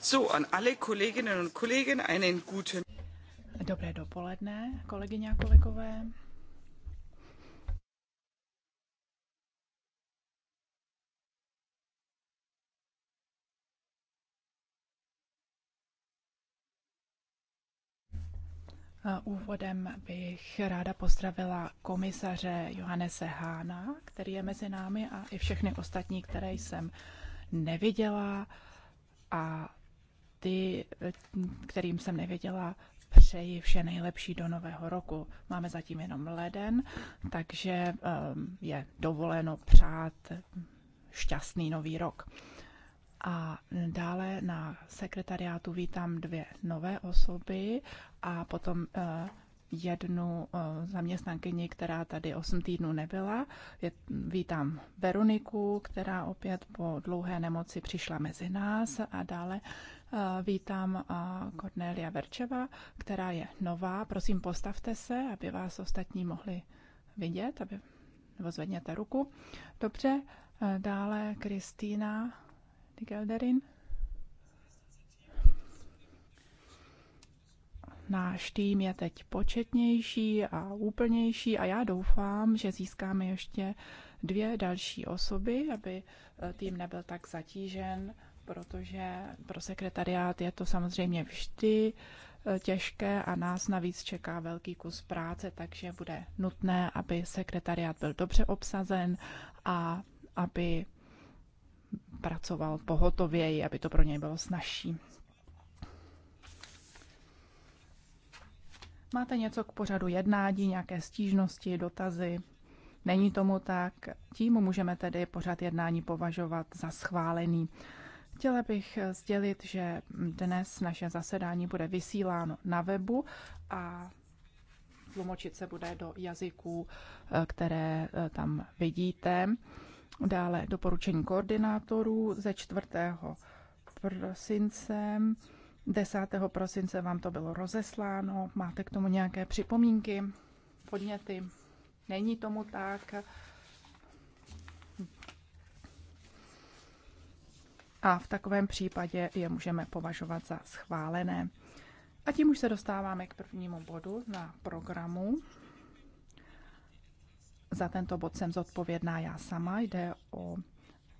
So, an alle Kolleginnen und Kollegen einen guten... Dobré dopoledne, kolegyně a kolegové. Úvodem bych ráda pozdravila komisaře Johannese Hána, který je mezi námi a i všechny ostatní, které jsem neviděla a ty, kterým jsem nevěděla, přeji vše nejlepší do nového roku. Máme zatím jenom leden, takže ehm, je dovoleno přát šťastný nový rok. A dále na sekretariátu vítám dvě nové osoby a potom eh, jednu eh, zaměstnankyni, která tady 8 týdnů nebyla. vítám Veroniku, která opět po dlouhé nemoci přišla mezi nás a dále Eh, vítám eh, Cornelia Verčeva, která je nová. Prosím, postavte se, aby vás ostatní mohli vidět, aby, nebo zvedněte ruku. Dobře, eh, dále Kristýna Digelderin. Náš tým je teď početnější a úplnější a já doufám, že získáme ještě dvě další osoby, aby tým nebyl tak zatížen protože pro sekretariát je to samozřejmě vždy eh, těžké a nás navíc čeká velký kus práce, takže bude nutné, aby sekretariát byl dobře obsazen a aby pracoval pohotověji, aby to pro něj bylo snažší. Máte něco k pořadu jednání, nějaké stížnosti, dotazy? Není tomu tak. Tím můžeme tedy pořad jednání považovat za schválený. Chtěla bych sdělit, že dnes naše zasedání bude vysíláno na webu a tlumočit se bude do jazyků, eh, které eh, tam vidíte. Dále doporučení koordinátorů ze 4. prosince. 10. prosince vám to bylo rozesláno. Máte k tomu nějaké připomínky, podněty? Není tomu tak. a v takovém případě je můžeme považovat za schválené. A tím už se dostáváme k prvnímu bodu na programu. Za tento bod jsem zodpovědná já sama. Jde o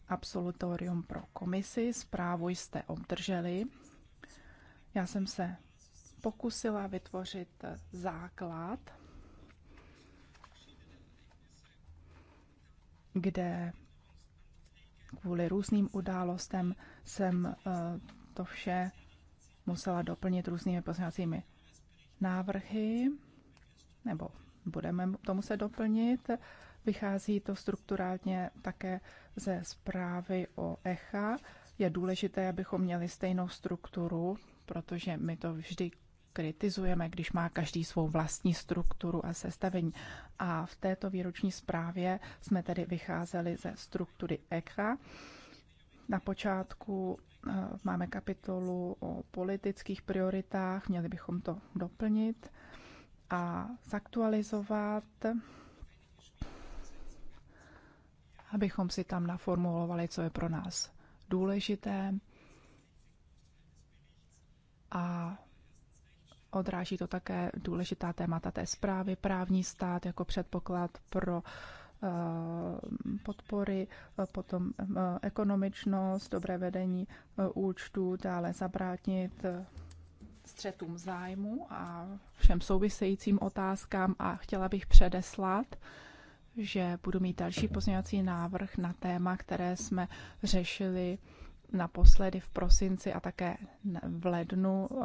absolutorium pro komisi. Zprávu jste obdrželi. Já jsem se pokusila vytvořit základ, kde kvůli různým událostem jsem eh, to vše musela doplnit různými pozměňovacími návrhy, nebo budeme to muset doplnit. Vychází to strukturálně také ze zprávy o ECHA. Je důležité, abychom měli stejnou strukturu, protože my to vždy kritizujeme, když má každý svou vlastní strukturu a sestavení. A v této výroční zprávě jsme tedy vycházeli ze struktury ECHA. Na počátku eh, máme kapitolu o politických prioritách, měli bychom to doplnit a zaktualizovat, abychom si tam naformulovali, co je pro nás důležité. A Odráží to také důležitá témata té zprávy, právní stát jako předpoklad pro eh, podpory, eh, potom eh, ekonomičnost, dobré vedení účtu, dále zabrátnit střetům zájmu a všem souvisejícím otázkám a chtěla bych předeslat, že budu mít další pozměňovací návrh na téma, které jsme řešili naposledy v prosinci a také v lednu eh,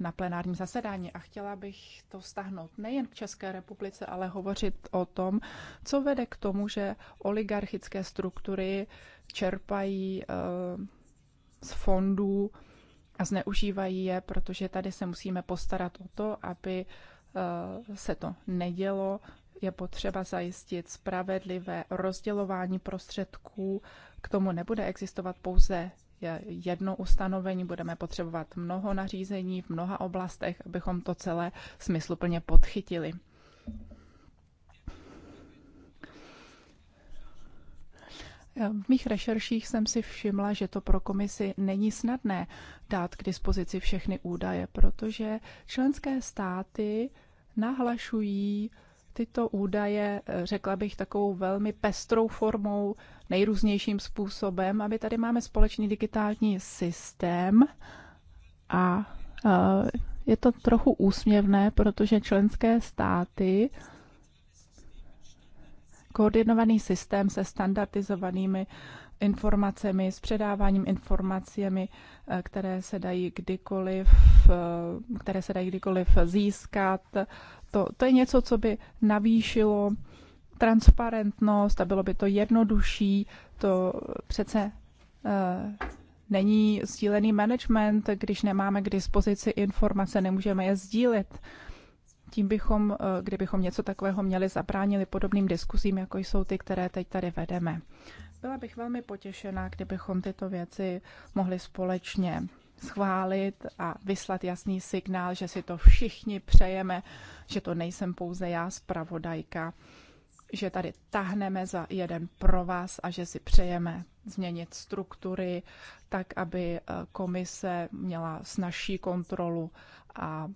na plenárním zasedání. A chtěla bych to stáhnout nejen k České republice, ale hovořit o tom, co vede k tomu, že oligarchické struktury čerpají eh, z fondů a zneužívají je, protože tady se musíme postarat o to, aby eh, se to nedělo. Je potřeba zajistit spravedlivé rozdělování prostředků. K tomu nebude existovat pouze jedno ustanovení, budeme potřebovat mnoho nařízení v mnoha oblastech, abychom to celé smysluplně podchytili. V mých rešerších jsem si všimla, že to pro komisi není snadné dát k dispozici všechny údaje, protože členské státy nahlašují tyto údaje, eh, řekla bych, takovou velmi pestrou formou, nejrůznějším způsobem, aby tady máme společný digitální systém a eh, je to trochu úsměvné, protože členské státy koordinovaný systém se standardizovanými informacemi, s předáváním informacemi, eh, které se dají kdykoliv, které se dají kdykoliv získat, to, to je něco, co by navýšilo transparentnost a bylo by to jednodušší. To přece uh, není sdílený management, když nemáme k dispozici informace, nemůžeme je sdílet. Tím bychom, uh, kdybychom něco takového měli, zabránili podobným diskuzím, jako jsou ty, které teď tady vedeme. Byla bych velmi potěšená, kdybychom tyto věci mohli společně schválit a vyslat jasný signál, že si to všichni přejeme, že to nejsem pouze já, zpravodajka, že tady tahneme za jeden pro vás a že si přejeme změnit struktury tak, aby eh, komise měla snažší kontrolu a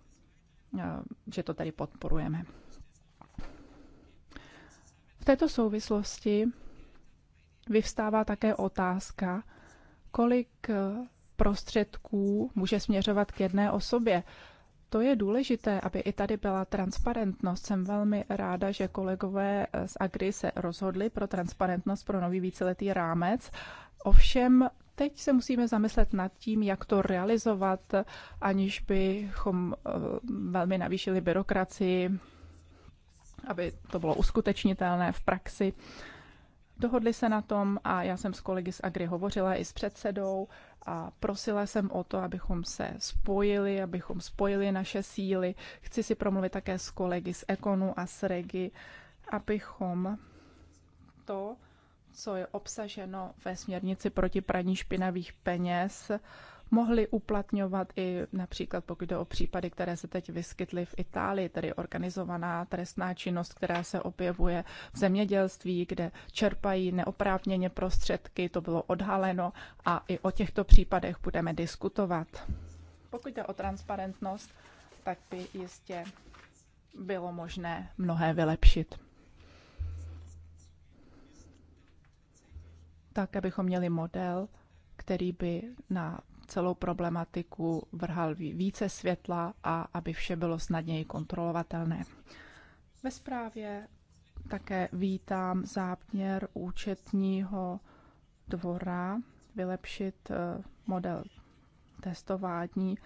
eh, že to tady podporujeme. V této souvislosti vyvstává také otázka, kolik eh, prostředků může směřovat k jedné osobě. To je důležité, aby i tady byla transparentnost. Jsem velmi ráda, že kolegové z Agri se rozhodli pro transparentnost pro nový víceletý rámec. Ovšem, teď se musíme zamyslet nad tím, jak to realizovat, aniž bychom eh, velmi navýšili byrokracii, aby to bylo uskutečnitelné v praxi. Dohodli se na tom a já jsem s kolegy z Agri hovořila i s předsedou a prosila jsem o to, abychom se spojili, abychom spojili naše síly. Chci si promluvit také s kolegy z Ekonu a s Regi, abychom to, co je obsaženo ve směrnici proti praní špinavých peněz, mohli uplatňovat i například pokud jde o případy, které se teď vyskytly v Itálii, tedy organizovaná trestná činnost, která se objevuje v zemědělství, kde čerpají neoprávněně prostředky, to bylo odhaleno a i o těchto případech budeme diskutovat. Pokud jde o transparentnost, tak by jistě bylo možné mnohé vylepšit. Tak, abychom měli model, který by na celou problematiku vrhal více světla a aby vše bylo snadněji kontrolovatelné. Ve zprávě také vítám záměr účetního dvora vylepšit eh, model testování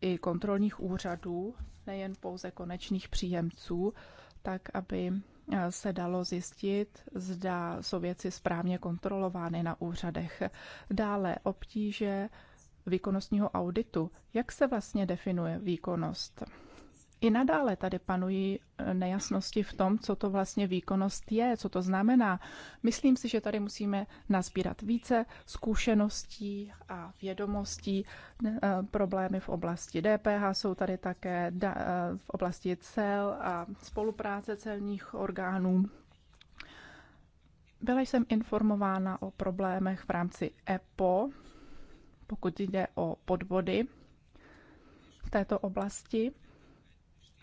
i kontrolních úřadů, nejen pouze konečných příjemců, tak aby se dalo zjistit, zda jsou věci správně kontrolovány na úřadech. Dále obtíže výkonnostního auditu. Jak se vlastně definuje výkonnost? I nadále tady panují eh, nejasnosti v tom, co to vlastně výkonnost je, co to znamená. Myslím si, že tady musíme nazbírat více zkušeností a vědomostí. Eh, problémy v oblasti DPH jsou tady také eh, v oblasti cel a spolupráce celních orgánů. Byla jsem informována o problémech v rámci EPO, pokud jde o podvody v této oblasti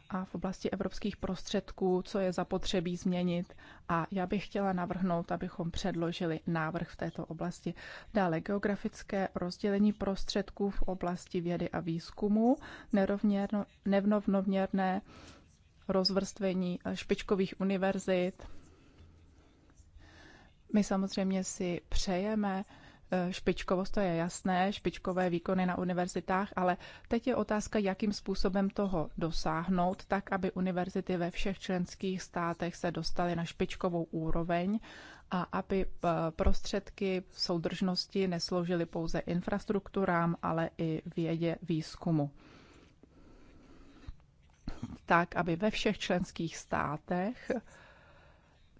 a v oblasti evropských prostředků, co je zapotřebí změnit. A já bych chtěla navrhnout, abychom předložili návrh v této oblasti. Dále geografické rozdělení prostředků v oblasti vědy a výzkumu, nerovnoměrné rozvrstvení špičkových univerzit. My samozřejmě si přejeme, Eh, špičkovost, to je jasné, špičkové výkony na univerzitách, ale teď je otázka, jakým způsobem toho dosáhnout, tak aby univerzity ve všech členských státech se dostaly na špičkovou úroveň a aby eh, prostředky soudržnosti nesloužily pouze infrastrukturám, ale i vědě výzkumu. Tak, aby ve všech členských státech,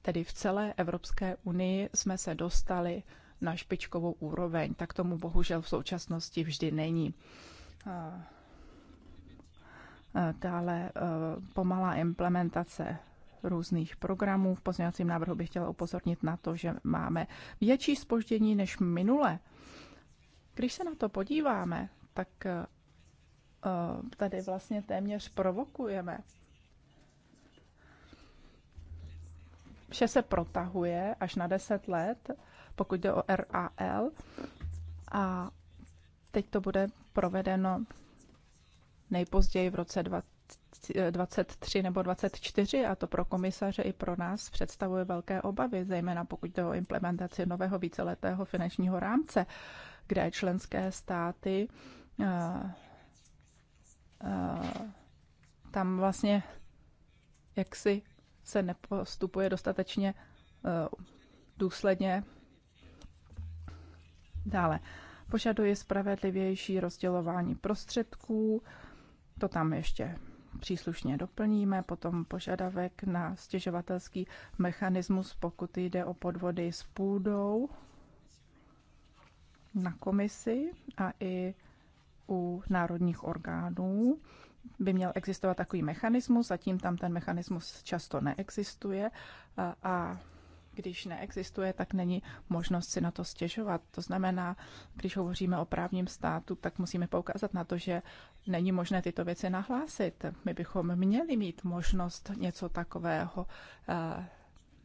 tedy v celé Evropské unii, jsme se dostali na špičkovou úroveň. Tak tomu bohužel v současnosti vždy není. Dále e, pomalá implementace různých programů. V pozměňovacím návrhu bych chtěla upozornit na to, že máme větší spoždění než minule. Když se na to podíváme, tak e, tady vlastně téměř provokujeme. Vše se protahuje až na 10 let pokud jde o RAL. A teď to bude provedeno nejpozději v roce 2023 nebo 2024 a to pro komisaře i pro nás představuje velké obavy, zejména pokud jde o implementaci nového víceletého finančního rámce, kde členské státy eh, eh, tam vlastně jaksi se nepostupuje dostatečně eh, důsledně Dále požaduje spravedlivější rozdělování prostředků, to tam ještě příslušně doplníme, potom požadavek na stěžovatelský mechanismus, pokud jde o podvody s půdou na komisi a i u národních orgánů by měl existovat takový mechanismus, zatím tam ten mechanismus často neexistuje a, a když neexistuje, tak není možnost si na to stěžovat. To znamená, když hovoříme o právním státu, tak musíme poukázat na to, že není možné tyto věci nahlásit. My bychom měli mít možnost něco takového eh,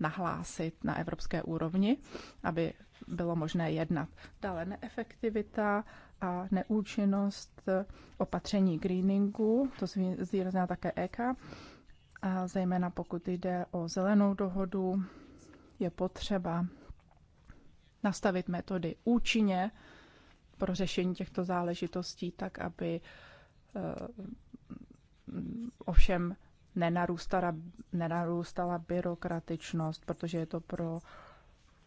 nahlásit na evropské úrovni, aby bylo možné jednat. Dále neefektivita a neúčinnost opatření greeningu, to zvýrazná také EK, a zejména pokud jde o zelenou dohodu, je potřeba nastavit metody účinně pro řešení těchto záležitostí, tak aby eh, ovšem nenarůstala, nenarůstala byrokratičnost, protože je to pro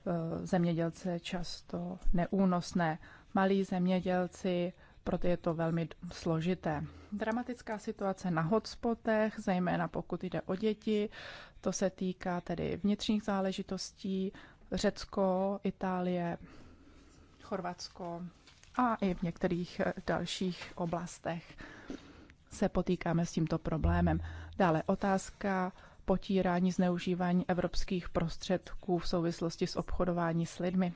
eh, zemědělce často neúnosné. Malí zemědělci proto je to velmi složité. Dramatická situace na hotspotech, zejména pokud jde o děti, to se týká tedy vnitřních záležitostí, Řecko, Itálie, Chorvatsko a i v některých eh, dalších oblastech se potýkáme s tímto problémem. Dále otázka potírání zneužívání evropských prostředků v souvislosti s obchodování s lidmi.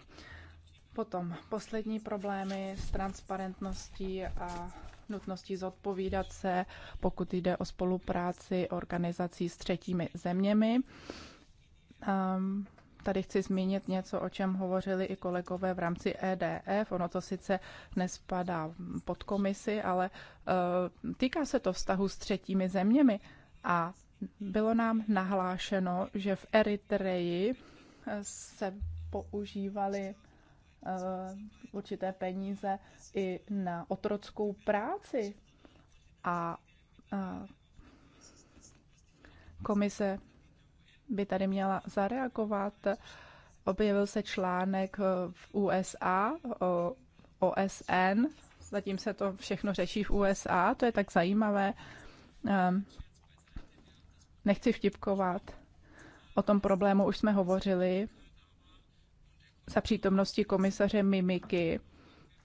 Potom poslední problémy s transparentností a nutností zodpovídat se, pokud jde o spolupráci organizací s třetími zeměmi. Um, tady chci zmínit něco, o čem hovořili i kolegové v rámci EDF. Ono to sice nespadá pod komisi, ale uh, týká se to vztahu s třetími zeměmi. A bylo nám nahlášeno, že v Eritreji eh, se používaly Eh, určité peníze i na otrockou práci. A eh, komise by tady měla zareagovat. Objevil se článek eh, v USA o OSN, zatím se to všechno řeší v USA, to je tak zajímavé. Ehm, nechci vtipkovat. O tom problému už jsme hovořili za přítomnosti komisaře Mimiky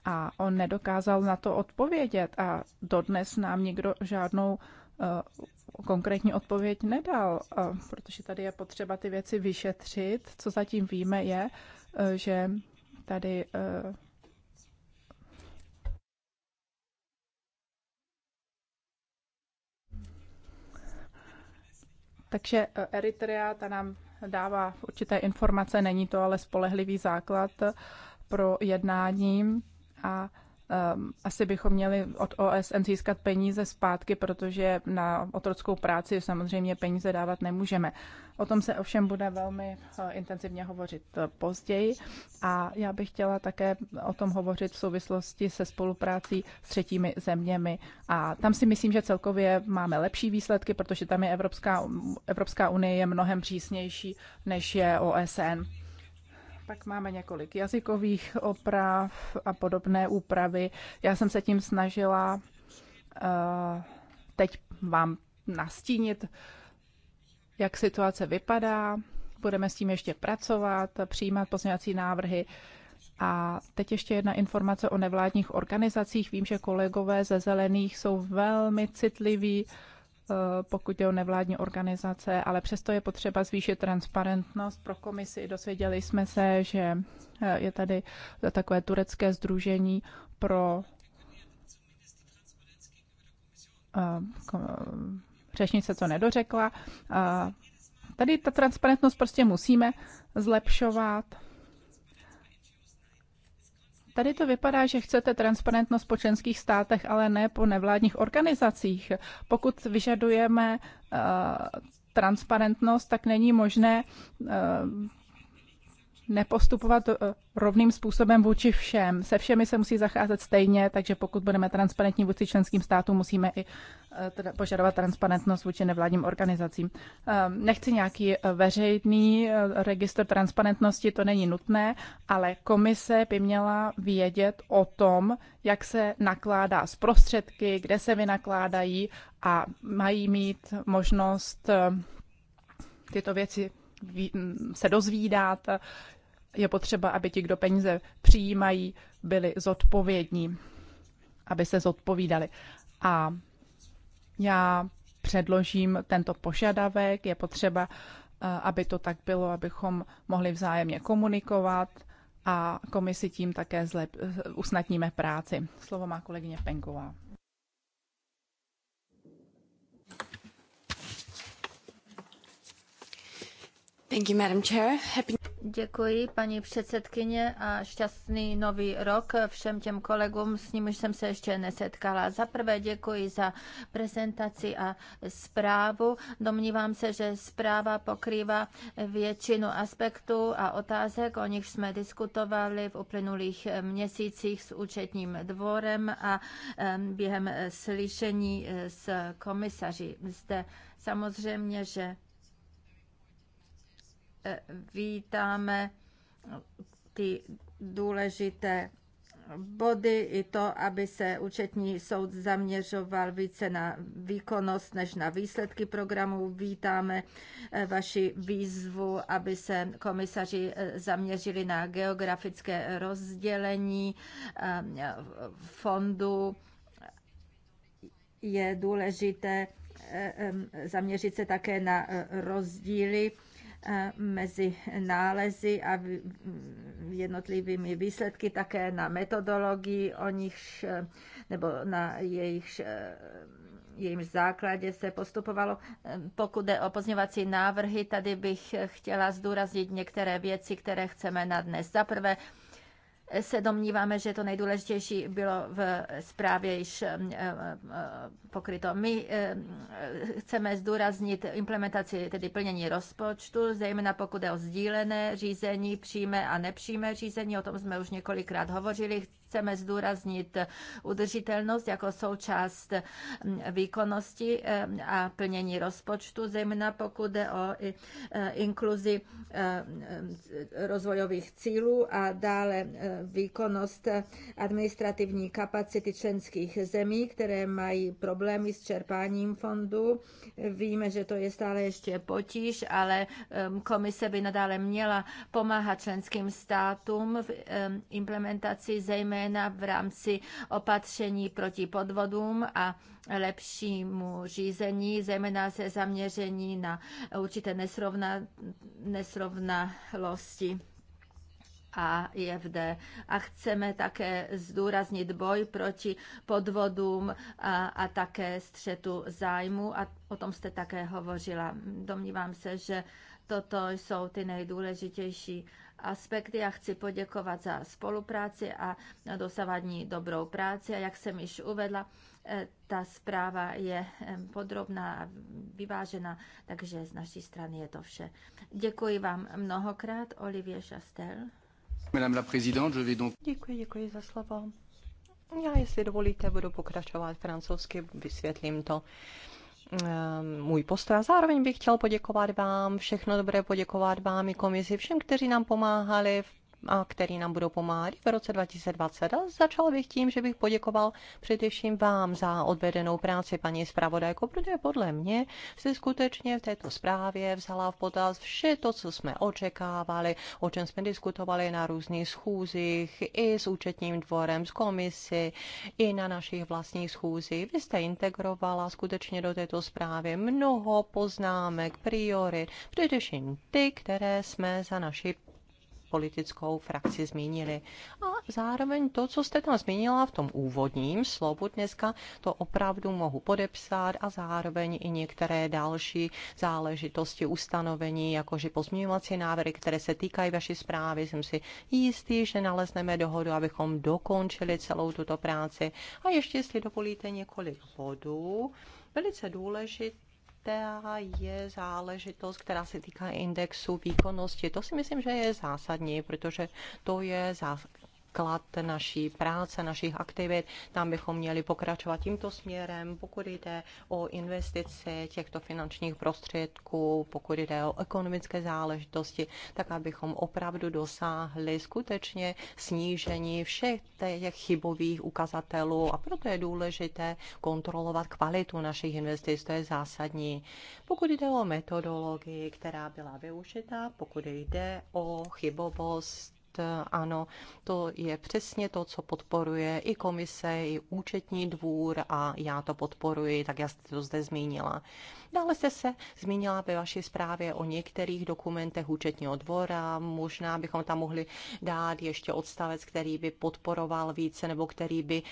a on nedokázal na to odpovědět a dodnes nám nikdo žádnou uh, konkrétní odpověď nedal, uh, protože tady je potřeba ty věci vyšetřit. Co zatím víme je, uh, že tady Takže Eritrea, ta nám dává určité informace, není to ale spolehlivý základ pro jednání a Ehm, asi bychom měli od OSN získat peníze zpátky, protože na otrockou práci samozřejmě peníze dávat nemůžeme. O tom se ovšem bude velmi eh, intenzivně hovořit eh, později a já bych chtěla také o tom hovořit v souvislosti se spoluprácí s třetími zeměmi. A tam si myslím, že celkově máme lepší výsledky, protože tam je Evropská, Evropská unie je mnohem přísnější, než je OSN. Tak máme několik jazykových oprav a podobné úpravy. Já jsem se tím snažila eh, teď vám nastínit, jak situace vypadá. Budeme s tím ještě pracovat, přijímat pozměňovací návrhy. A teď ještě jedna informace o nevládních organizacích. Vím, že kolegové ze Zelených jsou velmi citliví Eh, pokud je o nevládní organizace, ale přesto je potřeba zvýšit transparentnost pro komisi. Dosvěděli jsme se, že eh, je tady takové turecké združení pro eh, řešnice co nedořekla. Tady ta transparentnost prostě musíme zlepšovat Tady to vypadá, že chcete transparentnost po členských státech, ale ne po nevládních organizacích. Pokud vyžadujeme eh, transparentnost, tak není možné eh, nepostupovat eh, rovným způsobem vůči všem. Se všemi se musí zacházet stejně, takže pokud budeme transparentní vůči členským státům, musíme i eh, teda požadovat transparentnost vůči nevládním organizacím. Ehm, nechci nějaký eh, veřejný registr transparentnosti, to není nutné, ale komise by měla vědět o tom, jak se nakládá s prostředky, kde se vynakládají a mají mít možnost tyto věci Mm, se dozvídat. Je potřeba, aby ti, kdo peníze přijímají, byli zodpovědní, aby se zodpovídali. A já předložím tento požadavek. Je potřeba, eh, aby to tak bylo, abychom mohli vzájemně komunikovat a komisi tím také zlep, eh, usnadníme práci. Slovo má kolegyně Penková. Thank you, Madam Chair. Happy... Děkuji, paní předsedkyně, a šťastný nový rok všem těm kolegům, s nimiž jsem se ještě nesetkala. Za prvé děkuji za prezentaci a zprávu. Domnívám se, že zpráva pokrývá většinu aspektů a otázek, o nich jsme diskutovali v uplynulých měsících s účetním dvorem a během slyšení s komisaři. Zde samozřejmě, že vítáme ty důležité body i to, aby se účetní soud zaměřoval více na výkonnost než na výsledky programu. Vítáme eh, vaši výzvu, aby se komisaři eh, zaměřili na geografické rozdělení eh, fondu. Je důležité zaměřit se také na rozdíly mezi nálezy a jednotlivými výsledky, také na metodologii, o nich e, nebo na jejich e, jejím základě se postupovalo. E, pokud jde o pozněvací návrhy, tady bych chtěla zdůraznit některé věci, které chceme na dnes. Za prvé, se domníváme, že to nejdůležitější bylo v zprávě již eh, eh, eh, pokryto. My chceme zdůraznit implementaci, tedy plnění rozpočtu, zejména pokud je o sdílené řízení, přímé a nepřímé řízení, o tom jsme už několikrát hovořili chceme zdůraznit udržitelnost jako součást výkonnosti eh, a plnění rozpočtu, zejména pokud jde o eh, inkluzi eh, rozvojových cílů a dále výkonnost administrativní kapacity členských zemí, které mají problémy s čerpáním fondu. Víme, že to je stále ještě potíž, ale komise by nadále měla pomáhat členským státům v implementaci zejména zejména v rámci opatření proti podvodům a lepšímu řízení, zejména se zaměření na určité nesrovna, nesrovnalosti. A IFD. A chceme také zdůraznit boj proti podvodům a, a také střetu zájmu. A o tom jste také hovořila. Domnívám se, že toto jsou ty nejdůležitější aspekty. Já chci poděkovat za spolupráci a dosavadní dobrou práci. A jak jsem již uvedla, eh, ta zpráva je eh, podrobná a vyvážená, takže z naší strany je to vše. Děkuji vám mnohokrát, Olivier Chastel. Madame la présidente, je vais donc... Děkuji, děkuji za slovo. Já, jestli dovolíte, budu pokračovat francouzsky, vysvětlím to Ehm, můj postoj a zároveň bych chtěl poděkovat vám, všechno dobré poděkovat vám i komisi, všem, kteří nám pomáhali v a který nám budou pomáhat v roce 2020. A začal bych tím, že bych poděkoval především vám za odvedenou práci, paní zpravodajko, protože podle mě jste skutečně v této zprávě vzala v potaz vše to, co jsme očekávali, o čem jsme diskutovali na různých schůzích, i s účetním dvorem, s komisi, i na našich vlastních schůzích. Vy jste integrovala skutečně do této zprávy mnoho poznámek, priorit, především ty, které jsme za naši politickou frakci zmínili. A zároveň to, co jste tam zmínila v tom úvodním slovu dneska, to opravdu mohu podepsat a zároveň i některé další záležitosti ustanovení, jakože pozměňovací návrhy, které se týkají vaší zprávy, jsem si jistý, že nalezneme dohodu, abychom dokončili celou tuto práci. A ještě, jestli dovolíte několik bodů, velice důležité, která je záležitost, která se týká indexu výkonnosti. To si myslím, že je zásadní, protože to je základ naší práce, našich aktivit. Tam bychom měli pokračovat tímto směrem, pokud jde o investici těchto finančních prostředků, pokud jde o ekonomické záležitosti, tak abychom opravdu dosáhli skutečně snížení všech těch chybových ukazatelů a proto je důležité kontrolovat kvalitu našich investic, to je zásadní. Pokud jde o metodologii, která byla využita, pokud jde o chybovost, ano, to je přesně to, co podporuje i komise, i účetní dvůr a já to podporuji, tak já jste to zde zmínila. Dále jste se zmínila ve vaší zprávě o některých dokumentech účetního dvora. Možná bychom tam mohli dát ještě odstavec, který by podporoval více nebo který by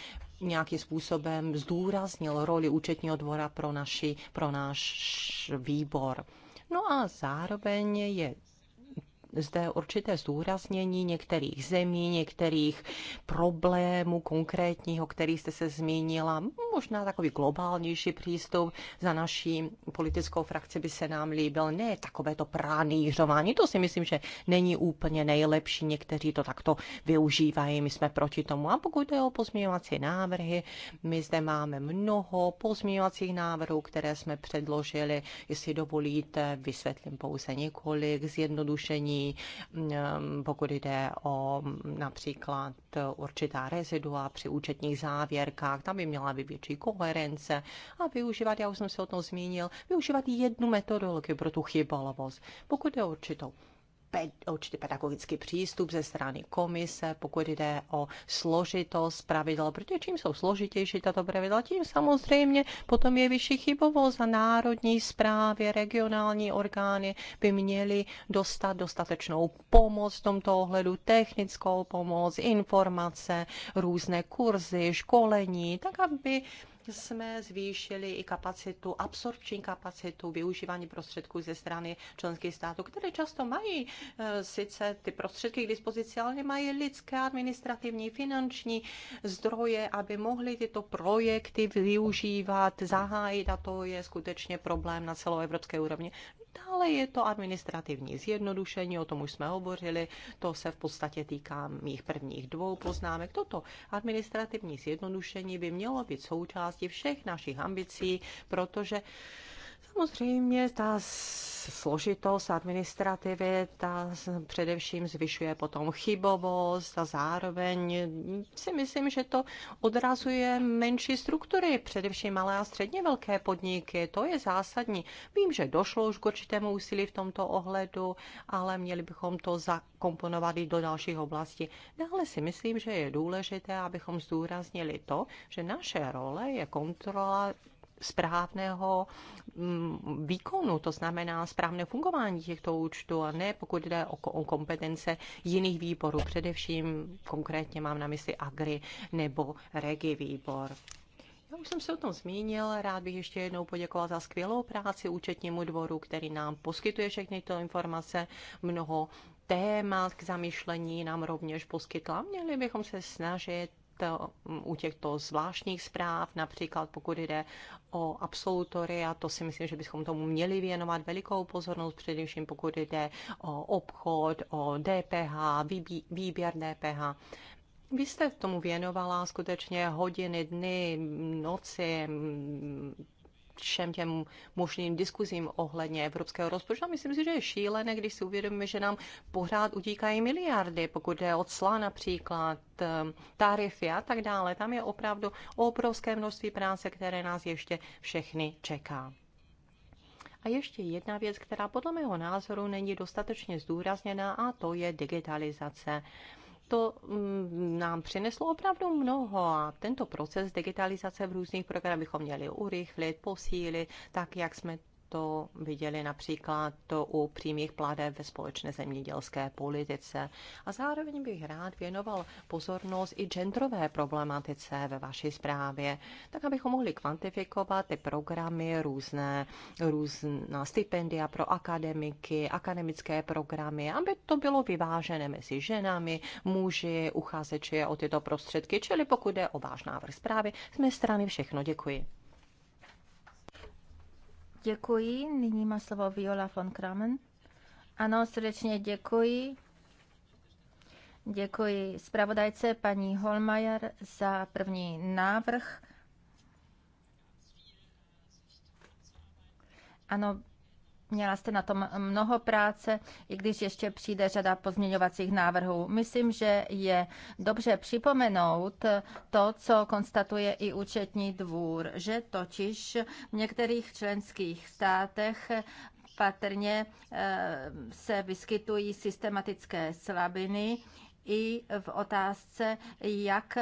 nějakým způsobem zdůraznil roli účetního dvora pro, naši, pro náš výbor. No a zároveň je zde určité zdůraznění některých zemí, některých problémů konkrétního, který jste se zmínila. Možná takový globálnější přístup za naší politickou frakci by se nám líbil. Ne takové to pranýřování, to si myslím, že není úplně nejlepší. Někteří to takto využívají, my jsme proti tomu. A pokud jde o pozměňovací návrhy, my zde máme mnoho pozměňovacích návrhů, které jsme předložili. Jestli dovolíte, vysvětlím pouze několik zjednodušení Mm, pokud jde o mm, například určitá rezidua při účetních závěrkách, tam by měla být větší koherence a využívat, já už jsem se o tom zmínil, využívat jednu metodologii pro tu chybalovost. Pokud jde o určitou určitý pedagogický přístup ze strany komise, pokud jde o složitost pravidel, protože čím jsou složitější tato pravidla, tím samozřejmě potom je vyšší chybovost a národní zprávy, regionální orgány by měly dostat dostatečnou pomoc v tomto ohledu, technickou pomoc, informace, různé kurzy, školení, tak aby jsme zvýšili i kapacitu, absorpční kapacitu, využívání prostředků ze strany členských států, které často mají e, sice ty prostředky k dispozici, ale nemají lidské, administrativní, finanční zdroje, aby mohli tyto projekty využívat, zahájit a to je skutečně problém na celoevropské úrovni. Dále je to administrativní zjednodušení, o tom už jsme hovořili, to se v podstatě týká mých prvních dvou poznámek. Toto administrativní zjednodušení by mělo být součástí všech našich ambicí, protože Samozřejmě ta složitost administrativy, ta především zvyšuje potom chybovost a zároveň si myslím, že to odrazuje menší struktury, především malé a středně velké podniky. To je zásadní. Vím, že došlo už k určitému úsilí v tomto ohledu, ale měli bychom to zakomponovat i do dalších oblastí. Dále si myslím, že je důležité, abychom zdůraznili to, že naše role je kontrola správného mm, výkonu, to znamená správné fungování těchto účtů a ne pokud jde o, kompetence jiných výborů, především konkrétně mám na mysli Agri nebo Regi výbor. Já už jsem se o tom zmínil, rád bych ještě jednou poděkoval za skvělou práci účetnímu dvoru, který nám poskytuje všechny tyto informace, mnoho témat k zamišlení nám rovněž poskytla. Měli bychom se snažit Mm, u těchto zvláštních zpráv, například pokud jde o absolutory, a to si myslím, že bychom tomu měli věnovat velikou pozornost, především pokud jde o obchod, o DPH, výběr DPH. Vy jste tomu věnovala skutečně hodiny, dny, noci, mm, všem těm možným diskuzím ohledně evropského rozpočtu. A myslím si, že je šílené, když si uvědomíme, že nám pořád utíkají miliardy, pokud jde o cla například, eh, tarify a tak dále. Tam je opravdu obrovské množství práce, které nás ještě všechny čeká. A ještě jedna věc, která podle mého názoru není dostatečně zdůrazněná, a to je digitalizace to mm, nám přineslo opravdu mnoho a tento proces digitalizace v různých programech bychom měli urychlit, posílit, tak jak jsme to viděli například to u přímých pladeb ve společné zemědělské politice. A zároveň bych rád věnoval pozornost i genderové problematice ve vaší zprávě, tak abychom mohli kvantifikovat ty programy, různé, různá stipendia pro akademiky, akademické programy, aby to bylo vyvážené mezi ženami, muži, uchazeči o tyto prostředky. Čili pokud jde o váš návrh zprávy, z mé strany všechno. Děkuji. Děkuji. Nyní má slovo Viola von Kramen. Ano, srdečně děkuji. Děkuji zpravodajce paní Holmajer za první návrh. Ano, Měla jste na tom mnoho práce, i když ještě přijde řada pozměňovacích návrhů. Myslím, že je dobře připomenout to, co konstatuje i účetní dvůr, že totiž v některých členských státech patrně eh, se vyskytují systematické slabiny, i v otázce, jak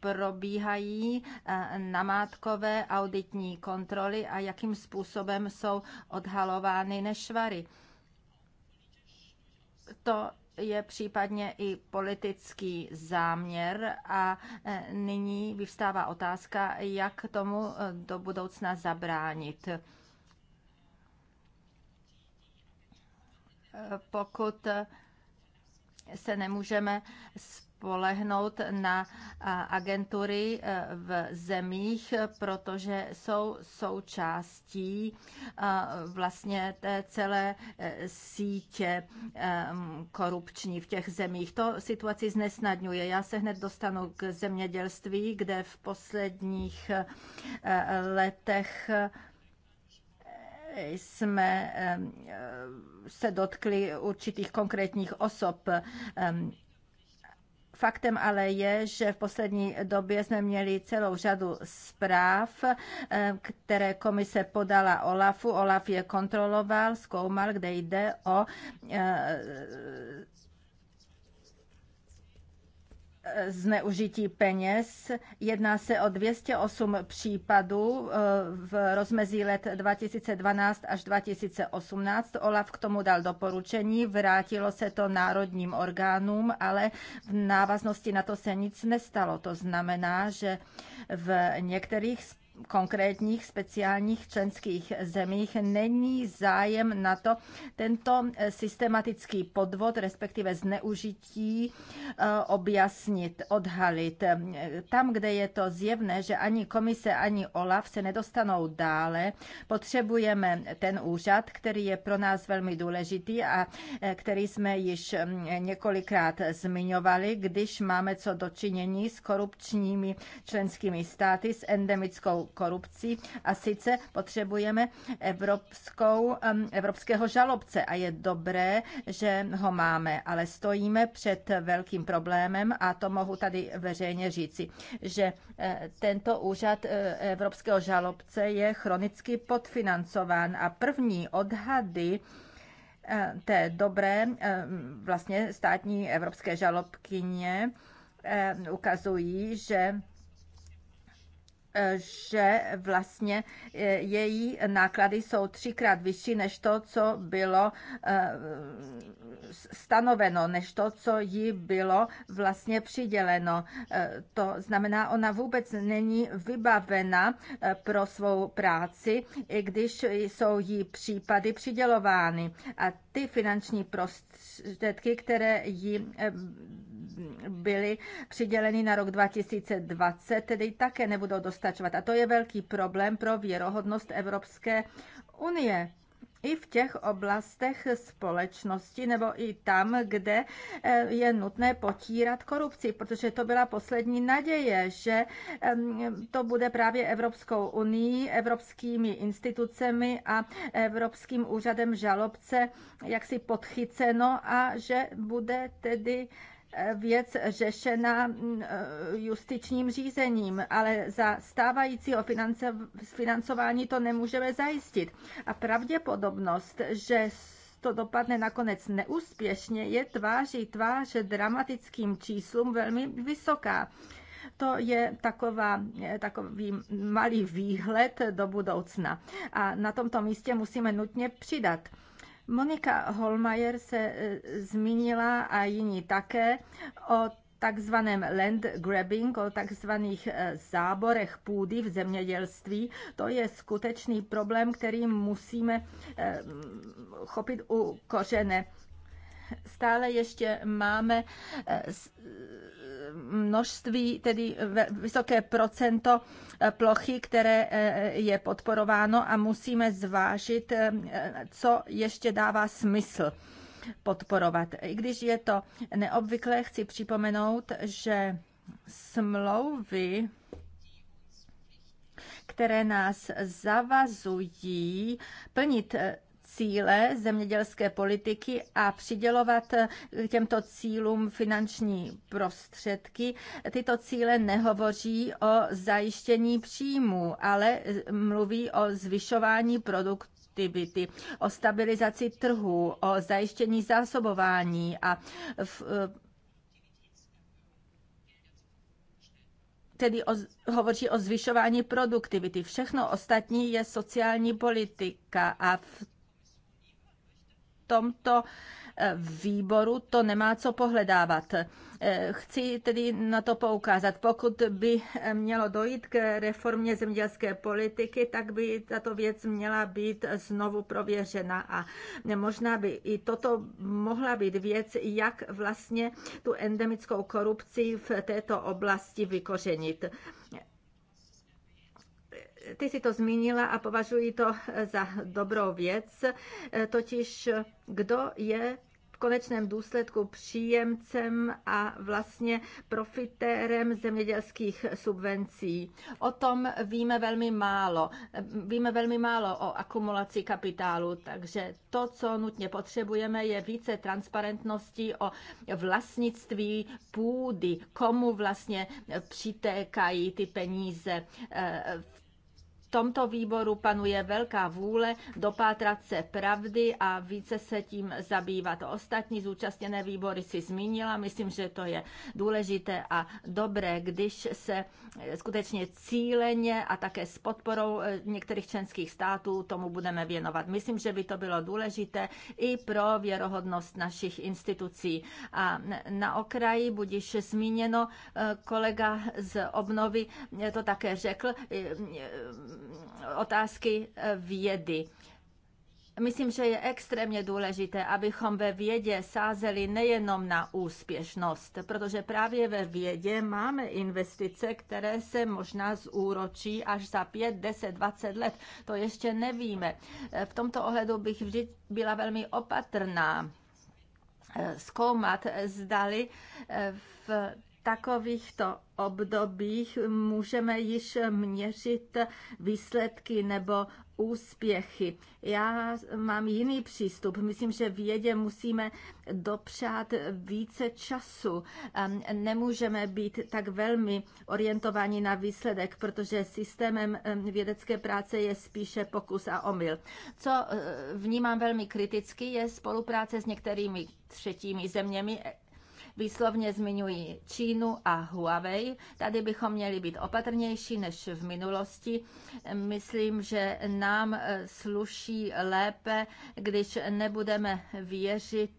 probíhají eh, namátkové auditní kontroly a jakým způsobem jsou odhalovány nešvary. To je případně i politický záměr a eh, nyní vyvstává otázka, jak tomu eh, do budoucna zabránit. Pokud se nemůžeme spolehnout na agentury e, v zemích, protože jsou součástí e, vlastně té celé e, sítě korupční v těch zemích. To situaci znesnadňuje. Já se hned dostanu k zemědělství, kde v posledních letech jsme eh, se dotkli určitých konkrétních osob. Faktem ale je, že v poslední době jsme měli celou řadu zpráv, které komise podala Olafu. Olaf je kontroloval, zkoumal, kde jde o eh, zneužití peněz. Jedná se o 208 případů e, v rozmezí let 2012 až 2018. Olaf k tomu dal doporučení, vrátilo se to národním orgánům, ale v návaznosti na to se nic nestalo. To znamená, že v některých konkrétních speciálních členských zemích není zájem na to tento eh, systematický podvod, respektive zneužití eh, objasnit, odhalit. Eh, tam, kde je to zjevné, že ani komise, ani OLAF se nedostanou dále, potřebujeme ten úřad, který je pro nás velmi důležitý a který jsme již mm, několikrát zmiňovali, když máme co dočinění s korupčními členskými státy, s endemickou korupcí a sice potřebujeme evropskou, evropského žalobce a je dobré, že ho máme, ale stojíme před velkým problémem a to mohu tady veřejně říci, že eh, tento úřad eh, evropského žalobce je chronicky podfinancován a první odhady eh, té dobré vlastně státní evropské žalobkyně ukazují, že že vlastně eh, její náklady jsou třikrát vyšší než to, co bylo eh, stanoveno, než to, co jí bylo vlastně přiděleno. Eh, to znamená, ona vůbec není vybavena pro svou práci, i když jsou jí případy přidělovány. A ty finanční prostředky prostředky, které jí eh, byly přiděleny na rok 2020, tedy také nebudou dostačovat. A to je velký problém pro věrohodnost Evropské unie i v těch oblastech společnosti nebo i tam, kde eh, je nutné potírat korupci, protože to byla poslední naděje, že to bude právě Evropskou unii, evropskými institucemi a Evropským úřadem žalobce jaksi podchyceno a že bude tedy věc řešena mm, e, justičním řízením, ale za stávajícího financování to nemůžeme zajistit. A pravděpodobnost, že to dopadne nakonec neúspěšně, je tváří tvář dramatickým číslům velmi vysoká. To je taková, e, takový malý výhled do budoucna. A na tomto místě musíme nutně přidat. Monika Holmajer se e, zmínila a jiní také o takzvaném land grabbing, o takzvaných e, záborech půdy v zemědělství. To je skutečný problém, který musíme e, chopit u kořene. Stále ještě máme množství, tedy vysoké procento eh, plochy, které eh, je podporováno a musíme zvážit, eh, co ještě dává smysl podporovat. I když je to neobvyklé, chci připomenout, že smlouvy které nás zavazují plnit cíle zemědělské politiky a přidělovat eh, těmto cílům finanční prostředky. Tyto cíle nehovoří o zajištění příjmů, ale eh, mluví o zvyšování produktů o stabilizaci trhu, o zajištění zásobování a v, eh, tedy o, hovoří o zvyšování produktivity. Všechno ostatní je sociální politika a v tomto eh, výboru to nemá co pohledávat. Eh, chci tedy na to poukázat. Pokud by eh, mělo dojít k reformě zemědělské politiky, tak by tato věc měla být znovu prověřena a možná by i toto mohla být věc, jak vlastně tu endemickou korupci v této oblasti vykořenit ty si to zmínila a považuji to za dobrou věc, totiž kdo je v konečném důsledku příjemcem a vlastně profitérem zemědělských subvencí. O tom víme velmi málo. Víme velmi málo o akumulaci kapitálu, takže to, co nutně potřebujeme, je více transparentnosti o vlastnictví půdy, komu vlastně přitékají ty peníze tomto výboru panuje velká vůle dopátrat se pravdy a více se tím zabývat. Ostatní zúčastněné výbory si zmínila, myslím, že to je důležité a dobré, když se eh, skutečně cíleně a také s podporou eh, některých členských států tomu budeme věnovat. Myslím, že by to bylo důležité i pro věrohodnost našich institucí. A na okraji, budiš zmíněno, eh, kolega z obnovy to také řekl, otázky eh, vědy. Myslím, že je extrémně důležité, abychom ve vědě sázeli nejenom na úspěšnost, protože právě ve vědě máme investice, které se možná zúročí až za 5, 10, 20 let. To ještě nevíme. Eh, v tomto ohledu bych vždy byla velmi opatrná eh, zkoumat, zdali v takovýchto obdobích můžeme již měřit výsledky nebo úspěchy. Já mám jiný přístup. Myslím, že vědě musíme dopřát více času. Nemůžeme být tak velmi orientováni na výsledek, protože systémem vědecké práce je spíše pokus a omyl. Co eh, vnímám velmi kriticky, je spolupráce s některými třetími zeměmi, výslovně zmiňují Čínu a Huawei. Tady bychom měli být opatrnější než v minulosti. Myslím, že nám eh, sluší lépe, když nebudeme věřit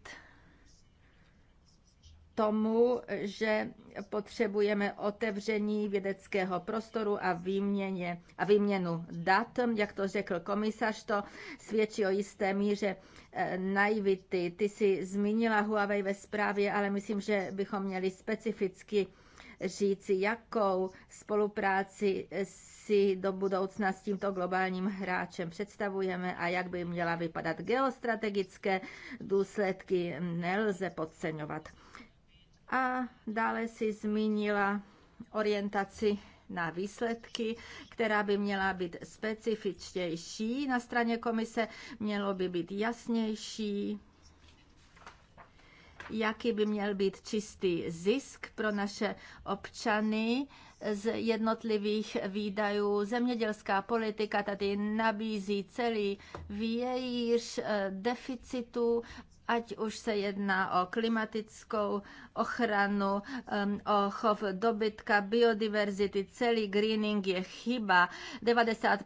tomu, že potřebujeme otevření vědeckého prostoru a, výměně, a výměnu dat. Jak to řekl komisař, to svědčí o jisté míře eh, naivity. Ty jsi zmínila Huawei ve zprávě, ale myslím, že bychom měli specificky říci, jakou spolupráci si do budoucna s tímto globálním hráčem představujeme a jak by měla vypadat geostrategické důsledky, nelze podceňovat. A dále si zmínila orientaci na výsledky, která by měla být specifičtější. Na straně komise mělo by být jasnější, jaký by měl být čistý zisk pro naše občany z jednotlivých výdajů. Zemědělská politika tady nabízí celý vějíř eh, deficitu ať už se jedná o klimatickou ochranu, o chov dobytka, biodiverzity, celý greening je chyba. 90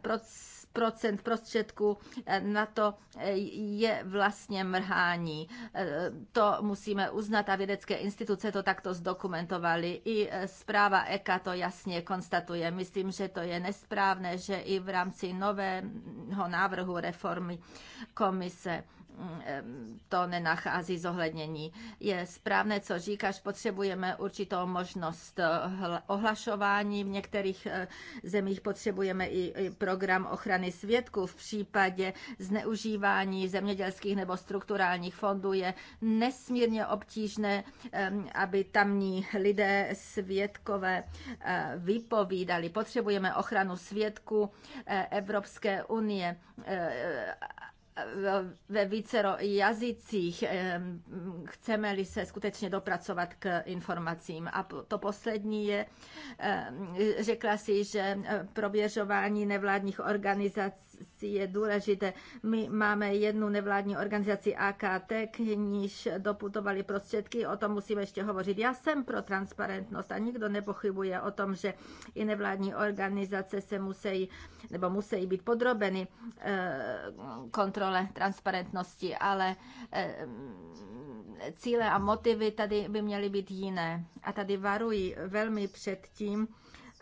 procent prostředků eh, na to eh, je vlastně mrhání. Eh, to musíme uznat a vědecké instituce to takto zdokumentovaly. I zpráva EKA to jasně konstatuje. Myslím, že to je nesprávné, že i v rámci nového návrhu reformy komise to nenachází zohlednění. Je správné, co říkáš, potřebujeme určitou možnost eh, ohlašování. V některých eh, zemích potřebujeme i program ochrany svědků. V případě zneužívání zemědělských nebo strukturálních fondů je nesmírně obtížné, aby tamní lidé svědkové eh, vypovídali. Potřebujeme ochranu svědků Evropské unie ve vícero jazycích, chceme-li se skutečně dopracovat k informacím. A to poslední je, řekla si, že prověřování nevládních organizací si je důležité. My máme jednu nevládní organizaci AKT, k níž doputovali prostředky, o tom musíme ještě hovořit. Já jsem pro transparentnost a nikdo nepochybuje o tom, že i nevládní organizace se musí nebo musí být podrobeny eh, kontrole transparentnosti, ale eh, cíle a motivy tady by měly být jiné. A tady varuji velmi před tím,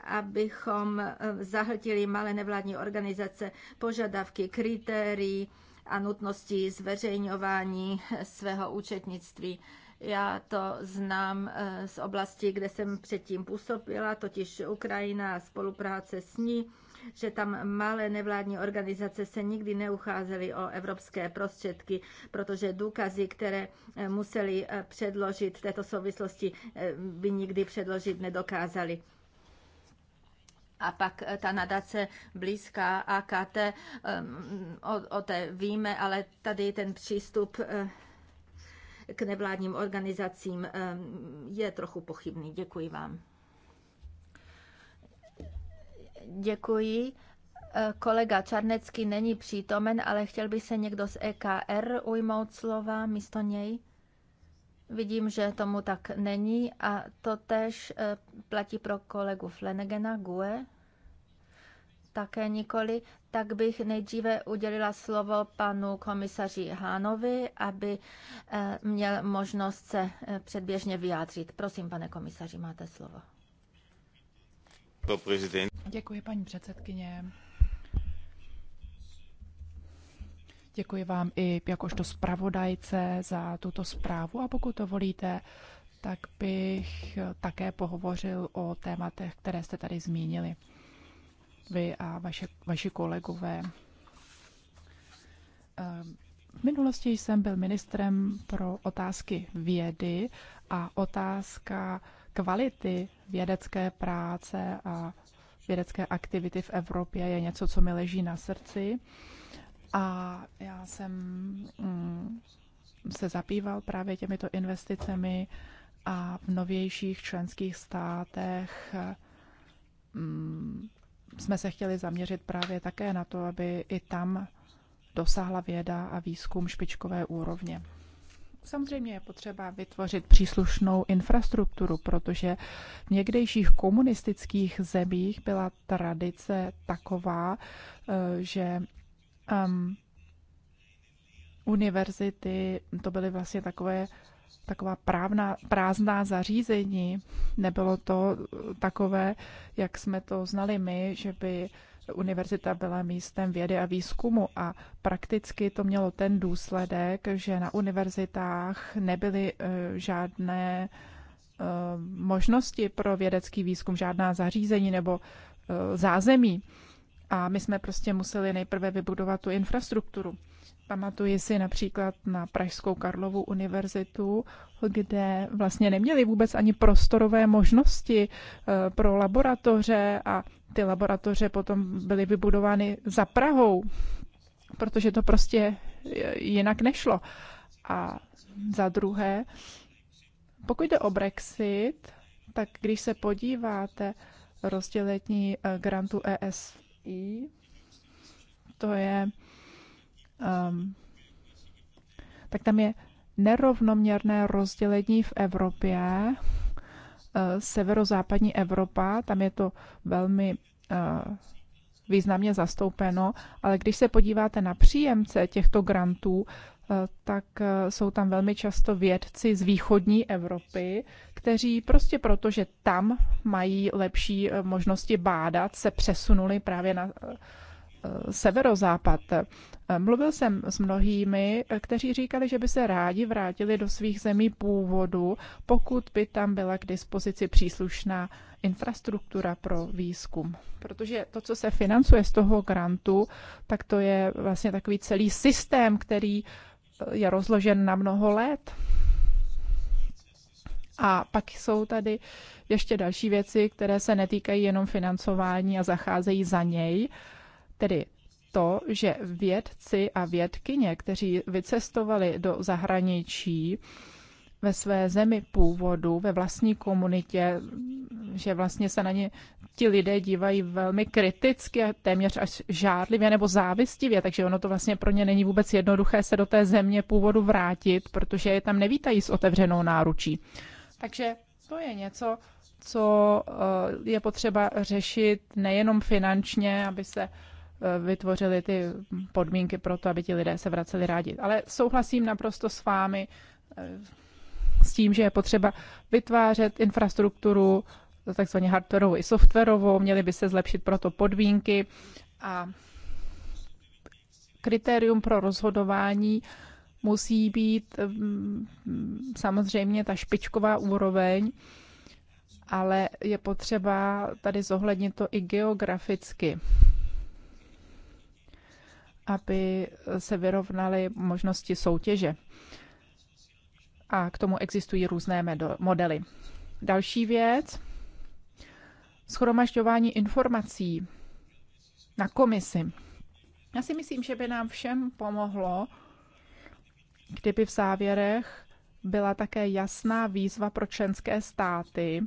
abychom eh, zahltili malé nevládní organizace požadavky, kritérií a nutnosti zveřejňování svého účetnictví. Já to znám eh, z oblasti, kde jsem předtím působila, totiž Ukrajina a spolupráce s ní, že tam malé nevládní organizace se nikdy neucházely o evropské prostředky, protože důkazy, které eh, museli předložit v této souvislosti, by nikdy předložit nedokázali a pak eh, ta nadace blízká AKT, eh, o, o té víme, ale tady ten přístup eh, k nevládním organizacím je trochu pochybný. Děkuji vám. Děkuji. Kolega Čarnecký není přítomen, ale chtěl by se někdo z EKR ujmout slova místo něj? Vidím, že tomu tak není a to tež eh, platí pro kolegu Flanagena, Gue. Také nikoli. Tak bych nejdříve udělila slovo panu komisaři Hánovi, aby eh, měl možnost se eh, předběžně vyjádřit. Prosím, pane komisaři, máte slovo. Děkuji, paní předsedkyně. Děkuji vám i jakožto zpravodajce za tuto zprávu a pokud to volíte, tak bych také pohovořil o tématech, které jste tady zmínili, vy a vaše, vaši kolegové. V minulosti jsem byl ministrem pro otázky vědy a otázka kvality vědecké práce a vědecké aktivity v Evropě je něco, co mi leží na srdci. A já jsem mm, se zabýval právě těmito investicemi a v novějších členských státech mm, jsme se chtěli zaměřit právě také na to, aby i tam dosáhla věda a výzkum špičkové úrovně. Samozřejmě je potřeba vytvořit příslušnou infrastrukturu, protože v někdejších komunistických zemích byla tradice taková, eh, že um, univerzity, to byly vlastně takové taková právná, prázdná zařízení. Nebylo to takové, jak jsme to znali my, že by univerzita byla místem vědy a výzkumu a prakticky to mělo ten důsledek, že na univerzitách nebyly eh, žádné eh, možnosti pro vědecký výzkum, žádná zařízení nebo eh, zázemí. A my jsme prostě museli nejprve vybudovat tu infrastrukturu. Pamatuji si například na Pražskou Karlovu univerzitu, kde vlastně neměli vůbec ani prostorové možnosti eh, pro laboratoře a ty laboratoře potom byly vybudovány za Prahou, protože to prostě eh, jinak nešlo. A za druhé, pokud jde o Brexit, tak když se podíváte rozdělení eh, grantu ES i. To je. Um, tak tam je nerovnoměrné rozdělení v Evropě. Eh, severozápadní Evropa, tam je to velmi eh, významně zastoupeno, ale když se podíváte na příjemce těchto grantů, Eh, tak eh, jsou tam velmi často vědci z východní Evropy, kteří prostě proto, že tam mají lepší eh, možnosti bádat, se přesunuli právě na severozápad. Mluvil jsem s mnohými, kteří říkali, že by se rádi vrátili do svých zemí původu, pokud by tam byla k dispozici příslušná infrastruktura pro výzkum. Protože to, co se financuje z toho grantu, tak to je vlastně takový celý systém, který je rozložen na mnoho let. A pak jsou tady ještě další věci, které se netýkají jenom financování a zacházejí za něj. Tedy to, že vědci a vědkyně, kteří vycestovali do zahraničí, ve své zemi původu, ve vlastní komunitě, že vlastně se na ně ti lidé dívají velmi kriticky a téměř až žádlivě nebo závistivě, takže ono to vlastně pro ně není vůbec jednoduché se do té země původu vrátit, protože je tam nevítají s otevřenou náručí. Takže to je něco, co eh, je potřeba řešit nejenom finančně, aby se eh, vytvořily ty podmínky pro to, aby ti lidé se vraceli rádi. Ale souhlasím naprosto s vámi, eh, s tím, že je potřeba vytvářet infrastrukturu takzvaně hardwarovou i softwarovou, měly by se zlepšit proto podmínky a kritérium pro rozhodování musí být mm, samozřejmě ta špičková úroveň, ale je potřeba tady zohlednit to i geograficky, aby se vyrovnaly možnosti soutěže a k tomu existují různé modely. Další věc, schromažďování informací na komisi. Já si myslím, že by nám všem pomohlo, kdyby v závěrech byla také jasná výzva pro členské státy,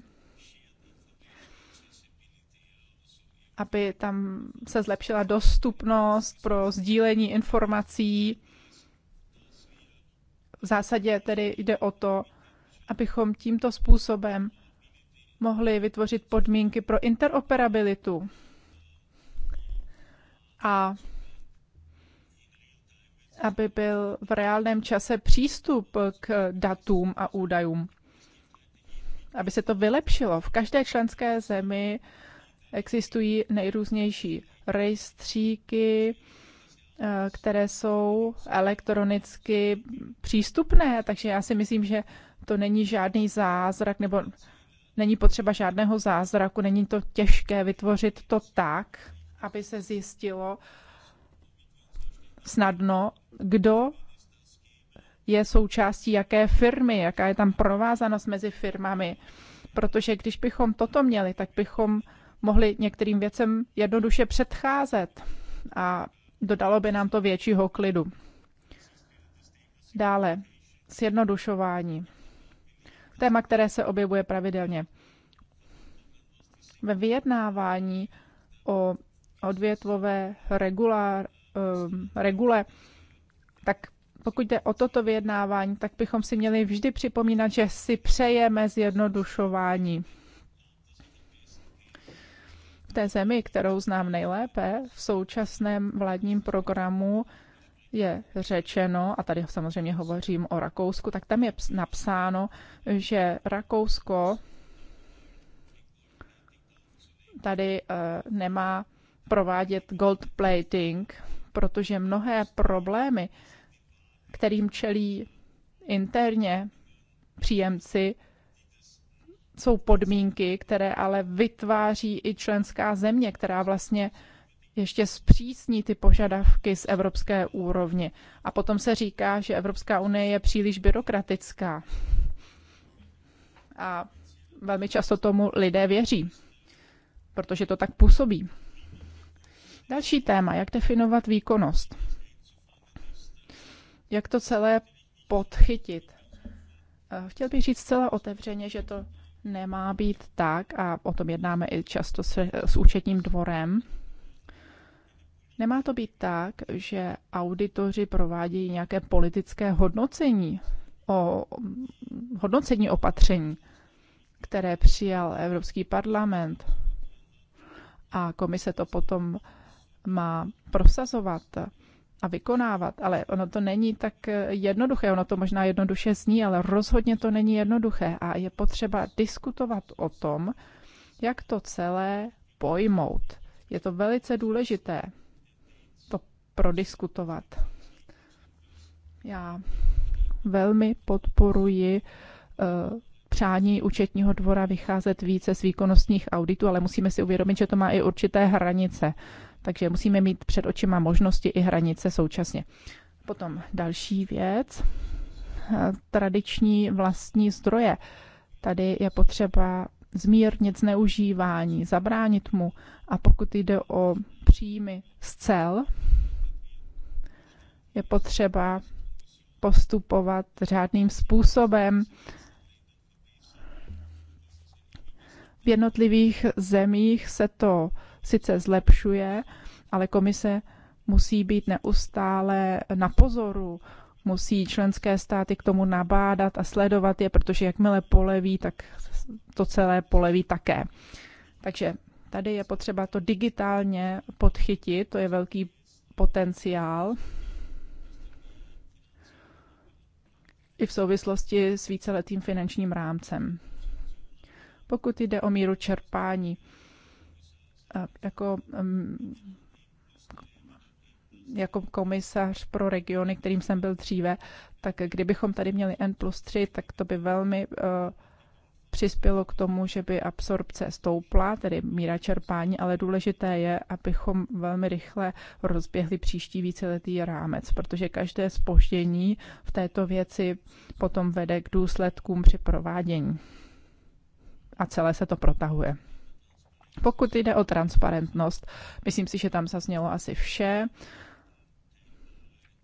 aby tam se zlepšila dostupnost pro sdílení informací v zásadě tedy jde o to, abychom tímto způsobem mohli vytvořit podmínky pro interoperabilitu. A aby byl v reálném čase přístup k datům a údajům. Aby se to vylepšilo. V každé členské zemi existují nejrůznější rejstříky, Eh, které jsou elektronicky přístupné, takže já si myslím, že to není žádný zázrak, nebo není potřeba žádného zázraku, není to těžké vytvořit to tak, aby se zjistilo snadno, kdo je součástí jaké firmy, jaká je tam provázanost mezi firmami. Protože když bychom toto měli, tak bychom mohli některým věcem jednoduše předcházet. A dodalo by nám to většího klidu. Dále, sjednodušování. Téma, které se objevuje pravidelně. Ve vyjednávání o odvětvové regulár, eh, regule, tak pokud jde o toto vyjednávání, tak bychom si měli vždy připomínat, že si přejeme zjednodušování té zemi, kterou znám nejlépe, v současném vládním programu je řečeno, a tady samozřejmě hovořím o Rakousku, tak tam je napsáno, že Rakousko tady uh, nemá provádět gold plating, protože mnohé problémy, kterým čelí interně příjemci, jsou podmínky, které ale vytváří i členská země, která vlastně ještě zpřísní ty požadavky z evropské úrovně. A potom se říká, že Evropská unie je příliš byrokratická. A velmi často tomu lidé věří, protože to tak působí. Další téma, jak definovat výkonnost. Jak to celé podchytit. Chtěl bych říct zcela otevřeně, že to nemá být tak, a o tom jednáme i často s, s účetním dvorem, nemá to být tak, že auditoři provádějí nějaké politické hodnocení o hodnocení opatření, které přijal Evropský parlament a komise to potom má prosazovat a vykonávat. Ale ono to není tak eh, jednoduché, ono to možná jednoduše zní, ale rozhodně to není jednoduché a je potřeba diskutovat o tom, jak to celé pojmout. Je to velice důležité to prodiskutovat. Já velmi podporuji uh, přání účetního dvora vycházet více z výkonnostních auditů, ale musíme si uvědomit, že to má i určité hranice. Takže musíme mít před očima možnosti i hranice současně. Potom další věc, eh, tradiční vlastní zdroje. Tady je potřeba zmírnit zneužívání, zabránit mu. A pokud jde o příjmy z cel, je potřeba postupovat řádným způsobem. V jednotlivých zemích se to sice zlepšuje, ale komise musí být neustále na pozoru, musí členské státy k tomu nabádat a sledovat je, protože jakmile poleví, tak to celé poleví také. Takže tady je potřeba to digitálně podchytit, to je velký potenciál. I v souvislosti s víceletým finančním rámcem. Pokud jde o míru čerpání, jako jako komisař pro regiony, kterým jsem byl dříve, tak kdybychom tady měli N plus 3, tak to by velmi eh, přispělo k tomu, že by absorpce stoupla, tedy míra čerpání, ale důležité je, abychom velmi rychle rozběhli příští víceletý rámec, protože každé spoždění v této věci potom vede k důsledkům při provádění. A celé se to protahuje. Pokud jde o transparentnost, myslím si, že tam zaznělo asi vše.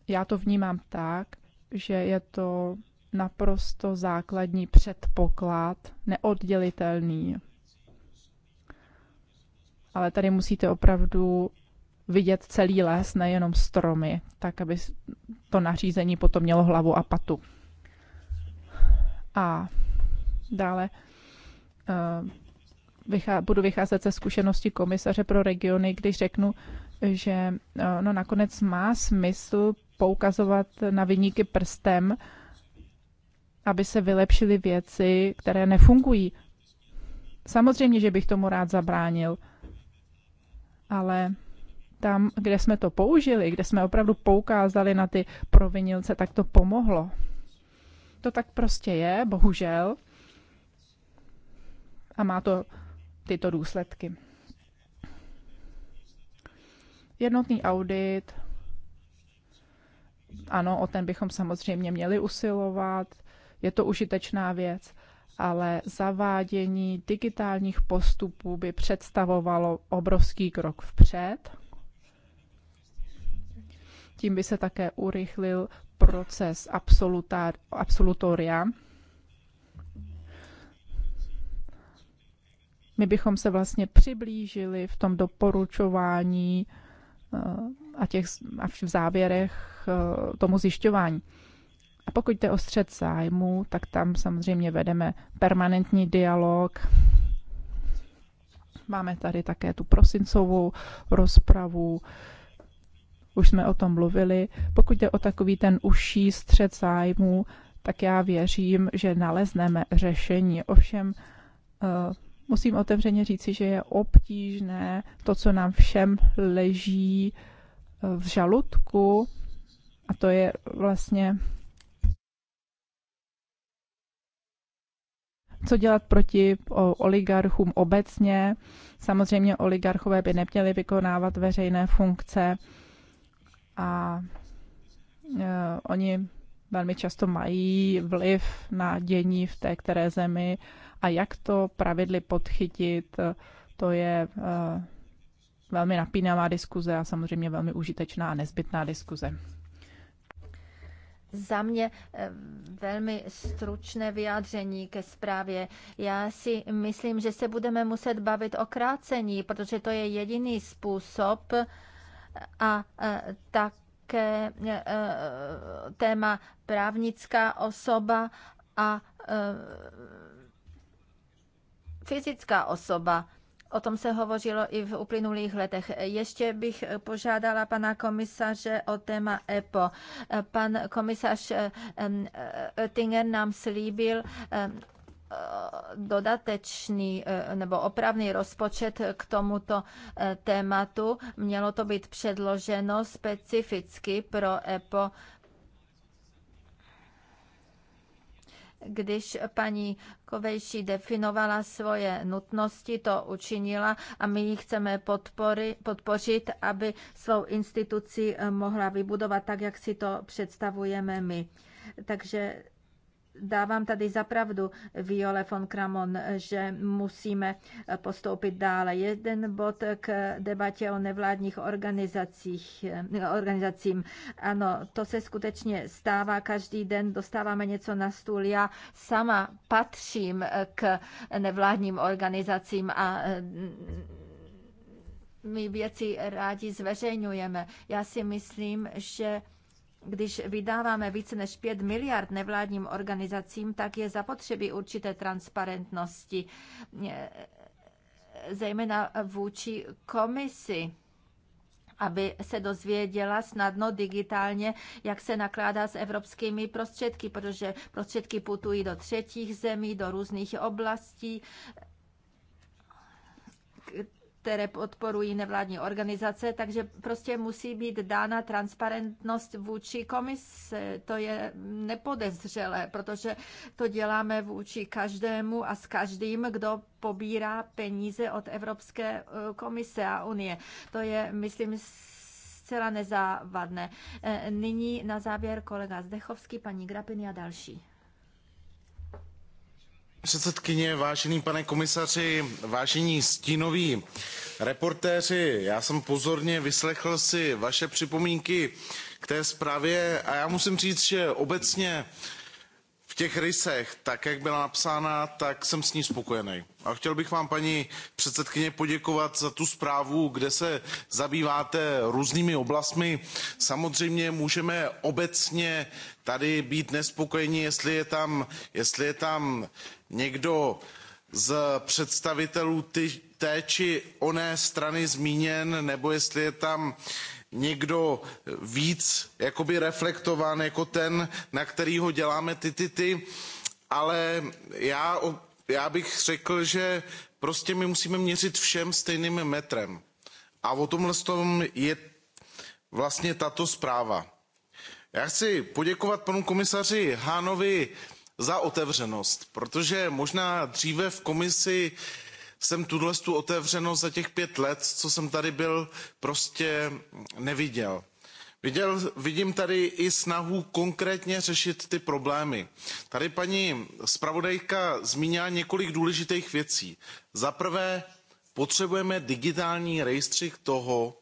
Já to vnímám tak, že je to naprosto základní předpoklad, neoddělitelný. Ale tady musíte opravdu vidět celý les, nejenom stromy, tak aby to nařízení potom mělo hlavu a patu. A dále eh, budu vycházet ze zkušenosti komisaře pro regiony, když řeknu, že eh, no, nakonec má smysl poukazovat na vyníky prstem, aby se vylepšily věci, které nefungují. Samozřejmě, že bych tomu rád zabránil, ale tam, kde jsme to použili, kde jsme opravdu poukázali na ty provinilce, tak to pomohlo. To tak prostě je, bohužel. A má to tyto důsledky. Jednotný audit, ano, o ten bychom samozřejmě měli usilovat, je to užitečná věc, ale zavádění digitálních postupů by představovalo obrovský krok vpřed. Tím by se také urychlil proces absolutoria my bychom se vlastně přiblížili v tom doporučování eh, a, těch, a v závěrech eh, tomu zjišťování. A pokud jde o střed zájmu, tak tam samozřejmě vedeme permanentní dialog. Máme tady také tu prosincovou rozpravu, už jsme o tom mluvili. Pokud jde o takový ten užší střed zájmu, tak já věřím, že nalezneme řešení. Ovšem, eh, musím otevřeně říci, že je obtížné to, co nám všem leží eh, v žaludku, a to je vlastně co dělat proti oligarchům obecně. Samozřejmě oligarchové by neměli vykonávat veřejné funkce a eh, oni velmi často mají vliv na dění v té které zemi a jak to pravidly podchytit, to je eh, velmi napínavá diskuze a samozřejmě velmi užitečná a nezbytná diskuze. Za mě eh, velmi stručné vyjádření ke zprávě. Já si myslím, že se budeme muset bavit o krácení, protože to je jediný způsob a eh, také téma právnická osoba a fyzická osoba. O tom se hovořilo i v uplynulých letech. Ještě bych požádala pana komisaře o téma EPO. Pan komisař eh, eh, Oettinger nám slíbil eh, dodatečný nebo opravný rozpočet k tomuto tématu. Mělo to být předloženo specificky pro EPO Když paní Kovejší definovala svoje nutnosti, to učinila a my ji chceme podpory, podpořit, aby svou instituci mohla vybudovat tak, jak si to představujeme my. Takže dávám tady zapravdu Viole von Kramon, že musíme postoupit dále. Jeden bod k debatě o nevládních organizacích, organizacím. Ano, to se skutečně stává každý den, dostáváme něco na stůl. Já sama patřím k nevládním organizacím a mm, my věci rádi zveřejňujeme. Já si myslím, že když vydáváme více než 5 miliard nevládním organizacím, tak je zapotřebí určité transparentnosti, eh, zejména vůči komisi aby se dozvěděla snadno digitálně, jak se nakládá s evropskými prostředky, protože prostředky putují do třetích zemí, do různých oblastí které podporují nevládní organizace, takže prostě musí být dána transparentnost vůči komise. To je nepodezřelé, protože to děláme vůči každému a s každým, kdo pobírá peníze od Evropské eh, komise a Unie. To je, myslím, zcela nezávadné. Eh, nyní na závěr kolega Zdechovský, paní Grapiny a další předsedkyně, vážený pane komisaři, vážení stínoví reportéři, já jsem pozorně vyslechl si vaše připomínky k té zprávě a já musím říct, že obecně v těch rysech, tak jak byla napsána, tak jsem s ní spokojený. A chtěl bych vám, paní předsedkyně, poděkovat za tu zprávu, kde se zabýváte různými oblastmi. Samozřejmě můžeme obecně tady být nespokojeni, jestli je tam, jestli je tam někdo z představitelů té či oné strany zmíněn nebo jestli je tam někdo víc jakoby reflektován jako ten, na kterého děláme ty, ty, ty. Ale já, já bych řekl, že prostě my musíme měřit všem stejným metrem. A o tomhle tom je vlastně tato zpráva. Já chci poděkovat panu komisaři Hánovi za otevřenost, protože možná dříve v komisi jsem tuhle tu otevřenost za těch pět let, co jsem tady byl, prostě neviděl. Viděl, vidím tady i snahu konkrétně řešit ty problémy. Tady paní zpravodajka zmínila několik důležitých věcí. Za prvé, potřebujeme digitální rejstřík toho,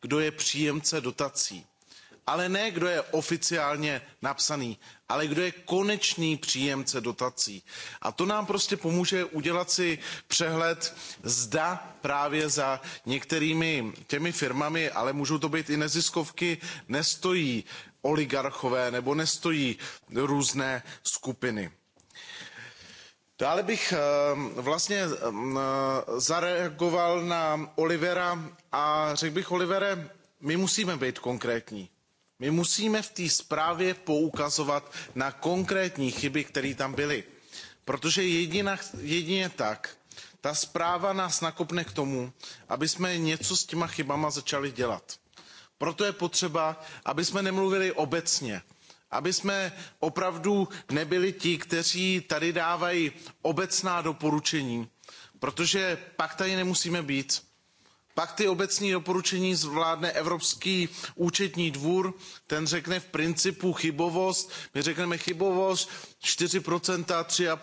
kdo je příjemce dotací ale ne kdo je oficiálně napsaný, ale kdo je konečný příjemce dotací. A to nám prostě pomůže udělat si přehled, zda právě za některými těmi firmami, ale můžou to být i neziskovky, nestojí oligarchové nebo nestojí různé skupiny. Dále bych eh, vlastně mm, eh, zareagoval na Olivera a řekl bych, Olivere, my musíme být konkrétní. My musíme v té zprávě poukazovat na konkrétní chyby, které tam byly. Protože jedina, jedině tak ta zpráva nás nakopne k tomu, aby jsme něco s těma chybama začali dělat. Proto je potřeba, aby jsme nemluvili obecně, aby jsme opravdu nebyli ti, kteří tady dávají obecná doporučení, protože pak tady nemusíme být pak ta obecní doporučení zvládne evropský účetní dvůr ten řekne v principu chybovost my řekneme chybovost four three five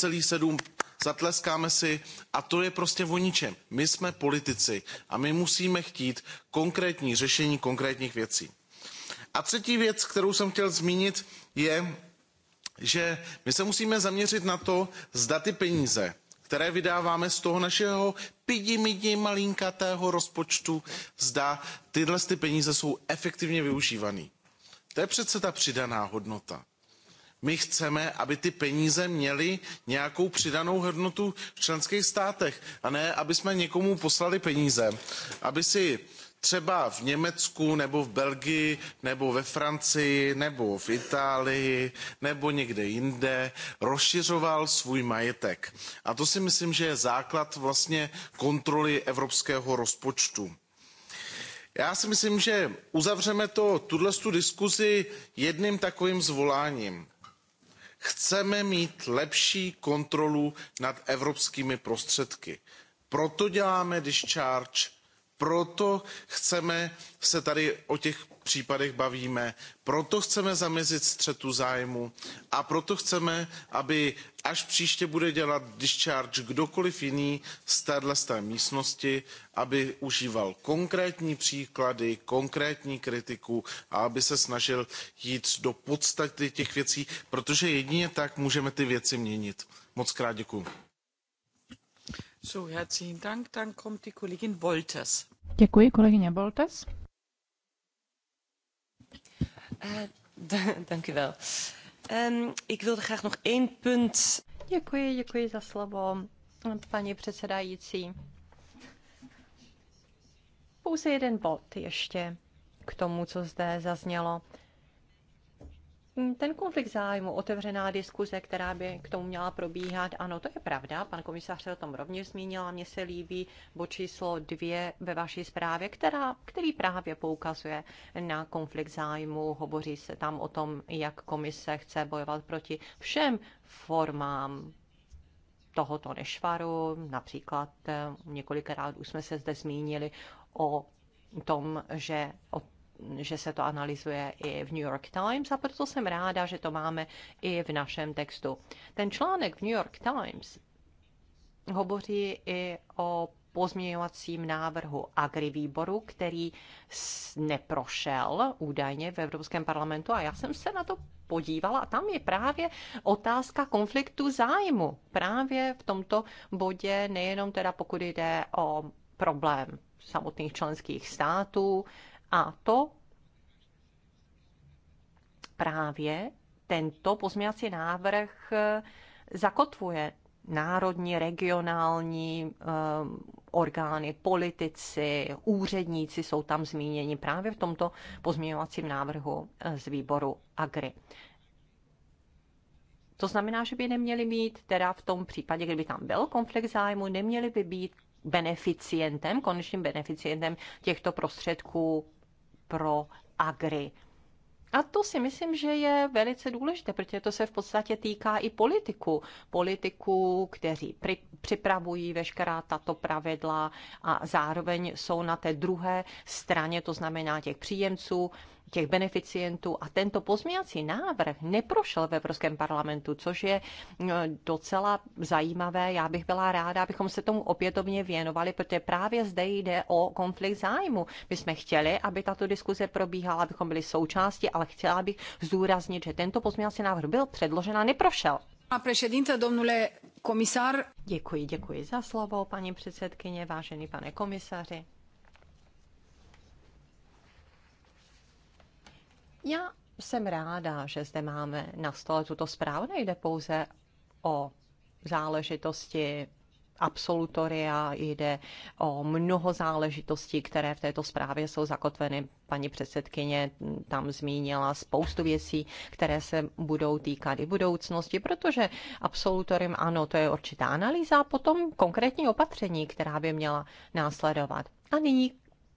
three seven zatleskáme si a to je prostě o ničem. my jsme politici a my musíme chtít konkrétní řešení konkrétních věcí. a třetí věc kterou jsem chtěl zmínit je že my se musíme zaměřit na to zda ty peníze které vydáváme z toho našeho pidimidi malinkatého rozpočtu, zda tyhle ty peníze jsou efektivně využívaný. To je přece ta přidaná hodnota. My chceme, aby ty peníze měly nějakou přidanou hodnotu v členských státech a ne, aby jsme někomu poslali peníze, aby si třeba v Německu nebo v Belgii nebo ve Francii nebo v Itálii nebo někde jinde rozšiřoval svůj majetek. A to si myslím, že je základ vlastně kontroly evropského rozpočtu. Já si myslím, že uzavřeme to, tuhle diskuzi jedním takovým zvoláním. Chceme mít lepší kontrolu nad evropskými prostředky. Proto děláme discharge, proto chceme se tady o těch případech bavíme proto chceme zamezit střetu zájmů a proto chceme aby až příště bude dělat discharge kdokoliv jiný z této místnosti aby užíval konkrétní příklady konkrétní kritiku a aby se snažil jít do podstaty těch věcí protože jedině tak můžeme ty věci měnit. mockrát děkuju. So, herzlichen Dank. Dann kommt die Kollegin Wolters. Děkuji, kolegyně Boltes. Eh, dank u wel. Ehm, ik wilde graag nog één punt. Děkuji, děkuji za slovo, paní předsedající. Pouze jeden bod ještě k tomu, co zde zaznělo. Mm, ten konflikt zájmu, otevřená diskuze, která by k tomu měla probíhat, ano, to je pravda, pan komisař se o tom rovněž zmínil a mně se líbí bod číslo dvě ve vaší zprávě, která, který právě poukazuje na konflikt zájmu, hovoří se tam o tom, jak komise chce bojovat proti všem formám tohoto nešvaru, například eh, několikrát už jsme se zde zmínili o tom, že o že se to analyzuje i v New York Times a proto jsem ráda, že to máme i v našem textu. Ten článek v New York Times hovoří i o pozměňovacím návrhu Agri výboru, který neprošel údajně v Evropském parlamentu a já jsem se na to podívala a tam je právě otázka konfliktu zájmu. Právě v tomto bodě nejenom teda pokud jde o problém samotných členských států a to právě tento pozměňovací návrh eh, zakotvuje národní, regionální um, orgány, politici, úředníci jsou tam zmíněni právě v tomto pozměňovacím návrhu eh, z výboru Agri. To znamená, že by neměli mít, teda v tom případě, kdyby tam byl konflikt zájmu, neměli by být beneficientem, konečným beneficientem těchto prostředků pro agri. A to si myslím, že je velice důležité, protože to se v podstatě týká i politiku. politiku, kteří pri, připravují veškerá tato pravidla a zároveň jsou na té druhé straně, to znamená těch příjemců těch beneficientů a tento pozměňovací návrh neprošel ve Evropském parlamentu, což je eh, docela zajímavé. Já bych byla ráda, abychom se tomu opětovně věnovali, protože právě zde jde o konflikt zájmu. My jsme chtěli, aby tato diskuze probíhala, abychom byli součástí, ale chtěla bych zdůraznit, že tento pozměňovací návrh byl předložen a neprošel. A prešedinte, domnule komisar. Děkuji, děkuji za slovo, paní předsedkyně, vážený pane komisaři. Já jsem ráda, že zde máme na stole tuto zprávu. Nejde pouze o záležitosti absolutoria, jde o mnoho záležitostí, které v této zprávě jsou zakotveny. Paní předsedkyně tam zmínila spoustu věcí, které se budou týkat i budoucnosti, protože absolutorium, ano, to je určitá analýza, a potom konkrétní opatření, která by měla následovat. A nyní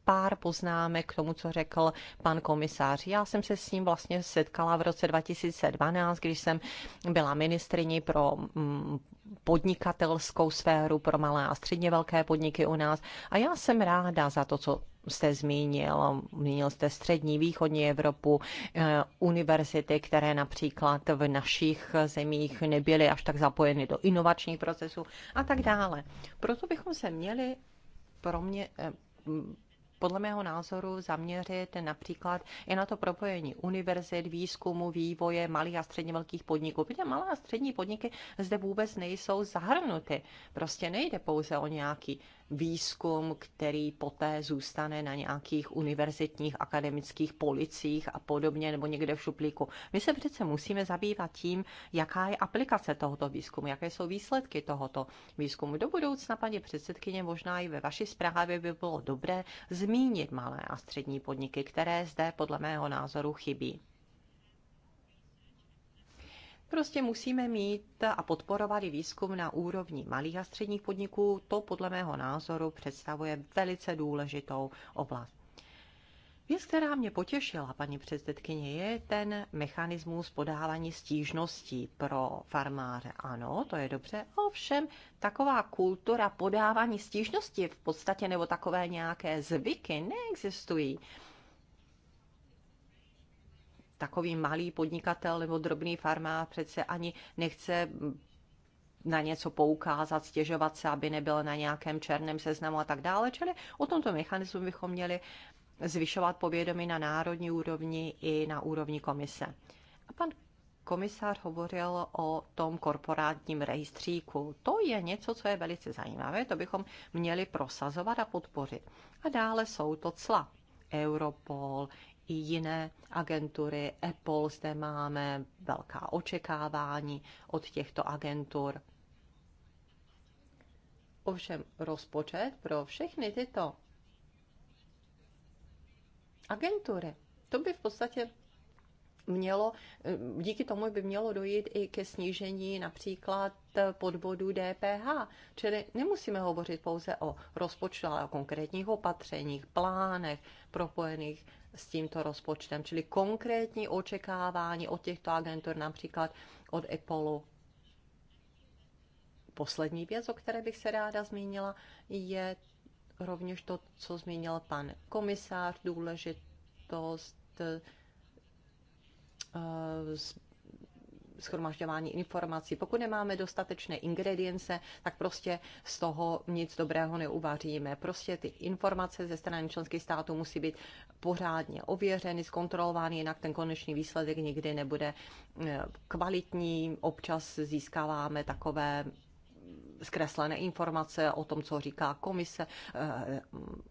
pár poznámek k tomu, co řekl pan komisář. Já jsem se s ním vlastně setkala v roce 2012, když jsem byla ministrině pro mm, podnikatelskou sféru, pro malé a středně velké podniky u nás. A já jsem ráda za to, co jste zmínil, zmínil jste střední, východní Evropu, eh, univerzity, které například v našich zemích nebyly až tak zapojeny do inovačních procesů a tak dále. Proto bychom se měli pro mě, eh, podle mého názoru zaměřit například i na to propojení univerzit, výzkumu, vývoje malých a středně velkých podniků, protože malé a střední podniky zde vůbec nejsou zahrnuty. Prostě nejde pouze o nějaký výzkum, který poté zůstane na nějakých univerzitních akademických policích a podobně, nebo někde v šuplíku. My se přece musíme zabývat tím, jaká je aplikace tohoto výzkumu, jaké jsou výsledky tohoto výzkumu. Do budoucna, paní předsedkyně, možná i ve vaší zprávě by bylo dobré zmínit malé a střední podniky, které zde podle mého názoru chybí. Prostě musíme mít a podporovat i výzkum na úrovni malých a středních podniků. To podle mého názoru představuje velice důležitou oblast. Věc, která mě potěšila, paní předsedkyně, je ten mechanismus podávání stížností pro farmáře. Ano, to je dobře, ovšem taková kultura podávání stížnosti v podstatě nebo takové nějaké zvyky neexistují takový malý podnikatel nebo drobný farmář přece ani nechce na něco poukázat, stěžovat se, aby nebyl na nějakém černém seznamu a tak dále. Čili o tomto mechanismu bychom měli zvyšovat povědomí na národní úrovni i na úrovni komise. A pan komisář hovořil o tom korporátním rejstříku. To je něco, co je velice zajímavé, to bychom měli prosazovat a podpořit. A dále jsou to cla. Europol, i jiné agentury. Apple zde máme velká očekávání od těchto agentur. Ovšem rozpočet pro všechny tyto agentury, to by v podstatě mělo, díky tomu by mělo dojít i ke snížení například podbodu DPH. Čili nemusíme hovořit pouze o rozpočtu, ale o konkrétních opatřeních, plánech propojených s tímto rozpočtem, čili konkrétní očekávání od těchto agentur, například od EPOLu. Poslední věc, o které bych se ráda zmínila, je rovněž to, co zmínil pan komisář, důležitost eh, schromažďování informací. Pokud nemáme dostatečné ingredience, tak prostě z toho nic dobrého neuvaříme. Prostě ty informace ze strany členských států musí být pořádně ověřeny, zkontrolovány, jinak ten konečný výsledek nikdy nebude eh, kvalitní. Občas získáváme takové zkreslené informace o tom, co říká komise, eh,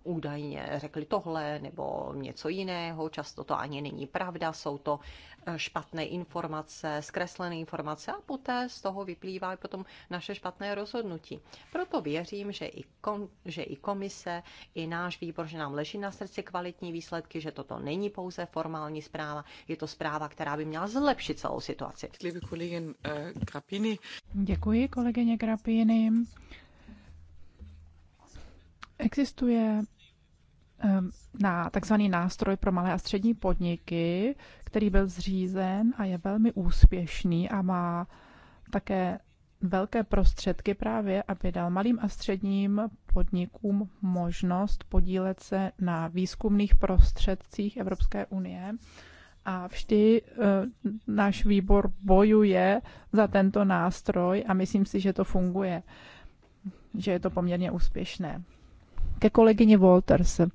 údajně řekli tohle nebo něco jiného, často to ani není pravda, jsou to eh, špatné informace, zkreslené informace a poté z toho vyplývá i potom naše špatné rozhodnutí. Proto věřím, že i, kom, že i komise, i náš výbor, že nám leží na srdci kvalitní výsledky, že toto není pouze formální zpráva, je to zpráva, která by měla zlepšit celou situaci. Děkuji kolegyně Grapini. Děkuji kolegyně Grapini existuje ehm, na takzvaný nástroj pro malé a střední podniky, který byl zřízen a je velmi úspěšný a má také velké prostředky právě, aby dal malým a středním podnikům možnost podílet se na výzkumných prostředcích Evropské unie a vždy eh, náš výbor bojuje za tento nástroj a myslím si, že to funguje, že je to poměrně úspěšné. Ke kolegyni Walters. Um,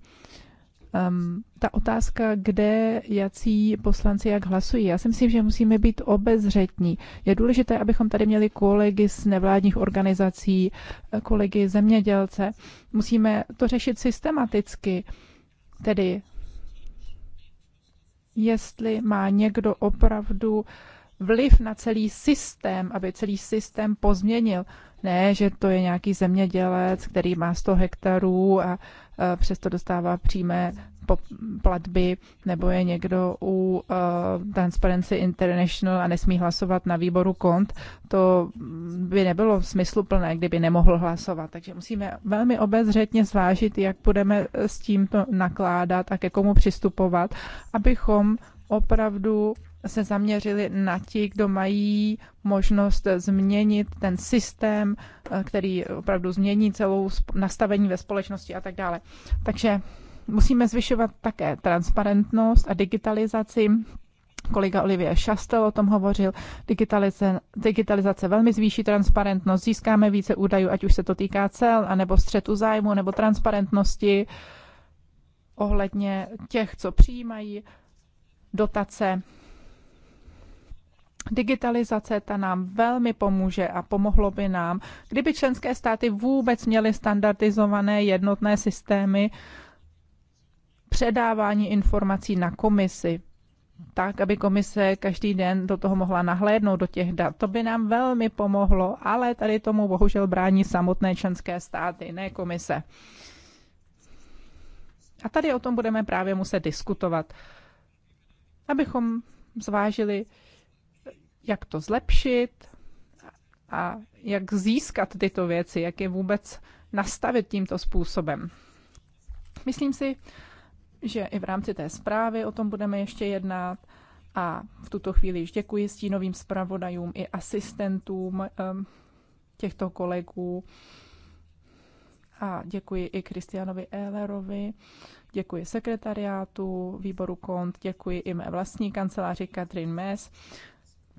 ehm, ta otázka, kde jací poslanci jak hlasují. Já si myslím, že musíme být obezřetní. Je důležité, abychom tady měli kolegy z nevládních organizací, eh, kolegy zemědělce. Musíme to řešit systematicky. Tedy jestli má někdo opravdu vliv na celý systém, aby celý systém pozměnil. Ne, že to je nějaký zemědělec, který má 100 hektarů a přesto dostává přímé platby, nebo je někdo u eh, Transparency International a nesmí hlasovat na výboru kont, to by nebylo smysluplné, kdyby nemohl hlasovat. Takže musíme velmi obezřetně zvážit, jak budeme s tímto nakládat a ke komu přistupovat, abychom opravdu se zaměřili na ti, kdo mají možnost změnit ten systém, eh, který opravdu změní celou nastavení ve společnosti a tak dále. Takže musíme zvyšovat také transparentnost a digitalizaci. Kolega Olivia Šastel o tom hovořil. Digitalizace, digitalizace velmi zvýší transparentnost, získáme více údajů, ať už se to týká cel, anebo střetu zájmu, nebo transparentnosti ohledně těch, co přijímají dotace. Digitalizace ta nám velmi pomůže a pomohlo by nám, kdyby členské státy vůbec měly standardizované jednotné systémy předávání informací na komisi, tak, aby komise každý den do toho mohla nahlédnout do těch dat. To by nám velmi pomohlo, ale tady tomu bohužel brání samotné členské státy, ne komise. A tady o tom budeme právě muset diskutovat, abychom zvážili, jak to zlepšit a jak získat tyto věci, jak je vůbec nastavit tímto způsobem. Myslím si, že i v rámci té zprávy o tom budeme ještě jednat. A v tuto chvíli již děkuji stínovým zpravodajům i asistentům ehm, těchto kolegů. A děkuji i Kristianovi Ehlerovi, děkuji sekretariátu výboru KONT, děkuji i mé vlastní kanceláři Katrin Mess.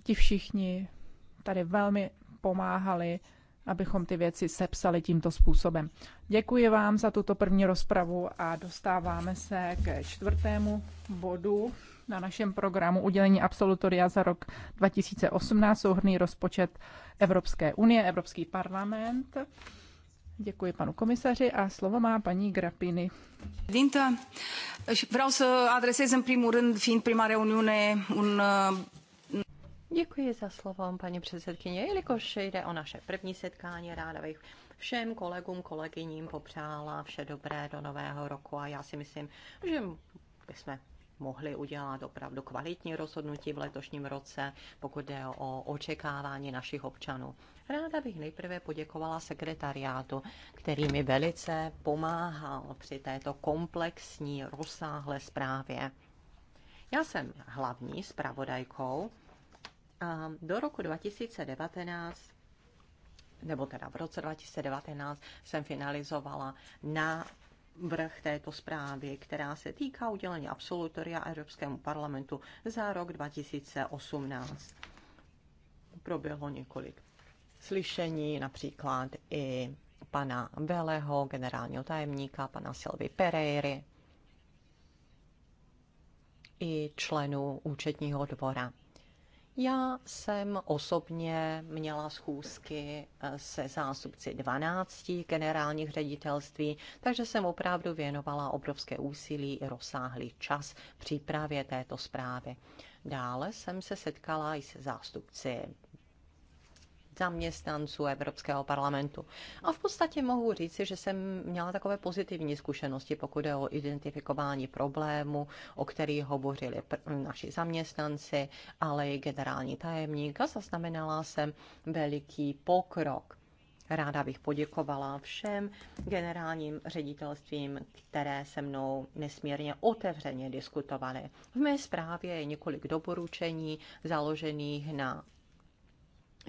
Ti všichni tady velmi pomáhali abychom ty věci sepsali tímto způsobem. Děkuji vám za tuto první rozpravu a dostáváme se ke čtvrtému bodu na našem programu udělení absolutoria za rok 2018, souhrný rozpočet Evropské unie, Evropský parlament. Děkuji panu komisaři a slovo má paní Grapiny. Dintă, vreau să adresez în primul rând, fiind prima reuniune, un Děkuji za slovo, paní předsedkyně. Jelikož jde o naše první setkání, ráda bych všem kolegům, kolegyním popřála vše dobré do nového roku a já si myslím, že bychom mohli udělat opravdu kvalitní rozhodnutí v letošním roce, pokud jde o očekávání našich občanů. Ráda bych nejprve poděkovala sekretariátu, který mi velice pomáhal při této komplexní, rozsáhlé zprávě. Já jsem hlavní zpravodajkou a do roku 2019 nebo teda v roce 2019 jsem finalizovala na vrch této zprávy, která se týká udělení absolutoria Evropskému parlamentu za rok 2018. Proběhlo několik slyšení, například i pana Veleho, generálního tajemníka, pana Silvy Pereiry i členů účetního dvora. Já jsem osobně měla schůzky eh, se zástupci 12 generálních ředitelství, takže jsem opravdu věnovala obrovské úsilí i rozsáhlý čas přípravě této zprávy. Dále jsem se setkala i se zástupci zaměstnanců Evropského parlamentu. A v podstatě mohu říci, že jsem měla takové pozitivní zkušenosti, pokud je o identifikování problému, o který hovořili naši zaměstnanci, ale i generální tajemník a zaznamenala jsem veliký pokrok. Ráda bych poděkovala všem generálním ředitelstvím, které se mnou nesmírně otevřeně diskutovaly. V mé zprávě je několik doporučení založených na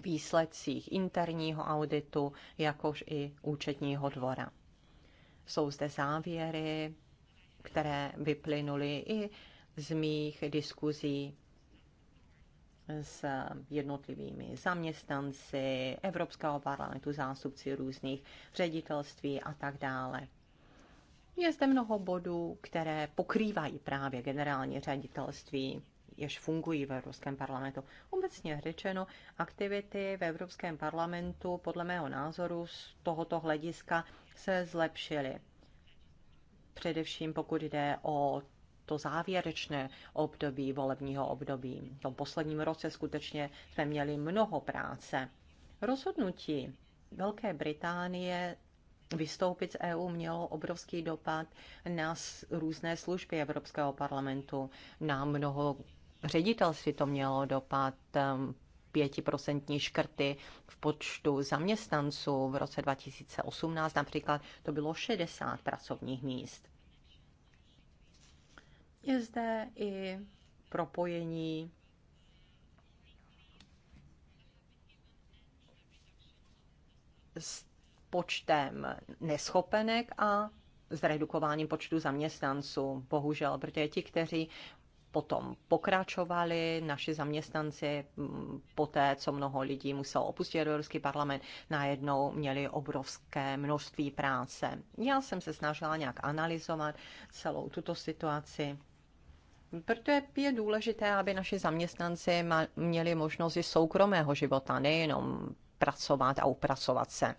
výsledcích interního auditu, jakož i účetního dvora. Jsou zde závěry, které vyplynuly i z mých diskuzí s jednotlivými zaměstnanci Evropského parlamentu, zástupci různých ředitelství a tak dále. Je zde mnoho bodů, které pokrývají právě generální ředitelství jež fungují v Evropském parlamentu. Obecně řečeno, aktivity v Evropském parlamentu podle mého názoru z tohoto hlediska se zlepšily. Především pokud jde o to závěrečné období volebního období. V tom posledním roce skutečně jsme měli mnoho práce. Rozhodnutí Velké Británie vystoupit z EU mělo obrovský dopad na různé služby Evropského parlamentu, na mnoho ředitelství to mělo dopad, um, pětiprocentní škrty v počtu zaměstnanců v roce 2018, například to bylo 60 pracovních míst. Je zde i propojení s počtem neschopenek a s redukováním počtu zaměstnanců. Bohužel, protože ti, kteří potom pokračovali naši zaměstnanci mm, po té, co mnoho lidí muselo opustit Evropský parlament, najednou měli obrovské množství práce. Já jsem se snažila nějak analyzovat celou tuto situaci. Protože je důležité, aby naši zaměstnanci měli možnost i soukromého života, nejenom pracovat a upracovat se.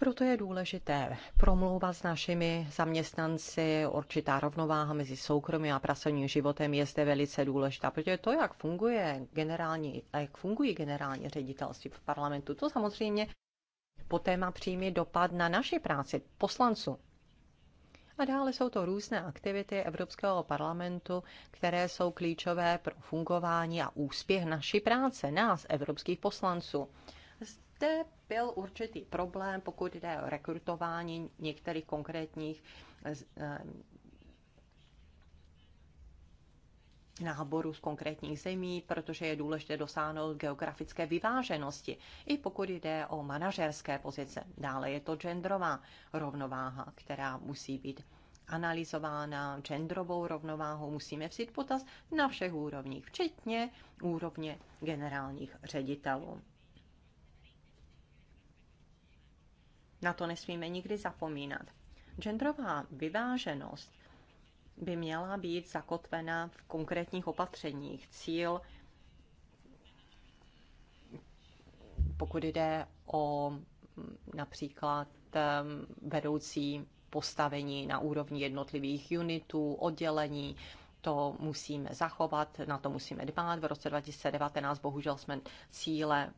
Proto je důležité promlouvat s našimi zaměstnanci. Určitá rovnováha mezi soukromým a pracovním životem je zde velice důležitá, protože to, jak funguje generální, jak fungují generální ředitelství v parlamentu, to samozřejmě poté má přímý dopad na naši práci poslanců. A dále jsou to různé aktivity Evropského parlamentu, které jsou klíčové pro fungování a úspěch naší práce, nás, evropských poslanců zde byl určitý problém, pokud jde o rekrutování některých konkrétních eh, náboru z konkrétních zemí, protože je důležité dosáhnout geografické vyváženosti, i pokud jde o manažerské pozice. Dále je to genderová rovnováha, která musí být analyzována genderovou rovnováhu, musíme vzít potaz na všech úrovních, včetně úrovně generálních ředitelů. Na to nesmíme nikdy zapomínat. Genderová vyváženost by měla být zakotvena v konkrétních opatřeních. Cíl, pokud jde o mm, například vedoucí postavení na úrovni jednotlivých unitů, oddělení, to musíme zachovat, na to musíme dbát. V roce 2019 bohužel jsme cíle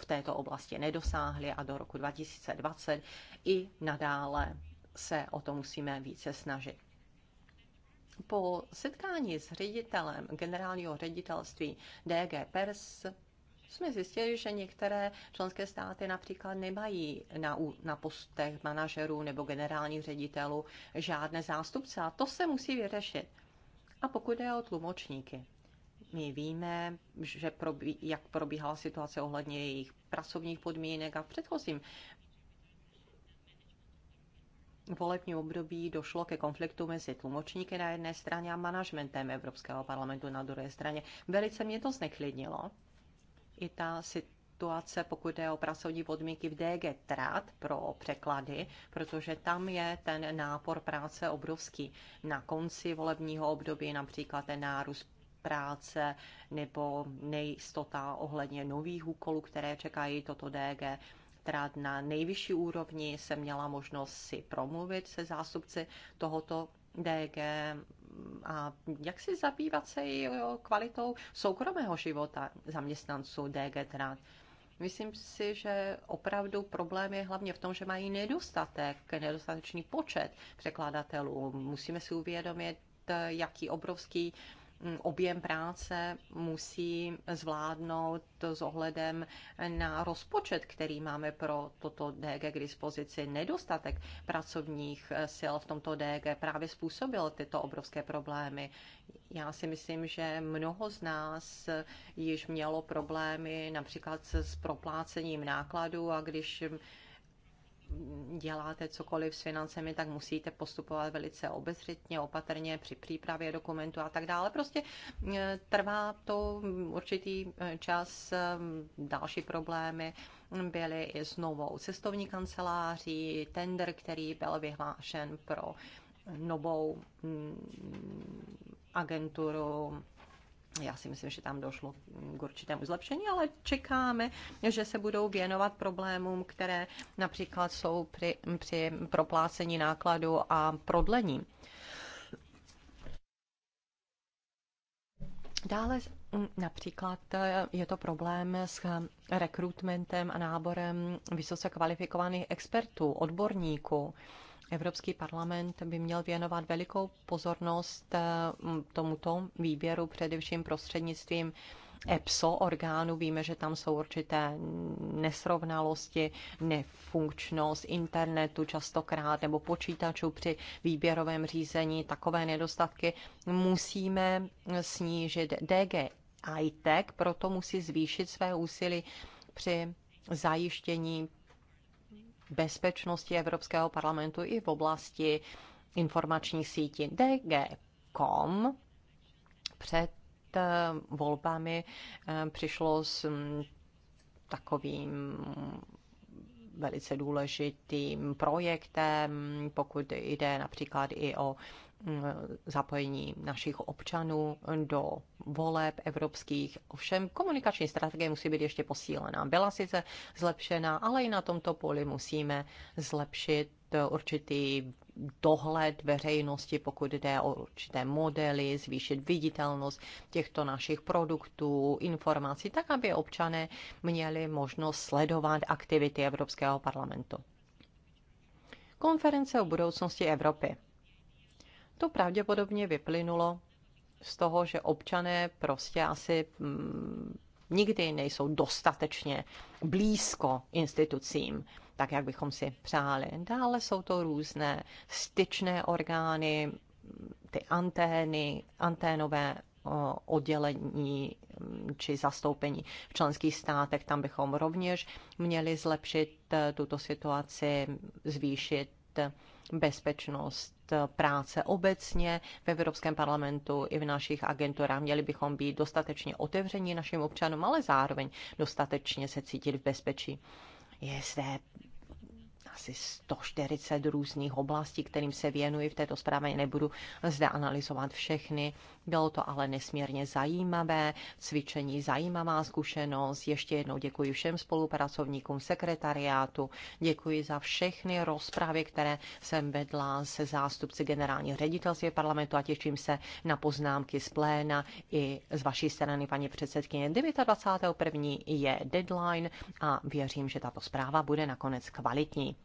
v této oblasti nedosáhli a do roku 2020 i nadále se o to musíme více snažit. Po setkání s ředitelem generálního ředitelství DG PERS jsme zjistili, že některé členské státy například nemají na, na postech manažerů nebo generálních ředitelů žádné zástupce a to se musí vyřešit. A pokud je o tlumočníky, my víme, že probí, jak probíhala situace ohledně jejich pracovních podmínek a v předchozím volební období došlo ke konfliktu mezi tlumočníky na jedné straně a managementem Evropského parlamentu na druhé straně. Velice mě to zneklidnilo. I ta situace situace, pokud je o pracovní podmínky v DG Trat pro překlady, protože tam je ten nápor práce obrovský. Na konci volebního období například ten nárůst práce nebo nejistota ohledně nových úkolů, které čekají toto DG, Trat na nejvyšší úrovni se měla možnost si promluvit se zástupci tohoto DG a jak si zabývat se i kvalitou soukromého života zaměstnanců DG Trat. Myslím si, že opravdu problém je hlavně v tom, že mají nedostatek, nedostatečný počet překladatelů. Musíme si uvědomit, jaký obrovský uh, Mm, objem práce musí zvládnout s ohledem na rozpočet, který máme pro toto DG k dispozici. Nedostatek pracovních eh, sil v tomto DG právě způsobil tyto obrovské problémy. Já si myslím, že mnoho z nás eh, již mělo problémy například s proplácením nákladů a když mm, děláte cokoliv s financemi, tak musíte postupovat velice obezřetně, opatrně při přípravě dokumentu a tak dále. Prostě e, trvá to určitý e, čas, e, další problémy byly i s novou cestovní kanceláří, tender, který byl vyhlášen pro novou agenturu já si myslím, že tam došlo k určitému zlepšení, ale čekáme, že se budou věnovat problémům, které například jsou při, při proplácení nákladu a prodlení. Dále například eh, je to problém s rekrutmentem a náborem vysoce kvalifikovaných expertů, odborníků. Evropský parlament by měl věnovat velikou pozornost eh, tomuto výběru, především prostřednictvím EPSO orgánu. Víme, že tam jsou určité nesrovnalosti, nefunkčnost internetu častokrát nebo počítačů při výběrovém řízení, takové nedostatky musíme snížit. DG ITEC proto musí zvýšit své úsilí při zajištění bezpečnosti Evropského parlamentu i v oblasti informační síti DG.com před eh, volbami eh, přišlo s mm, takovým velice důležitým projektem, pokud jde například i o Eh, zapojení našich občanů do voleb evropských. Ovšem komunikační strategie musí být ještě posílená. Byla sice zlepšena, ale i na tomto poli musíme zlepšit eh, určitý dohled veřejnosti, pokud jde o určité modely, zvýšit viditelnost těchto našich produktů, informací, tak aby občané měli možnost sledovat aktivity Evropského parlamentu. Konference o budoucnosti Evropy. To pravděpodobně vyplynulo z toho, že občané prostě asi mm, nikdy nejsou dostatečně blízko institucím, tak jak bychom si přáli. Dále jsou to různé styčné orgány, ty antény, anténové oddělení mm, či zastoupení v členských státech. Tam bychom rovněž měli zlepšit e, tuto situaci, zvýšit bezpečnost eh, práce obecně v Evropském parlamentu i v našich agenturách. Měli bychom být dostatečně otevření našim občanům, ale zároveň dostatečně se cítit v bezpečí. Je zde asi 140 různých oblastí, kterým se věnuji v této zprávě. Nebudu zde analyzovat všechny. Bylo to ale nesmírně zajímavé cvičení, zajímavá zkušenost. Ještě jednou děkuji všem spolupracovníkům sekretariátu, děkuji za všechny rozpravy, které jsem vedla se zástupci generální ředitelství parlamentu a těším se na poznámky z pléna i z vaší strany, paní předsedkyně. 29.1. je deadline a věřím, že tato zpráva bude nakonec kvalitní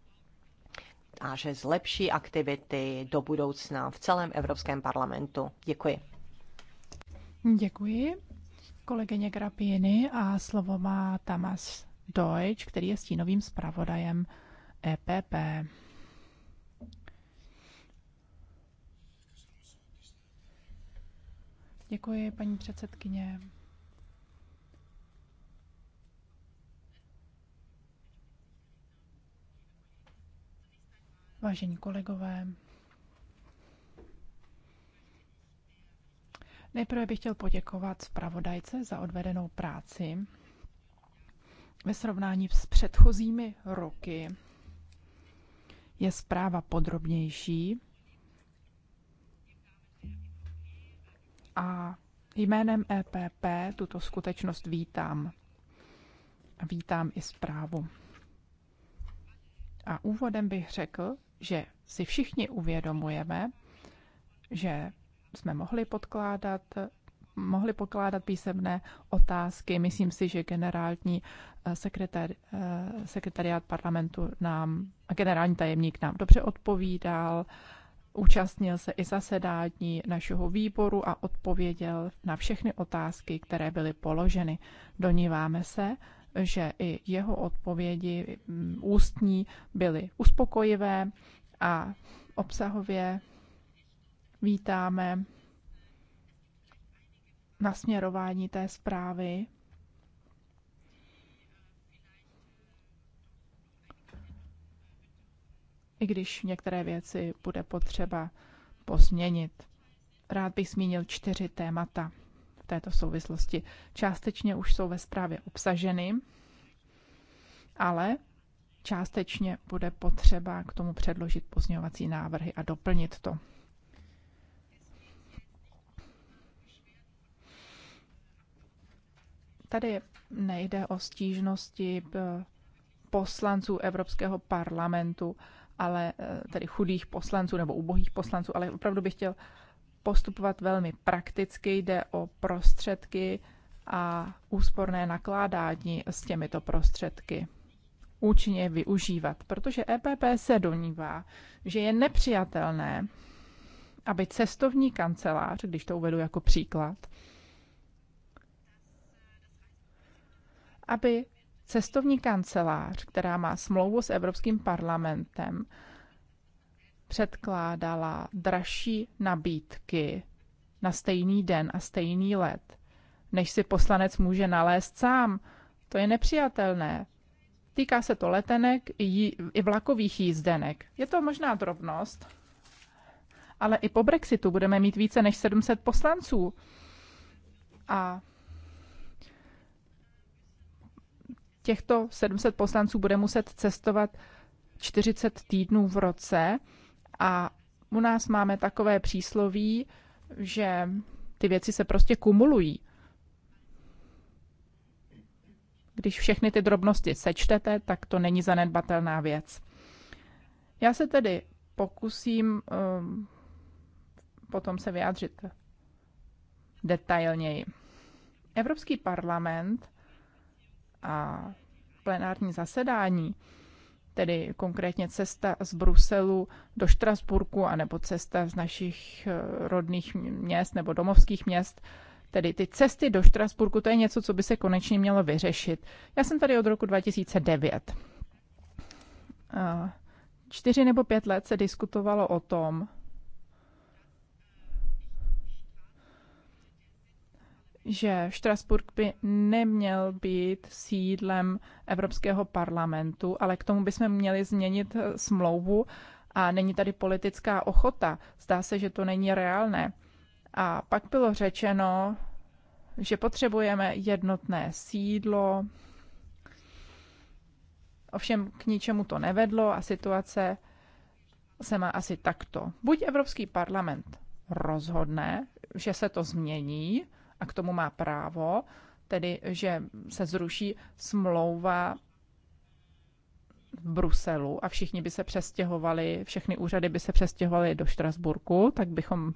a že zlepší aktivity do budoucna v celém Evropském parlamentu. Děkuji. Děkuji. Kolegyně Grapiny a slovo má Tamas Deutsch, který je stínovým zpravodajem EPP. Děkuji, paní předsedkyně. Vážení kolegové, nejprve bych chtěl poděkovat zpravodajce za odvedenou práci. Ve srovnání s předchozími roky je zpráva podrobnější a jménem EPP tuto skutečnost vítám. A vítám i zprávu. A úvodem bych řekl, že si všichni uvědomujeme, že jsme mohli podkládat mohli pokládat písemné otázky. Myslím si, že generální eh, sekretari, eh, sekretariát parlamentu nám, a generální tajemník nám dobře odpovídal, účastnil se i zasedání našeho výboru a odpověděl na všechny otázky, které byly položeny. Doníváme se, že i jeho odpovědi mm, ústní byly uspokojivé a obsahově vítáme nasměrování té zprávy. I když některé věci bude potřeba pozměnit. Rád bych zmínil čtyři témata této souvislosti. Částečně už jsou ve zprávě obsaženy, ale částečně bude potřeba k tomu předložit pozměňovací návrhy a doplnit to. Tady nejde o stížnosti eh, poslanců Evropského parlamentu, ale eh, tedy chudých poslanců nebo ubohých poslanců, ale opravdu bych chtěl postupovat velmi prakticky, jde o prostředky a úsporné nakládání s těmito prostředky účinně využívat, protože EPP se donívá, že je nepřijatelné, aby cestovní kancelář, když to uvedu jako příklad, aby cestovní kancelář, která má smlouvu s Evropským parlamentem, předkládala dražší nabídky na stejný den a stejný let, než si poslanec může nalézt sám. To je nepřijatelné. Týká se to letenek i vlakových jízdenek. Je to možná drobnost, ale i po Brexitu budeme mít více než 700 poslanců. A těchto 700 poslanců bude muset cestovat 40 týdnů v roce a u nás máme takové přísloví, že ty věci se prostě kumulují. Když všechny ty drobnosti sečtete, tak to není zanedbatelná věc. Já se tedy pokusím um, potom se vyjádřit detailněji. Evropský parlament a plenární zasedání tedy konkrétně cesta z Bruselu do Štrasburku, anebo cesta z našich eh, rodných měst nebo domovských měst. Tedy ty cesty do Štrasburku, to je něco, co by se konečně mělo vyřešit. Já jsem tady od roku 2009. Eh, čtyři nebo pět let se diskutovalo o tom, že Štrasburg by neměl být sídlem Evropského parlamentu, ale k tomu bychom měli změnit eh, smlouvu a není tady politická ochota. Zdá se, že to není reálné. A pak bylo řečeno, že potřebujeme jednotné sídlo. Ovšem k ničemu to nevedlo a situace se má asi takto. Buď Evropský parlament rozhodne, že se to změní, a k tomu má právo, tedy že se zruší smlouva v Bruselu a všichni by se přestěhovali, všechny úřady by se přestěhovaly do Štrasburku, tak bychom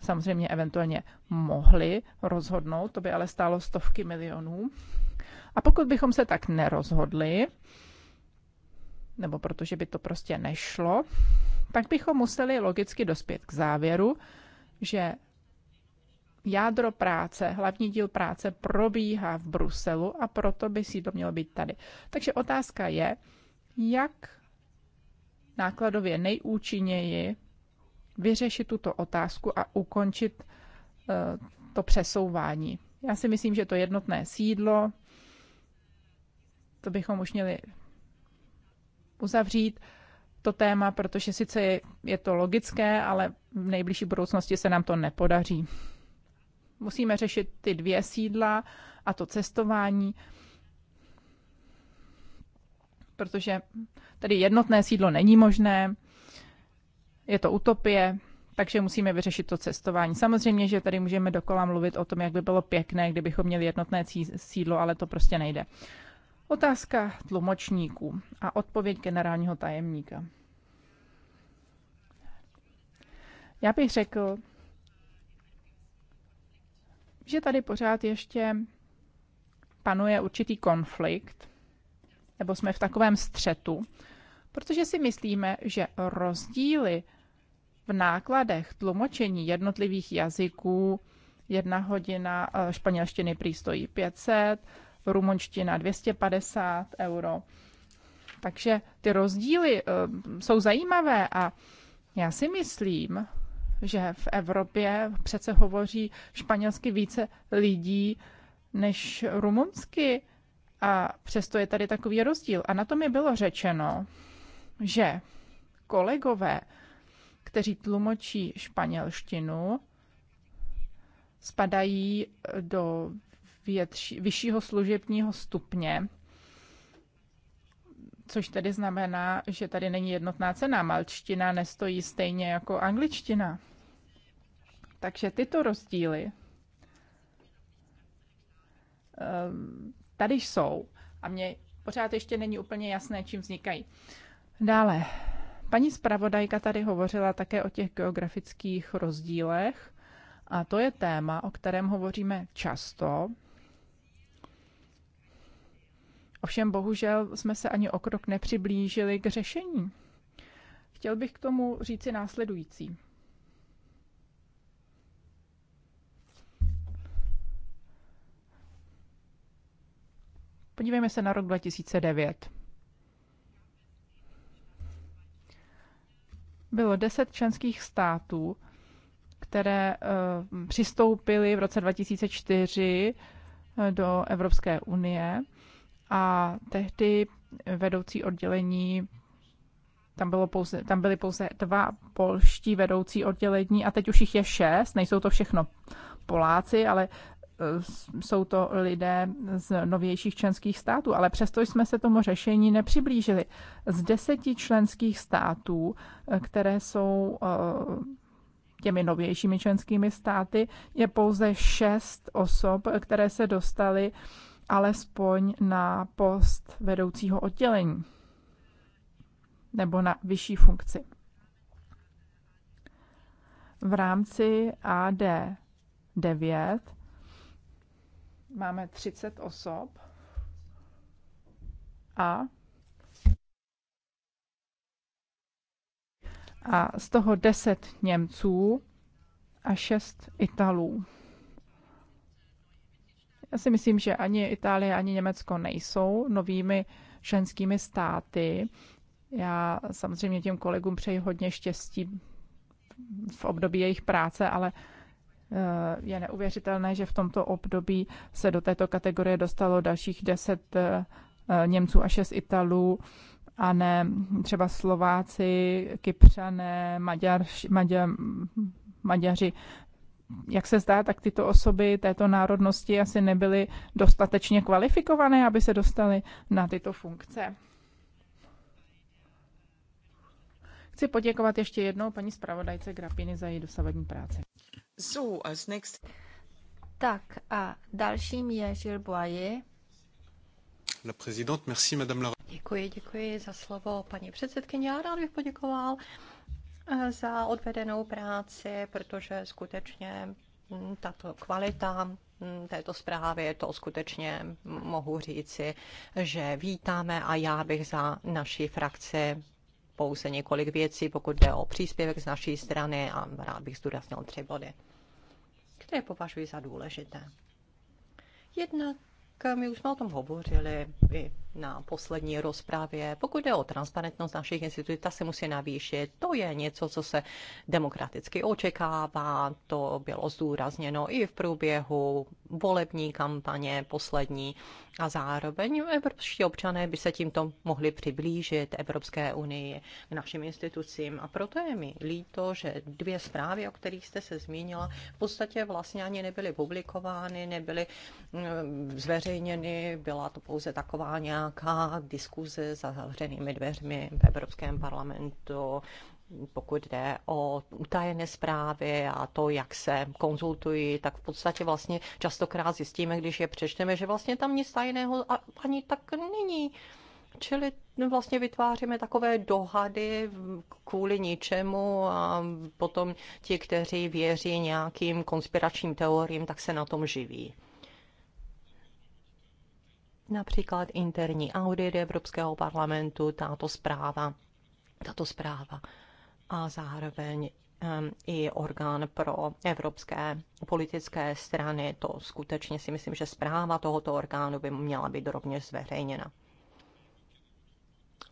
samozřejmě eventuálně mohli rozhodnout, to by ale stálo stovky milionů. A pokud bychom se tak nerozhodli, nebo protože by to prostě nešlo, tak bychom museli logicky dospět k závěru, že jádro práce, hlavní díl práce probíhá v Bruselu a proto by sídlo mělo být tady. Takže otázka je, jak nákladově nejúčinněji vyřešit tuto otázku a ukončit eh, to přesouvání. Já si myslím, že to jednotné sídlo, to bychom už měli uzavřít to téma, protože sice je to logické, ale v nejbližší budoucnosti se nám to nepodaří. Musíme řešit ty dvě sídla a to cestování, protože tady jednotné sídlo není možné, je to utopie, takže musíme vyřešit to cestování. Samozřejmě, že tady můžeme dokola mluvit o tom, jak by bylo pěkné, kdybychom měli jednotné sídlo, ale to prostě nejde. Otázka tlumočníků a odpověď generálního tajemníka. Já bych řekl, že tady pořád ještě panuje určitý konflikt, nebo jsme v takovém střetu, protože si myslíme, že rozdíly v nákladech tlumočení jednotlivých jazyků, jedna hodina eh, španělštiny přístojí 500, rumunština 250 euro. Takže ty rozdíly eh, jsou zajímavé a já si myslím, že v Evropě přece hovoří španělsky více lidí než rumunsky a přesto je tady takový rozdíl. A na to mi bylo řečeno, že kolegové, kteří tlumočí španělštinu, spadají do větši, vyššího služebního stupně což tedy znamená, že tady není jednotná cena. Malčtina nestojí stejně jako angličtina. Takže tyto rozdíly ehm, tady jsou a mě pořád ještě není úplně jasné, čím vznikají. Dále, paní zpravodajka tady hovořila také o těch geografických rozdílech a to je téma, o kterém hovoříme často Ovšem bohužel jsme se ani o krok nepřiblížili k řešení. Chtěl bych k tomu říci následující. Podívejme se na rok 2009. Bylo deset členských států, které eh, přistoupily v roce 2004 eh, do Evropské unie a tehdy vedoucí oddělení tam, bylo pouze, tam byly pouze dva polští vedoucí oddělení a teď už jich je šest, nejsou to všechno Poláci, ale e, jsou to lidé z novějších členských států, ale přesto jsme se tomu řešení nepřiblížili. Z deseti členských států, e, které jsou e, těmi novějšími členskými státy, je pouze šest osob, které se dostaly alespoň na post vedoucího oddělení nebo na vyšší funkci. V rámci AD 9 máme 30 osob a a z toho 10 Němců a 6 Italů. Já si myslím, že ani Itálie, ani Německo nejsou novými členskými státy. Já samozřejmě těm kolegům přeji hodně štěstí v období jejich práce, ale eh, je neuvěřitelné, že v tomto období se do této kategorie dostalo dalších 10 eh, Němců a 6 Italů a ne třeba Slováci, Kypřané, Maďar, Maďa, Maďaři jak se zdá, tak tyto osoby této národnosti asi nebyly dostatečně kvalifikované, aby se dostaly na tyto funkce. Chci poděkovat ještě jednou paní zpravodajce Grapiny za její dosavadní práci. So, as next... Tak a dalším je Gilles Boyer. La présidente, merci, madame la... Děkuji, děkuji za slovo, paní předsedkyně. Já rád bych poděkoval Eh, za odvedenou práci, protože skutečně hm, tato kvalita hm, této zprávy, to skutečně mohu říci, že vítáme a já bych za naší frakci pouze několik věcí, pokud jde o příspěvek z naší strany a rád bych zdůraznil tři body, které považuji za důležité. Jednak eh, my už jsme o tom hovořili i na poslední rozpravě. Pokud jde o transparentnost našich institucí, ta se musí navýšit. To je něco, co se demokraticky očekává. To bylo zdůrazněno i v průběhu volební kampaně poslední. A zároveň evropští občané by se tímto mohli přiblížit Evropské unii k našim institucím. A proto je mi líto, že dvě zprávy, o kterých jste se zmínila, v podstatě vlastně ani nebyly publikovány, nebyly mm, zveřejněny. Byla to pouze taková nějaká nějaká diskuze za zavřenými dveřmi v Evropském parlamentu, pokud jde o utajené zprávy a to, jak se konzultují, tak v podstatě vlastně častokrát zjistíme, když je přečteme, že vlastně tam nic tajného ani tak není. Čili no, vlastně vytváříme takové dohady kvůli ničemu a potom ti, kteří věří nějakým konspiračním teoriím, tak se na tom živí například interní audit Evropského parlamentu, tato zpráva, tato zpráva a zároveň i orgán pro evropské politické strany. To skutečně si myslím, že zpráva tohoto orgánu by měla být rovněž zveřejněna.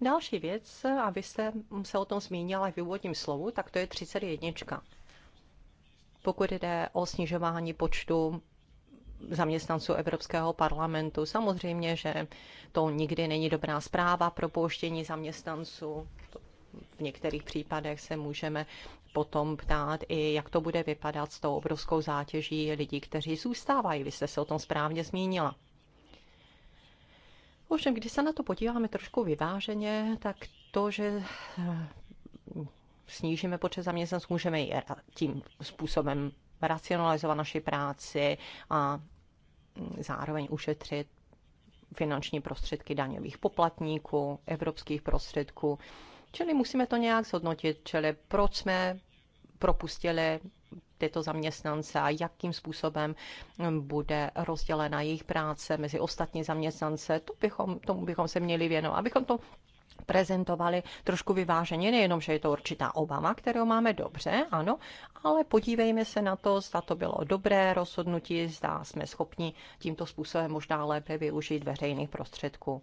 Další věc, a vy jste se o tom zmínila v úvodním slovu, tak to je 31. Pokud jde o snižování počtu zaměstnanců Evropského parlamentu. Samozřejmě, že to nikdy není dobrá zpráva pro pouštění zaměstnanců. V některých případech se můžeme potom ptát i, jak to bude vypadat s tou obrovskou zátěží lidí, kteří zůstávají. Vy jste se o tom správně zmínila. Ovšem, když se na to podíváme trošku vyváženě, tak to, že eh, snížíme počet zaměstnanců, můžeme i eh, tím způsobem racionalizovat naši práci a zároveň ušetřit finanční prostředky daňových poplatníků, evropských prostředků. Čili musíme to nějak zhodnotit, čili proč jsme propustili tyto zaměstnance a jakým způsobem bude rozdělena jejich práce mezi ostatní zaměstnance, to bychom, tomu bychom se měli věnovat, abychom to prezentovali trošku vyváženě, nejenom, že je to určitá obava, kterou máme dobře, ano, ale podívejme se na to, zda to bylo dobré rozhodnutí, zda jsme schopni tímto způsobem možná lépe využít veřejných prostředků.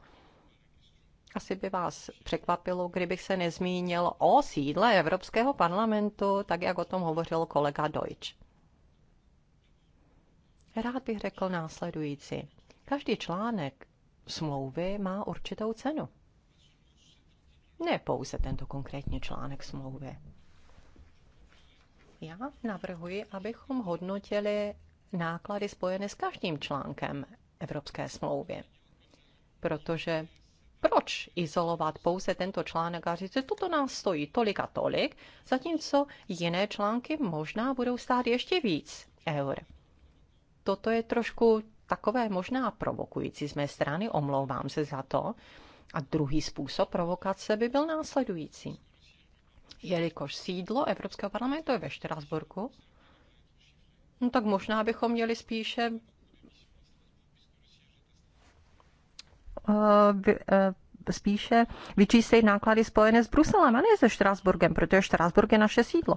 Asi by vás překvapilo, kdybych se nezmínil o sídle Evropského parlamentu, tak jak o tom hovořil kolega Deutsch. Rád bych řekl následující. Každý článek smlouvy má určitou cenu ne pouze tento konkrétní článek smlouvy. Já navrhuji, abychom hodnotili náklady spojené s každým článkem Evropské smlouvy. Protože proč izolovat pouze tento článek a říct, že toto nás stojí tolik a tolik, zatímco jiné články možná budou stát ještě víc eur. Toto je trošku takové možná provokující z mé strany, omlouvám se za to, a druhý způsob provokace by byl následující. Jelikož sídlo Evropského parlamentu je ve Štrasburku, no tak možná bychom měli spíše eh, eh, spíše vyčíslit náklady spojené s Bruselem a ne se Štrasburgem, protože Štrasburg je naše sídlo.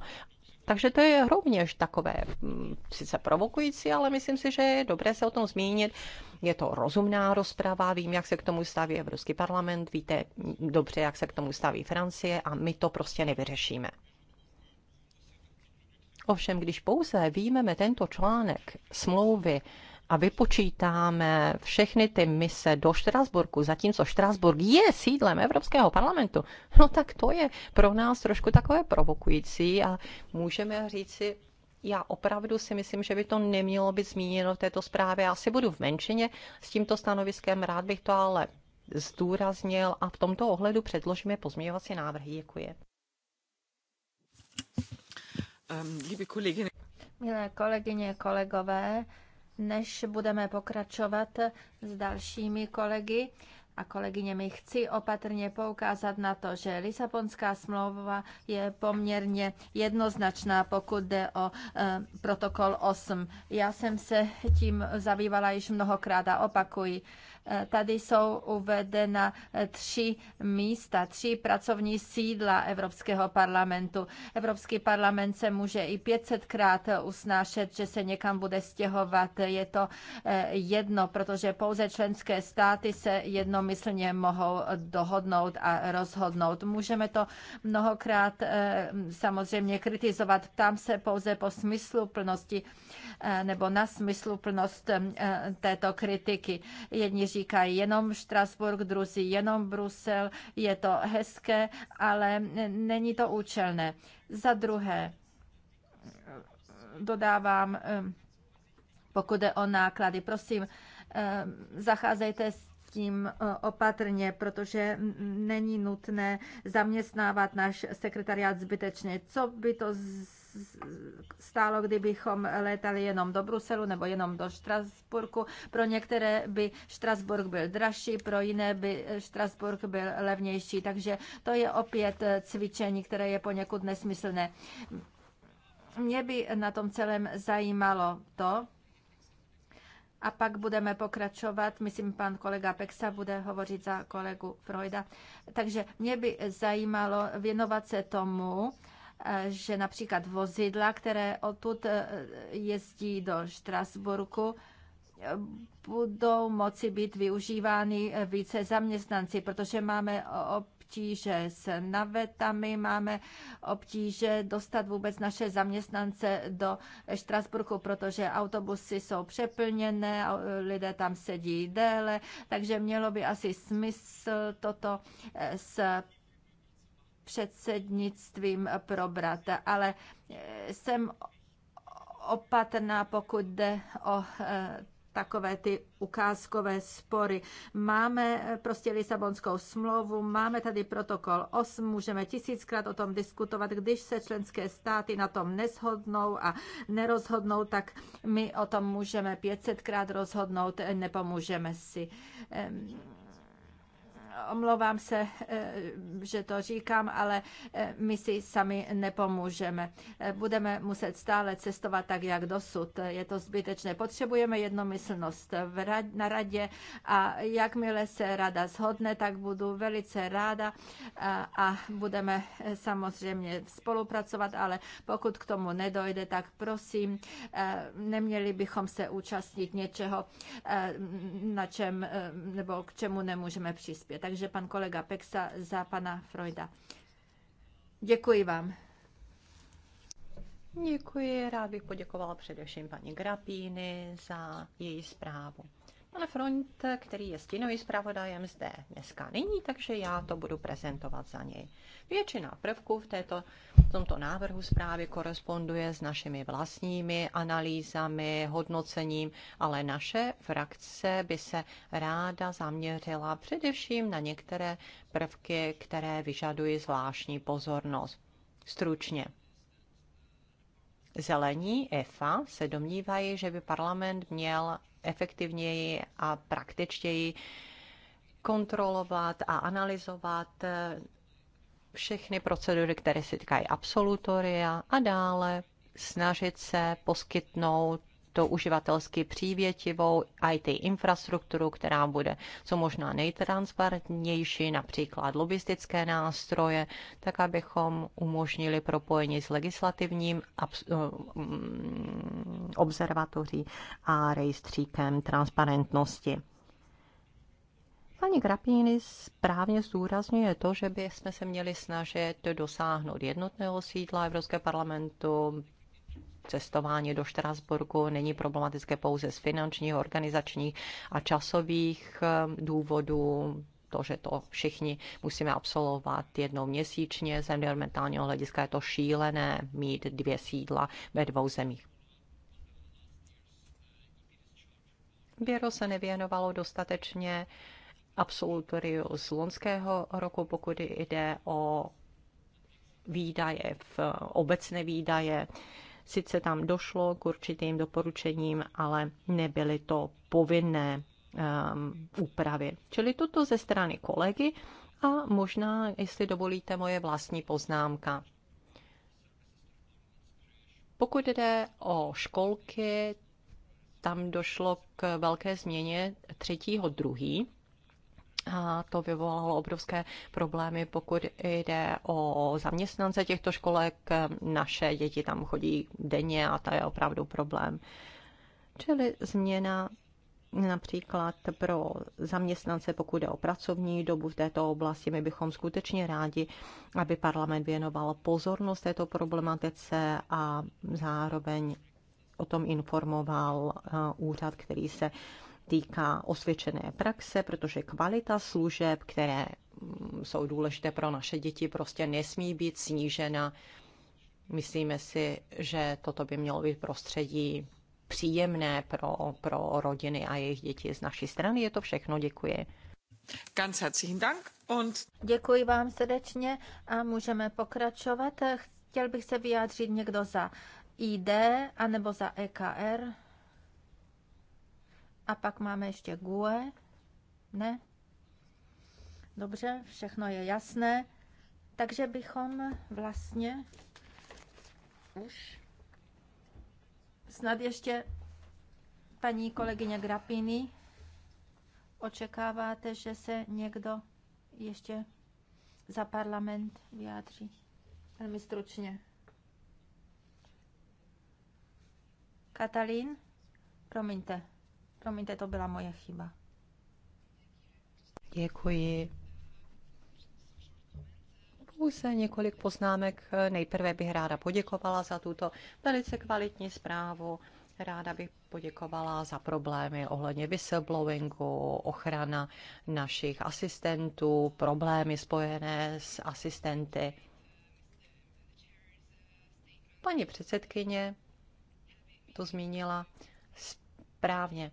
Takže to je rovněž takové mm, sice provokující, ale myslím si, že je dobré se o tom zmínit. Je to rozumná rozprava, vím, jak se k tomu staví Evropský parlament, víte dobře, jak se k tomu staví Francie a my to prostě nevyřešíme. Ovšem, když pouze výjmeme tento článek smlouvy a vypočítáme všechny ty mise do Štrasburku, zatímco Štrasburg je sídlem Evropského parlamentu, no tak to je pro nás trošku takové provokující a můžeme říci, já opravdu si myslím, že by to nemělo být zmíněno v této zprávě. Asi budu v menšině s tímto stanoviskem, rád bych to ale zdůraznil a v tomto ohledu předložíme pozměňovací návrhy. Děkuji. Um, Milé kolegyně, kolegové, než budeme pokračovat s dalšími kolegy a kolegyněmi, chci opatrně poukázat na to, že Lisabonská smlouva je poměrně jednoznačná, pokud jde o e, protokol 8. Já jsem se tím zabývala již mnohokrát a opakuji. E, Tady jsou uvedena tři místa, tři pracovní sídla Evropského parlamentu. Evropský parlament se může i 500krát usnášet, že se někam bude stěhovat. Je to eh, jedno, protože pouze členské státy se jednomyslně mohou dohodnout a rozhodnout. Můžeme to mnohokrát eh, samozřejmě kritizovat. Tam se pouze po smyslu plnosti eh, nebo na smyslu plnost této kritiky. Jedni říkají jenom Štrasburg, druzí jenom Brusel, je to hezké, ale není to účelné. Za druhé, dodávám, eh, pokud jde o náklady, prosím, eh, zacházejte s tím eh, opatrně, protože není nutné zaměstnávat náš sekretariát zbytečně. Co by to z stálo, kdybychom létali jenom do Bruselu nebo jenom do Štrasburku. Pro některé by Štrasburg byl dražší, pro jiné by Štrasburg byl levnější. Takže to je opět cvičení, které je poněkud nesmyslné. Mě by na tom celém zajímalo to, a pak budeme pokračovat. Myslím, pan kolega Peksa bude hovořit za kolegu Freuda. Takže mě by zajímalo věnovat se tomu, že například vozidla, které odtud eh, jezdí do Štrasburku, budou moci být využívány více zaměstnanci, protože máme obtíže s navetami, máme obtíže dostat vůbec naše zaměstnance do Štrasburku, protože autobusy jsou přeplněné, lidé tam sedí déle, takže mělo by asi smysl toto eh, s předsednictvím probrat, ale eh, jsem opatrná, pokud jde o eh, takové ty ukázkové spory. Máme eh, prostě Lisabonskou smlouvu, máme tady protokol 8, můžeme tisíckrát o tom diskutovat. Když se členské státy na tom neshodnou a nerozhodnou, tak my o tom můžeme pětsetkrát rozhodnout, nepomůžeme si. Omlouvám se, eh, že to říkám, ale eh, my si sami nepomůžeme. Eh, budeme muset stále cestovat tak, jak dosud. Je to zbytečné. Potřebujeme jednomyslnost na radě a jakmile se rada shodne, tak budu velice ráda a budeme samozřejmě spolupracovat, ale pokud k tomu nedojde, tak prosím, neměli bychom se účastnit něčeho, na čem nebo k čemu nemůžeme přispět. Takže pan kolega Pexa za pana Freuda. Děkuji vám. Děkuji, rád bych poděkovala především paní Grapíny za její zprávu. Pan Front, který je stínový zpravodajem zde dneska není, takže já to budu prezentovat za něj. Většina prvků v, této, v tomto návrhu zprávy koresponduje s našimi vlastními analýzami, hodnocením, ale naše frakce by se ráda zaměřila především na některé prvky, které vyžadují zvláštní pozornost. Stručně. Zelení EFA se domnívají, že by parlament měl efektivněji a praktičtěji kontrolovat a analyzovat eh, všechny procedury, které se týkají absolutoria a dále snažit se poskytnout to uživatelsky přívětivou IT infrastrukturu, která bude co možná nejtransparentnější, například lobistické nástroje, tak abychom umožnili propojení s legislativním eh, mm, observatoří a rejstříkem transparentnosti. Pani Grapini správně zdůrazňuje to, že bychom se měli snažit dosáhnout jednotného sídla Evropského parlamentu, cestování do Štrasburku není problematické pouze z finančních, organizačních a časových eh, důvodů to, že to všichni musíme absolvovat jednou měsíčně. Z environmentálního hlediska je to šílené mít dvě sídla ve dvou zemích. Běro se nevěnovalo dostatečně absolutoriu z loňského roku, pokud jde o výdaje, v obecné výdaje Sice tam došlo k určitým doporučením, ale nebyly to povinné um, úpravy. Čili toto ze strany kolegy a možná, jestli dovolíte, moje vlastní poznámka. Pokud jde o školky, tam došlo k velké změně třetího druhý a to vyvolalo obrovské problémy, pokud jde o zaměstnance těchto školek. Naše děti tam chodí denně a to je opravdu problém. Čili změna například pro zaměstnance, pokud jde o pracovní dobu v této oblasti, my bychom skutečně rádi, aby parlament věnoval pozornost této problematice a zároveň o tom informoval eh, úřad, který se týká osvědčené praxe, protože kvalita služeb, které mm, jsou důležité pro naše děti, prostě nesmí být snížena. Myslíme si, že toto by mělo být prostředí příjemné pro, pro rodiny a jejich děti. Z naší strany je to všechno. Děkuji. Ganz herzlichen Dank und Děkuji vám srdečně a můžeme pokračovat. Chtěl bych se vyjádřit někdo za ID anebo za EKR. A pak máme ještě GUE. Ne? Dobře, všechno je jasné. Takže bychom vlastně už snad ještě paní kolegyně Grapiny očekáváte, že se někdo ještě za parlament vyjádří? Velmi stručně. Katalín, promiňte. Promiňte, to byla moje chyba. Děkuji. Pouze několik poznámek. Nejprve bych ráda poděkovala za tuto velice kvalitní zprávu. Ráda bych poděkovala za problémy ohledně whistleblowingu, ochrana našich asistentů, problémy spojené s asistenty. Paní předsedkyně to zmínila správně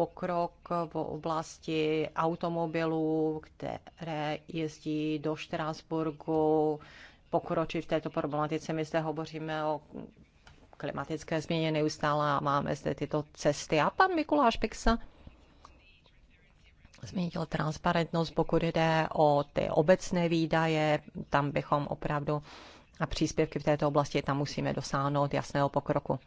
pokrok v oblasti automobilů, které jezdí do Štrásburgu, pokročit v této problematice. My zde hovoříme o klimatické změně neustále a máme zde tyto cesty. A pan Mikuláš Pixa zmínil transparentnost, pokud jde o ty obecné výdaje, tam bychom opravdu a příspěvky v této oblasti tam musíme dosáhnout jasného pokroku.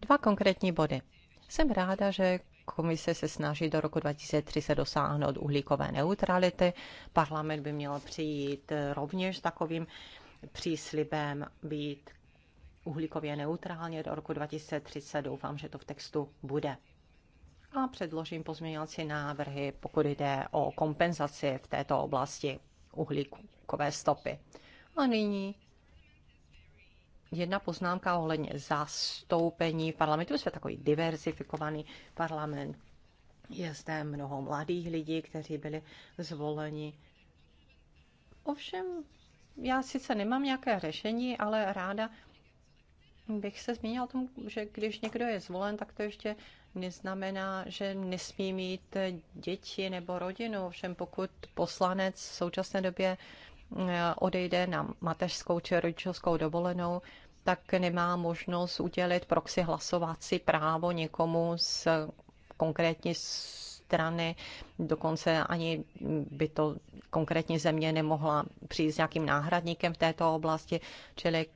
Dva konkrétní body. Jsem ráda, že komise se snaží do roku 2030 dosáhnout uhlíkové neutrality. Parlament by měl přijít rovněž takovým příslibem být uhlíkově neutrálně do roku 2030. Doufám, že to v textu bude. A předložím pozměňovací návrhy, pokud jde o kompenzaci v této oblasti uhlíkové stopy. A nyní jedna poznámka ohledně zastoupení v parlamentu. Jsme takový diverzifikovaný parlament. Je zde mnoho mladých lidí, kteří byli zvoleni. Ovšem, já sice nemám nějaké řešení, ale ráda bych se zmínila o tom, že když někdo je zvolen, tak to ještě neznamená, že nesmí mít děti nebo rodinu. Ovšem pokud poslanec v současné době eh, odejde na mateřskou či rodičovskou dovolenou, tak nemá možnost udělit proxy hlasovací právo někomu z konkrétní strany, dokonce ani by to konkrétní země nemohla přijít s nějakým náhradníkem v této oblasti, čili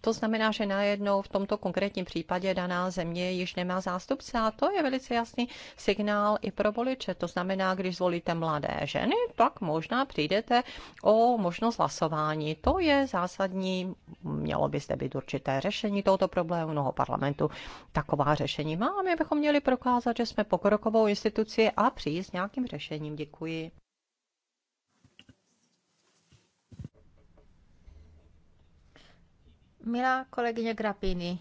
to znamená, že najednou v tomto konkrétním případě daná země již nemá zástupce a to je velice jasný signál i pro voliče. To znamená, když zvolíte mladé ženy, tak možná přijdete o možnost hlasování. To je zásadní, mělo by zde být určité řešení tohoto problému. Mnoho parlamentu taková řešení má a my bychom měli prokázat, že jsme pokrokovou instituci a přijít s nějakým řešením. Děkuji. Milá kolegyně Grapini.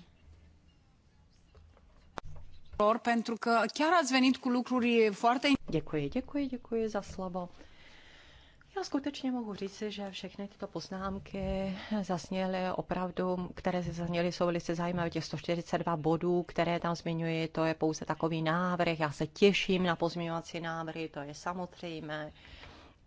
Děkuji, děkuji, děkuji za slovo. Já skutečně mohu říci, že všechny tyto poznámky zasněly opravdu, které se zasněly, jsou velice zajímavé. Těch 142 bodů, které tam zmiňuji, to je pouze takový návrh. Já se těším na pozměňovací návrhy, to je samozřejmé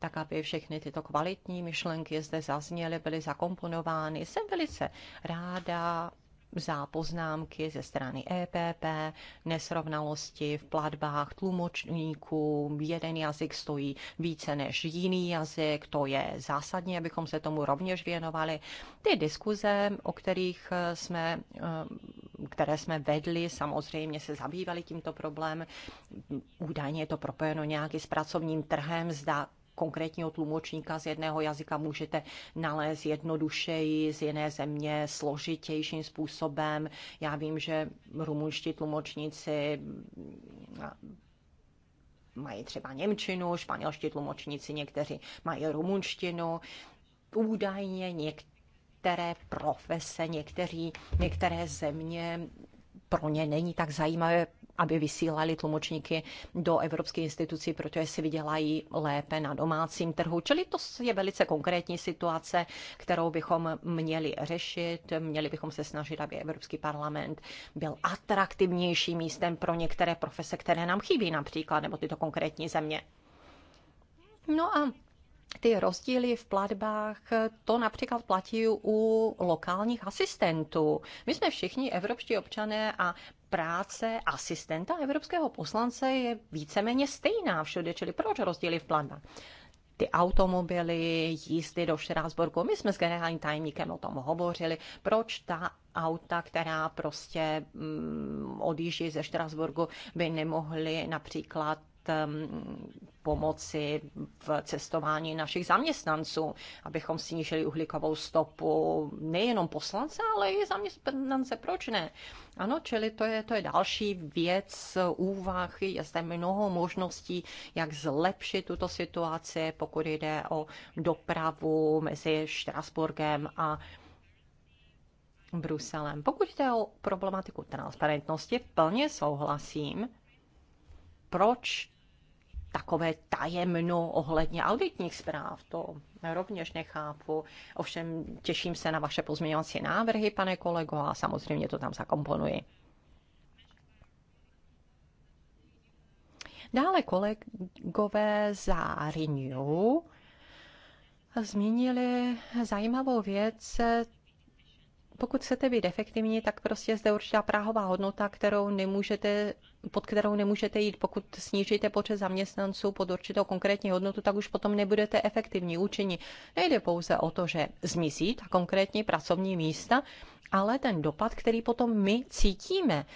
tak aby všechny tyto kvalitní myšlenky zde zazněly, byly zakomponovány. Jsem velice ráda za poznámky ze strany EPP, nesrovnalosti v platbách tlumočníků, jeden jazyk stojí více než jiný jazyk, to je zásadní, abychom se tomu rovněž věnovali. Ty diskuze, o kterých jsme, eh, které jsme vedli, samozřejmě se zabývali tímto problémem. Údajně je to propojeno nějaký s pracovním trhem, zda konkrétního tlumočníka z jedného jazyka můžete nalézt jednodušeji, z jiné země složitějším způsobem. Já vím, že rumunští tlumočníci mají třeba Němčinu, španělští tlumočníci někteří mají rumunštinu. Údajně některé profese, někteří, některé země pro ně není tak zajímavé aby vysílali tlumočníky do evropské institucí, protože si vydělají lépe na domácím trhu. Čili to je velice konkrétní situace, kterou bychom měli řešit. Měli bychom se snažit, aby Evropský parlament byl atraktivnějším místem pro některé profese, které nám chybí například, nebo tyto konkrétní země. No a ty rozdíly v platbách, to například platí u lokálních asistentů. My jsme všichni evropští občané a práce asistenta evropského poslance je víceméně stejná všude, čili proč rozdíly v platbách? ty automobily, jízdy do Štrásburku. My jsme s generálním tajemníkem o tom hovořili, proč ta auta, která prostě mm, odjíždí ze Štrasburgu, by nemohly například Ehm, pomoci v cestování našich zaměstnanců, abychom snížili uhlíkovou stopu nejenom poslance, ale i zaměstnance. Proč ne? Ano, čili to je, to je další věc úvah. Je zde mnoho možností, jak zlepšit tuto situaci, pokud jde o dopravu mezi Štrasburgem a Bruselem. Pokud jde o problematiku transparentnosti, plně souhlasím. Proč takové tajemno ohledně auditních zpráv. To rovněž nechápu. Ovšem těším se na vaše pozměňovací návrhy, pane kolego, a samozřejmě to tam zakomponuji. Dále kolegové za Renew zmínili zajímavou věc, pokud chcete být efektivní, tak prostě zde určitá práhová hodnota, kterou nemůžete, pod kterou nemůžete jít. Pokud snížíte počet zaměstnanců pod určitou konkrétní hodnotu, tak už potom nebudete efektivní, účinní. Nejde pouze o to, že zmizí ta konkrétní pracovní místa, ale ten dopad, který potom my cítíme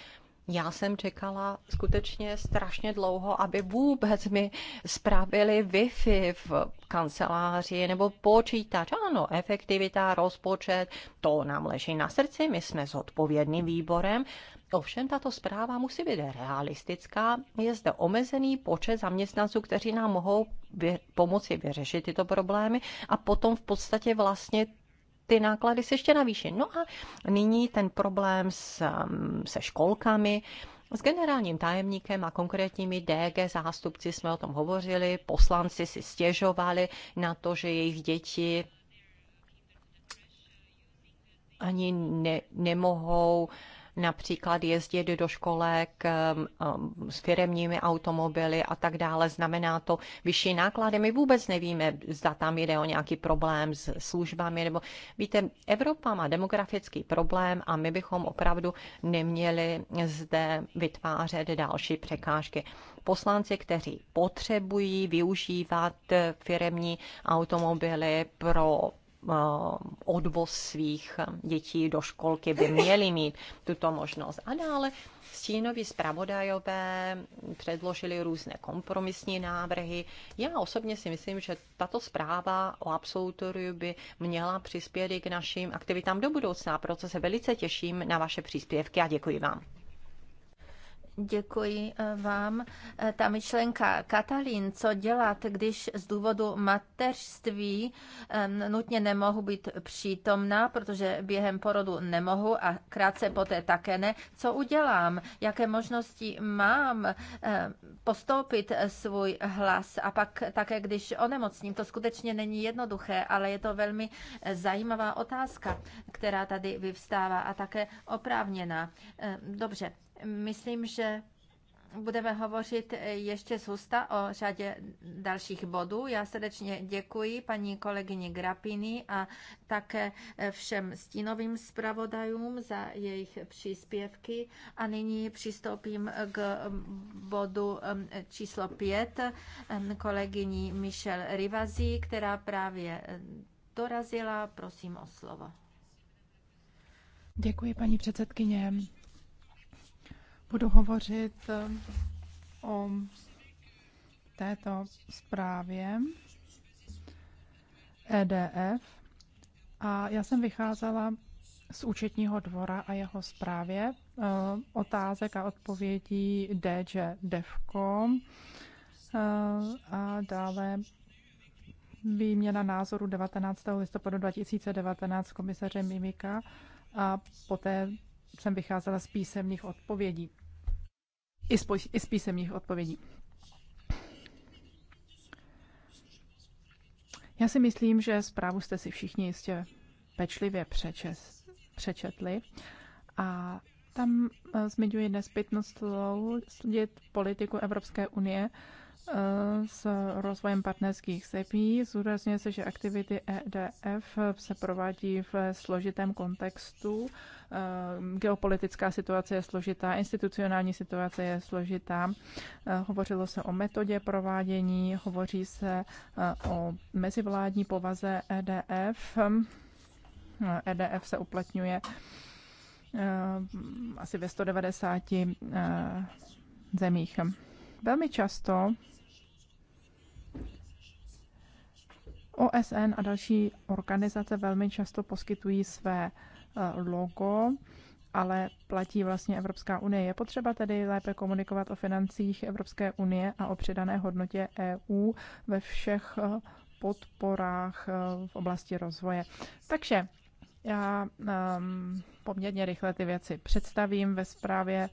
já jsem čekala skutečně strašně dlouho, aby vůbec mi spravili Wi-Fi v kanceláři nebo počítač. Ano, efektivita, rozpočet, to nám leží na srdci, my jsme s odpovědným výborem. Ovšem, tato zpráva musí být realistická. Je zde omezený počet zaměstnanců, kteří nám mohou pomoci vyřešit tyto problémy a potom v podstatě vlastně ty náklady se ještě navýší. No a nyní ten problém s, um, se školkami, s generálním tajemníkem a konkrétními DG zástupci jsme o tom hovořili, poslanci si stěžovali na to, že jejich děti ani ne, nemohou například jezdit do školek um, um, s firemními automobily a tak dále. Znamená to vyšší náklady. My vůbec nevíme, zda tam jde o nějaký problém s službami. Nebo... Víte, Evropa má demografický problém a my bychom opravdu neměli zde vytvářet další překážky. Poslanci, kteří potřebují využívat firemní automobily pro Eh, odvoz svých dětí do školky by měli mít tuto možnost. A dále stínovi zpravodajové předložili různé kompromisní návrhy. Já osobně si myslím, že tato zpráva o absolutoriu by měla přispět i k našim aktivitám do budoucna. Proto se velice těším na vaše příspěvky a děkuji vám. Děkuji eh, vám. Eh, ta myšlenka Katalin, co dělat, když z důvodu mateřství nutně nemohu být přítomná, protože během porodu nemohu a krátce poté také ne. Co udělám? Jaké možnosti mám eh, postoupit svůj hlas? A pak také, když onemocním, to skutečně není jednoduché, ale je to velmi zajímavá otázka, která tady vyvstává a také oprávněná. Dobře, Myslím, že budeme hovořit ještě z husta o řadě dalších bodů. Já srdečně děkuji paní kolegyni Grapini a také všem stínovým zpravodajům za jejich příspěvky. A nyní přistoupím k bodu číslo 5 kolegyní Michelle Rivazí, která právě dorazila. Prosím o slovo. Děkuji, paní předsedkyně. Budu hovořit ehm, o této zprávě EDF a já jsem vycházela z účetního dvora a jeho zprávě ehm, otázek a odpovědí DJ Devko ehm, a dále výměna názoru 19. listopadu 2019 komisaře komisařem Mimika a poté jsem vycházela z písemných odpovědí i z, i z písemných odpovědí. Já si myslím, že zprávu jste si všichni jistě pečlivě přečes, přečetli a tam eh, zmiňuji nespětnost sledit politiku Evropské unie s rozvojem partnerských zemí. Zúrazňuje se, že aktivity EDF se provádí v složitém kontextu. Ehm, geopolitická situace je složitá, institucionální situace je složitá. Ehm, hovořilo se o metodě provádění, hovoří se eh, o mezivládní povaze EDF. EDF ehm, e se uplatňuje asi ve 190 eh, zemích. Velmi často OSN a další organizace velmi často poskytují své eh, logo, ale platí vlastně Evropská unie. Je potřeba tedy lépe komunikovat o financích Evropské unie a o přidané hodnotě EU ve všech eh, podporách eh, v oblasti rozvoje. Takže já um, poměrně rychle ty věci představím ve zprávě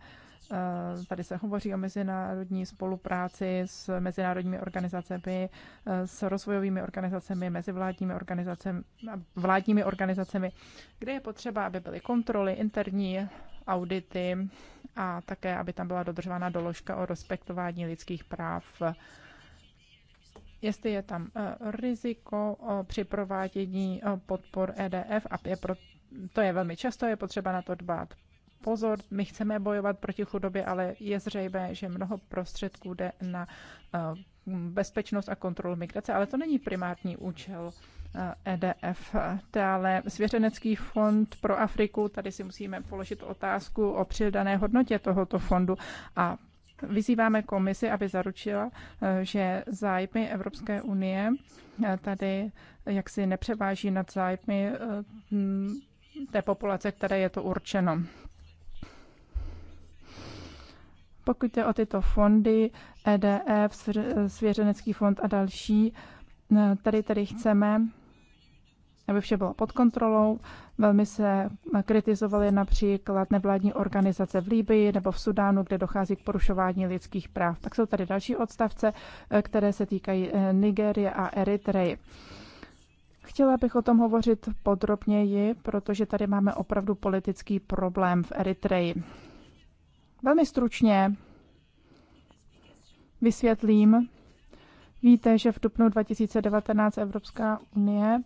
Eh, tady se hovoří o mezinárodní spolupráci s mezinárodními organizacemi, eh, s rozvojovými organizacemi, mezivládními organizacemi, vládními organizacemi, kde je potřeba, aby byly kontroly, interní audity a také, aby tam byla dodržována doložka o respektování lidských práv jestli je tam eh, riziko při provádění podpor EDF a je pro, to je velmi často, je potřeba na to dbát pozor, my chceme bojovat proti chudobě, ale je zřejmé, že mnoho prostředků jde na eh, bezpečnost a kontrolu migrace, ale to není primární účel EDF. Eh, e Dále Svěřenecký fond pro Afriku, tady si musíme položit otázku o přidané hodnotě tohoto fondu a Vyzýváme komisi, aby zaručila, eh, že zájmy Evropské unie tady jaksi nepřeváží nad zájmy té populace, které je to určeno. Pokud jde o tyto fondy, EDF, Svěřenecký fond a další, eh, tady tedy chceme, aby vše bylo pod kontrolou. Velmi se kritizovaly například nevládní organizace v Líbii nebo v Sudánu, kde dochází k porušování lidských práv. Tak jsou tady další odstavce, eh, které se týkají eh, Nigérie a Eritreji. Chtěla bych o tom hovořit podrobněji, protože tady máme opravdu politický problém v Eritreji. Velmi stručně vysvětlím. Víte, že v dubnu 2019 Evropská unie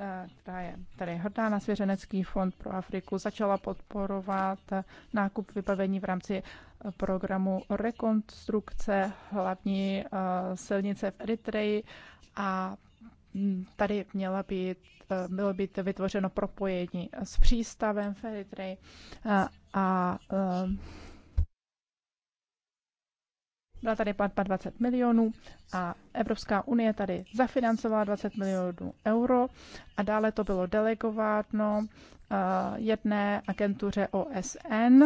eh, která je tady hrdá na Svěřenecký fond pro Afriku, začala podporovat nákup vybavení v rámci eh, programu rekonstrukce hlavní eh, silnice v Eritreji a hm, tady měla být, bylo být vytvořeno propojení s přístavem v a, a, a byla tady platba 20 milionů a Evropská unie tady zafinancovala 20 milionů euro a dále to bylo delegováno eh, jedné agentuře OSN.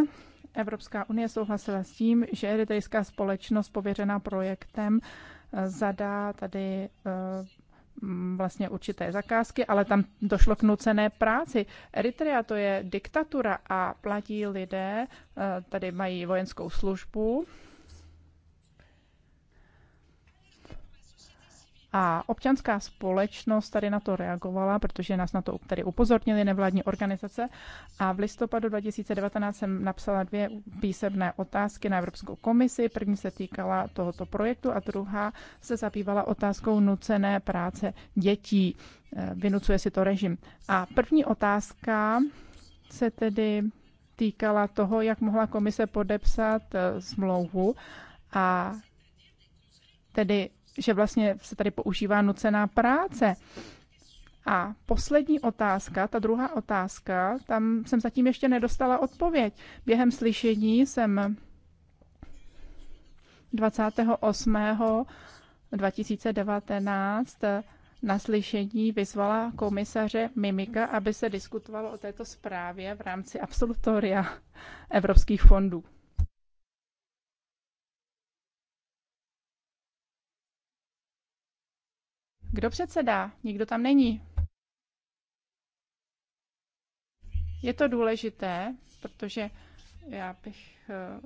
Evropská unie souhlasila s tím, že eritrejská společnost pověřená projektem eh, zadá tady eh, vlastně určité zakázky, ale tam došlo k nucené práci. Eritrea to je diktatura a platí lidé, tady mají vojenskou službu A občanská společnost tady na to reagovala, protože nás na to tady upozornili nevládní organizace. A v listopadu 2019 jsem napsala dvě písemné otázky na Evropskou komisi. První se týkala tohoto projektu a druhá se zabývala otázkou nucené práce dětí. Eh, vynucuje si to režim. A první otázka se tedy týkala toho, jak mohla komise podepsat eh, smlouvu a tedy že vlastně se tady používá nucená práce. A poslední otázka, ta druhá otázka, tam jsem zatím ještě nedostala odpověď. Během slyšení jsem 28. 2019 na slyšení vyzvala komisaře Mimika, aby se diskutovalo o této zprávě v rámci absolutoria evropských fondů. Kdo předsedá? Nikdo tam není. Je to důležité, protože já bych eh,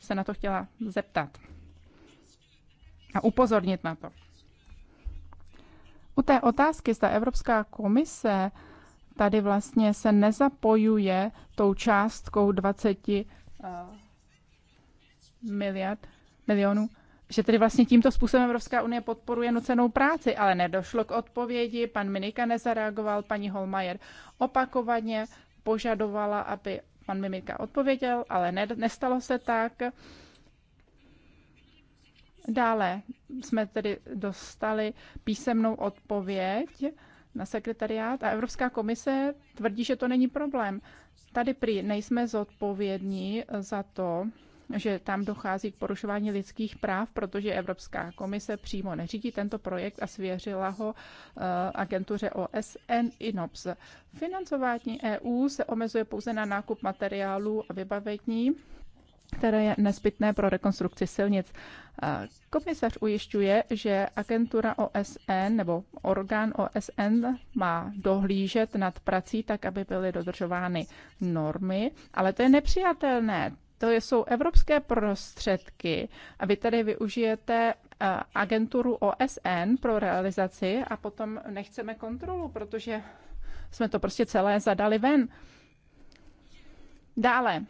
se na to chtěla zeptat a upozornit na to. U té otázky, zda Evropská komise tady vlastně se nezapojuje tou částkou 20 eh, miliard, milionů že tedy vlastně tímto způsobem Evropská unie podporuje nucenou práci, ale nedošlo k odpovědi, pan Minika nezareagoval, paní Holmajer opakovaně požadovala, aby pan Minika odpověděl, ale ne, nestalo se tak. Dále jsme tedy dostali písemnou odpověď na sekretariát a Evropská komise tvrdí, že to není problém. Tady prý nejsme zodpovědní za to, že tam dochází k porušování lidských práv, protože Evropská komise přímo neřídí tento projekt a svěřila ho eh, agentuře OSN INOPS. Financování EU se omezuje pouze na nákup materiálů a vybavení, které je nezbytné pro rekonstrukci silnic. Eh, komisař ujišťuje, že agentura OSN nebo orgán OSN má dohlížet nad prací tak, aby byly dodržovány normy, ale to je nepřijatelné to jsou evropské prostředky a vy tady využijete eh, agenturu OSN pro realizaci a potom nechceme kontrolu, protože jsme to prostě celé zadali ven. Dále,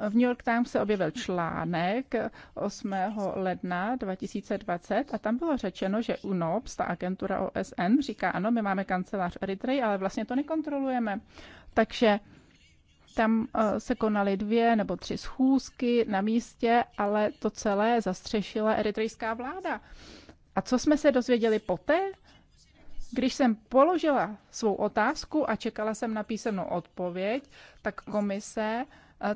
v New York Times se objevil článek 8. ledna 2020 a tam bylo řečeno, že UNOPS, ta agentura OSN, říká, ano, my máme kancelář Eritrej, ale vlastně to nekontrolujeme. Takže tam eh, se konaly dvě nebo tři schůzky na místě, ale to celé zastřešila eritrejská vláda. A co jsme se dozvěděli poté? Když jsem položila svou otázku a čekala jsem na písemnou odpověď, tak komise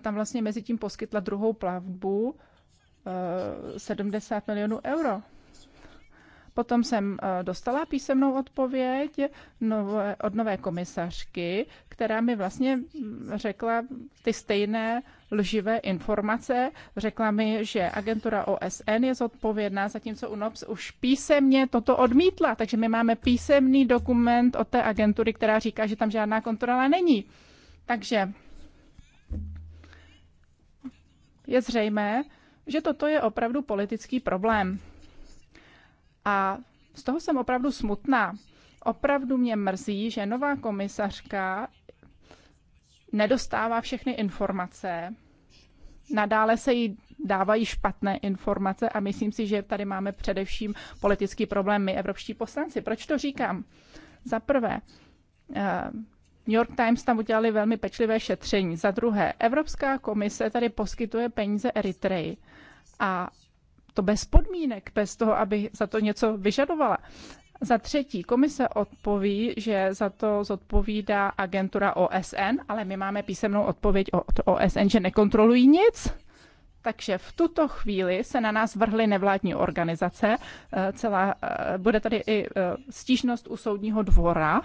tam vlastně mezi tím poskytla druhou plavbu 70 eh, milionů euro. Potom jsem eh, dostala písemnou odpověď od nové komisařky, která mi vlastně mm, řekla ty stejné lživé informace. Řekla mi, že agentura OSN je zodpovědná, zatímco UNOPS už písemně toto odmítla. Takže my máme písemný dokument od té agentury, která říká, že tam žádná kontrola není. Takže je zřejmé, že toto je opravdu politický problém. A z toho jsem opravdu smutná. Opravdu mě mrzí, že nová komisařka nedostává všechny informace, nadále se jí dávají špatné informace a myslím si, že tady máme především politický problém my, evropští poslanci. Proč to říkám? Za prvé, eh, New York Times tam udělali velmi pečlivé šetření. Za druhé, Evropská komise tady poskytuje peníze Eritreji a to bez podmínek, bez toho, aby za to něco vyžadovala. Za třetí, komise odpoví, že za to zodpovídá agentura OSN, ale my máme písemnou odpověď od OSN, že nekontrolují nic. Takže v tuto chvíli se na nás vrhly nevládní organizace. Eh, celá, eh, bude tady i eh, stížnost u soudního dvora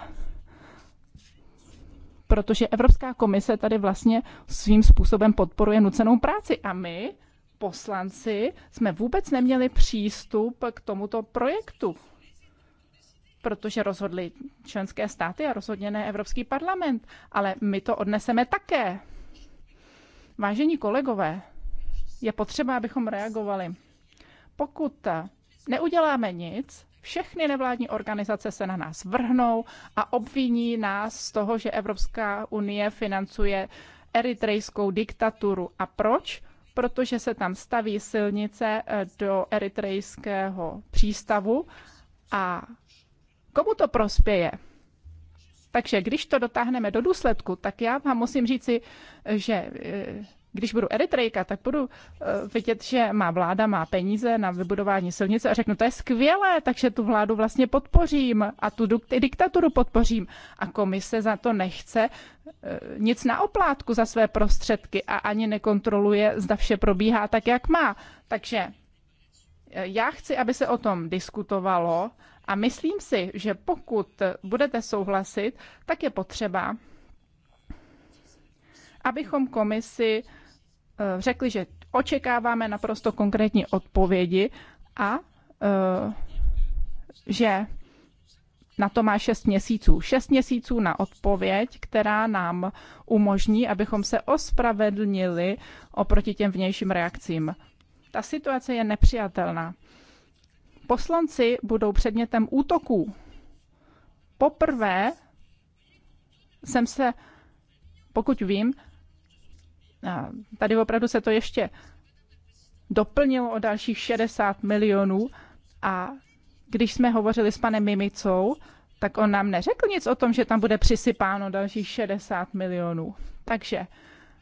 protože Evropská komise tady vlastně svým způsobem podporuje nucenou práci a my, poslanci, jsme vůbec neměli přístup k tomuto projektu, protože rozhodly členské státy a rozhodně ne Evropský parlament, ale my to odneseme také. Vážení kolegové, je potřeba, abychom reagovali. Pokud neuděláme nic, všechny nevládní organizace se na nás vrhnou a obviní nás z toho, že Evropská unie financuje eritrejskou diktaturu. A proč? Protože se tam staví silnice eh, do eritrejského přístavu a komu to prospěje? Takže když to dotáhneme do důsledku, tak já vám musím říci, že eh, když budu Eritrejka, tak budu eh, vidět, že má vláda, má peníze na vybudování silnice a řeknu, to je skvělé, takže tu vládu vlastně podpořím a tu diktaturu podpořím. A komise za to nechce eh, nic na oplátku za své prostředky a ani nekontroluje, zda vše probíhá tak, jak má. Takže eh, já chci, aby se o tom diskutovalo a myslím si, že pokud budete souhlasit, tak je potřeba, abychom komisi Eh, řekli, že očekáváme naprosto konkrétní odpovědi a eh, že na to má šest měsíců. Šest měsíců na odpověď, která nám umožní, abychom se ospravedlnili oproti těm vnějším reakcím. Ta situace je nepřijatelná. Poslanci budou předmětem útoků. Poprvé jsem se, pokud vím, tady opravdu se to ještě doplnilo o dalších 60 milionů a když jsme hovořili s panem Mimicou, tak on nám neřekl nic o tom, že tam bude přisypáno dalších 60 milionů. Takže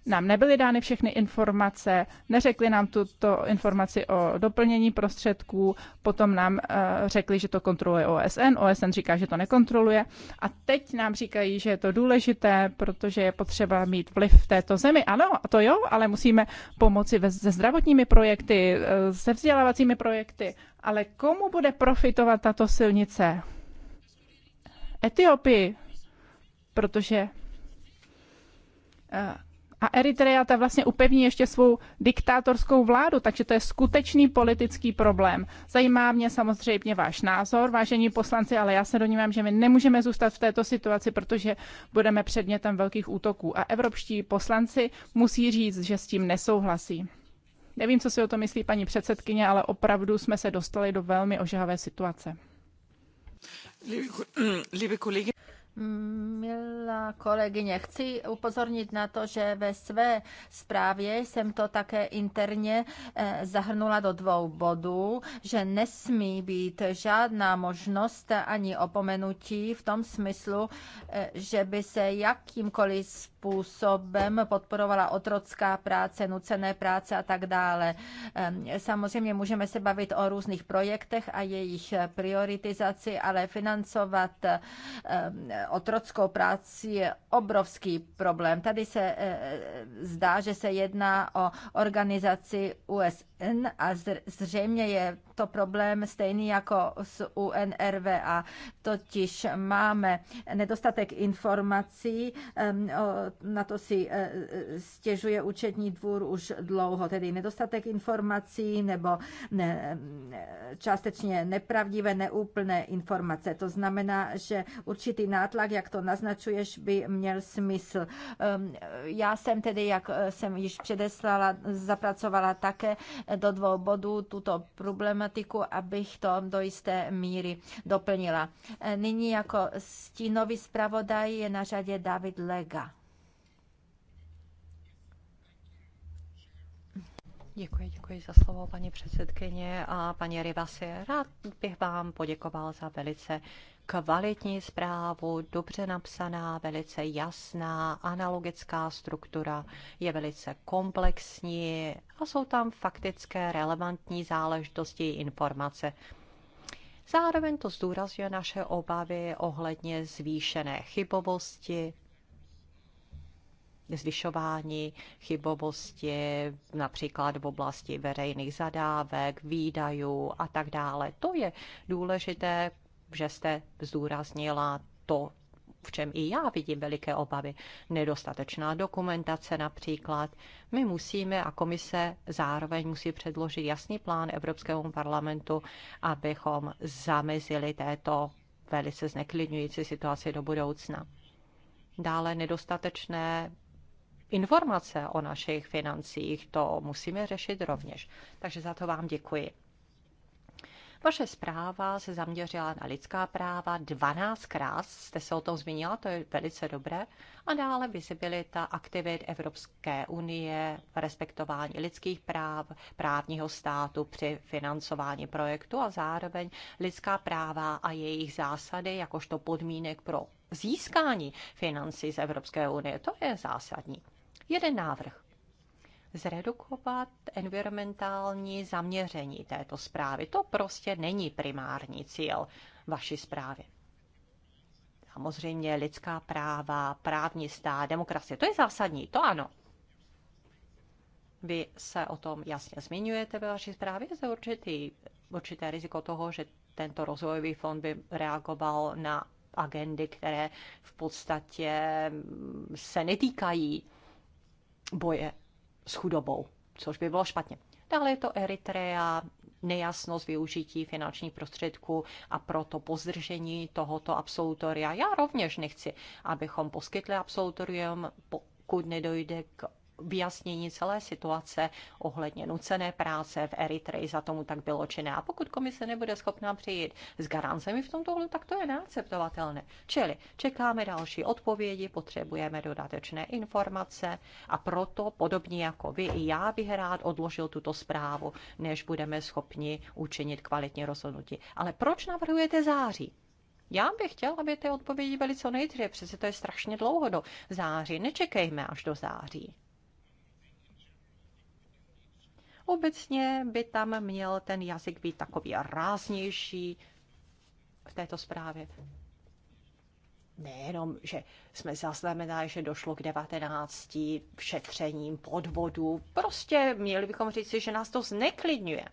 nám nebyly dány všechny informace, neřekli nám tuto informaci o doplnění prostředků, potom nám eh, řekli, že to kontroluje OSN, OSN říká, že to nekontroluje a teď nám říkají, že je to důležité, protože je potřeba mít vliv v této zemi. Ano, to jo, ale musíme pomoci se zdravotními projekty, eh, se vzdělávacími projekty, ale komu bude profitovat tato silnice? Etiopii, protože eh, a Eritrea ta vlastně upevní ještě svou diktátorskou vládu, takže to je skutečný politický problém. Zajímá mě samozřejmě váš názor, vážení poslanci, ale já se domnívám, že my nemůžeme zůstat v této situaci, protože budeme předmětem velkých útoků. A evropští poslanci musí říct, že s tím nesouhlasí. Nevím, co si o to myslí paní předsedkyně, ale opravdu jsme se dostali do velmi ožahavé situace. Liebe, liebe Mm, milá kolegyně, chci upozornit na to, že ve své zprávě jsem to také interně eh, zahrnula do dvou bodů, že nesmí být žádná možnost ani opomenutí v tom smyslu, eh, že by se jakýmkoliv způsobem podporovala otrocká práce, nucené práce a tak dále. Samozřejmě můžeme se bavit o různých projektech a jejich prioritizaci, ale financovat otrockou práci je obrovský problém. Tady se eh, zdá, že se jedná o organizaci USN a zřejmě je to problém stejný jako s UNRWA, totiž máme nedostatek informací, na to si e, stěžuje účetní dvůr už dlouho, tedy nedostatek informací nebo ne, částečně nepravdivé, neúplné informace. To znamená, že určitý nátlak, jak to naznačuješ, by měl smysl. Já jsem tedy, jak e, jsem již předeslala, zapracovala také do dvou bodů tuto problém problematiku, abych to do jisté míry doplnila. Nyní jako stínový zpravodaj je na řadě David Lega. Děkuji, děkuji za slovo, paní předsedkyně a paní Rivasi. Rád bych vám poděkoval za velice kvalitní zprávu, dobře napsaná, velice jasná, analogická struktura, je velice komplexní a jsou tam faktické, relevantní záležitosti informace. Zároveň to zdůrazňuje naše obavy ohledně zvýšené chybovosti, zvyšování chybovosti, například v oblasti veřejných zadávek, výdajů a tak dále. To je důležité, že jste zdůraznila to, v čem i já vidím veliké obavy. Nedostatečná dokumentace například. My musíme a komise zároveň musí předložit jasný plán Evropskému parlamentu, abychom zamezili této velice zneklidňující situaci do budoucna. Dále nedostatečné informace o našich financích, to musíme řešit rovněž. Takže za to vám děkuji. Vaše zpráva se zaměřila na lidská práva 12krát, jste se o tom zmínila, to je velice dobré. A dále vizibilita aktivit Evropské unie, respektování lidských práv, právního státu při financování projektu a zároveň lidská práva a jejich zásady jakožto podmínek pro získání financí z Evropské unie. To je zásadní. Jeden návrh. Zredukovat environmentální zaměření této zprávy. To prostě není primární cíl vaší zprávy. Samozřejmě lidská práva, právní stát, demokracie, to je zásadní, to ano. Vy se o tom jasně zmiňujete ve vaší zprávě, je určitý, určité riziko toho, že tento rozvojový fond by reagoval na agendy, které v podstatě se netýkají boje s chudobou, což by bylo špatně. Dále je to Eritrea, nejasnost využití finančních prostředků a proto pozdržení tohoto absolutoria. Já rovněž nechci, abychom poskytli absolutorium, pokud nedojde k vyjasnění celé situace ohledně nucené práce v Eritreji za tomu tak bylo činné. A pokud komise nebude schopná přijít s garancemi v tomto ohledu, tak to je neakceptovatelné. Čili čekáme další odpovědi, potřebujeme dodatečné informace a proto, podobně jako vy, i já bych rád odložil tuto zprávu, než budeme schopni učinit kvalitní rozhodnutí. Ale proč navrhujete září? Já bych chtěl, aby ty odpovědi byly co nejdříve, přece to je strašně dlouho do září. Nečekejme až do září. Obecně by tam měl ten jazyk být takový ráznější v této zprávě. Nejenom, že jsme zaznamenali, že došlo k 19 šetřením podvodu, prostě měli bychom říci, že nás to zneklidňuje.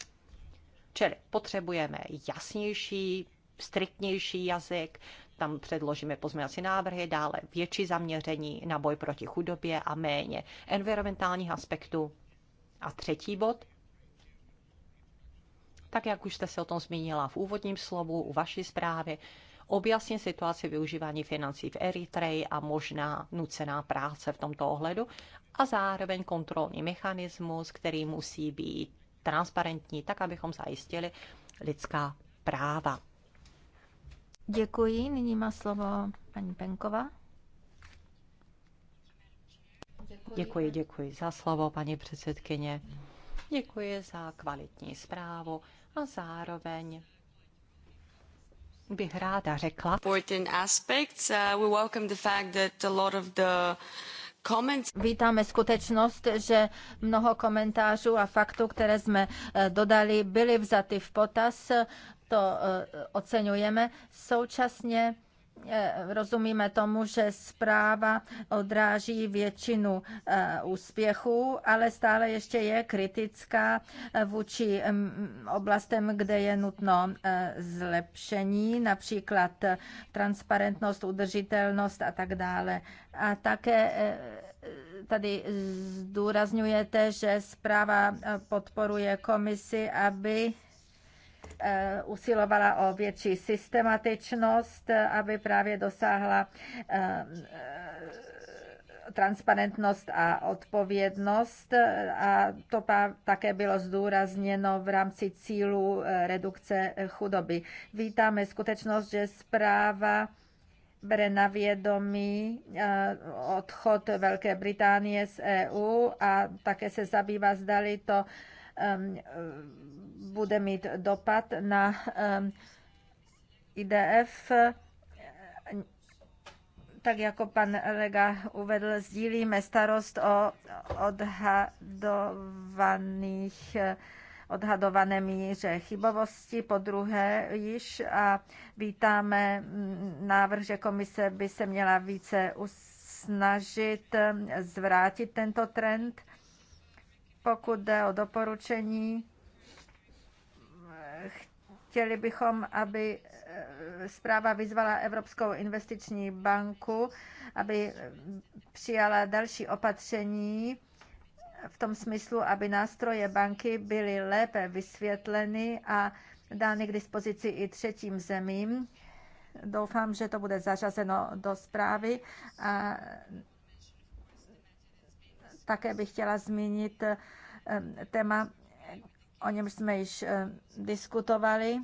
Čili potřebujeme jasnější, striktnější jazyk, tam předložíme pozměňovací návrhy, dále větší zaměření na boj proti chudobě a méně environmentálních aspektů. A třetí bod, tak jak už jste se o tom zmínila v úvodním slovu, u vaší zprávy, objasnit situaci využívání financí v Eritreji a možná nucená práce v tomto ohledu a zároveň kontrolní mechanismus, který musí být transparentní, tak abychom zajistili lidská práva. Děkuji. Nyní má slovo paní Penkova. Děkuji. děkuji, děkuji za slovo, paní předsedkyně. Děkuji za kvalitní zprávu a zároveň bych ráda řekla. Uh, Vítáme skutečnost, že mnoho komentářů a faktů, které jsme eh, dodali, byly vzaty v potaz. To eh, oceňujeme. Současně Eh, rozumíme tomu, že zpráva odráží většinu eh, úspěchů, ale stále ještě je kritická eh, vůči mm, oblastem, kde je nutno zlepšení, například transparentnost, udržitelnost a tak dále. A také tady zdůrazňujete, že zpráva podporuje komisi, aby Eh, usilovala o větší systematičnost, eh, aby právě dosáhla eh, transparentnost a odpovědnost a to také bylo zdůrazněno v rámci cílu redukce chudoby. Vítáme skutečnost, že zpráva bere na vědomí odchod Velké Británie z EU a také se zabývá, zdali to ehm, bude mít dopad na IDF tak jako pan Lega uvedl, sdílíme starost o odhadovaných odhadované míře chybovosti, po druhé již a vítáme mm, návrh, že komise by se měla více usnažit zvrátit tento trend. Pokud jde o doporučení, Chtěli bychom, aby eh, zpráva vyzvala Evropskou investiční banku, aby eh, přijala další opatření v tom smyslu, aby nástroje banky byly lépe vysvětleny a dány k dispozici i třetím zemím. Doufám, že to bude zařazeno do zprávy a také bych chtěla zmínit eh, téma o něm jsme již eh, diskutovali,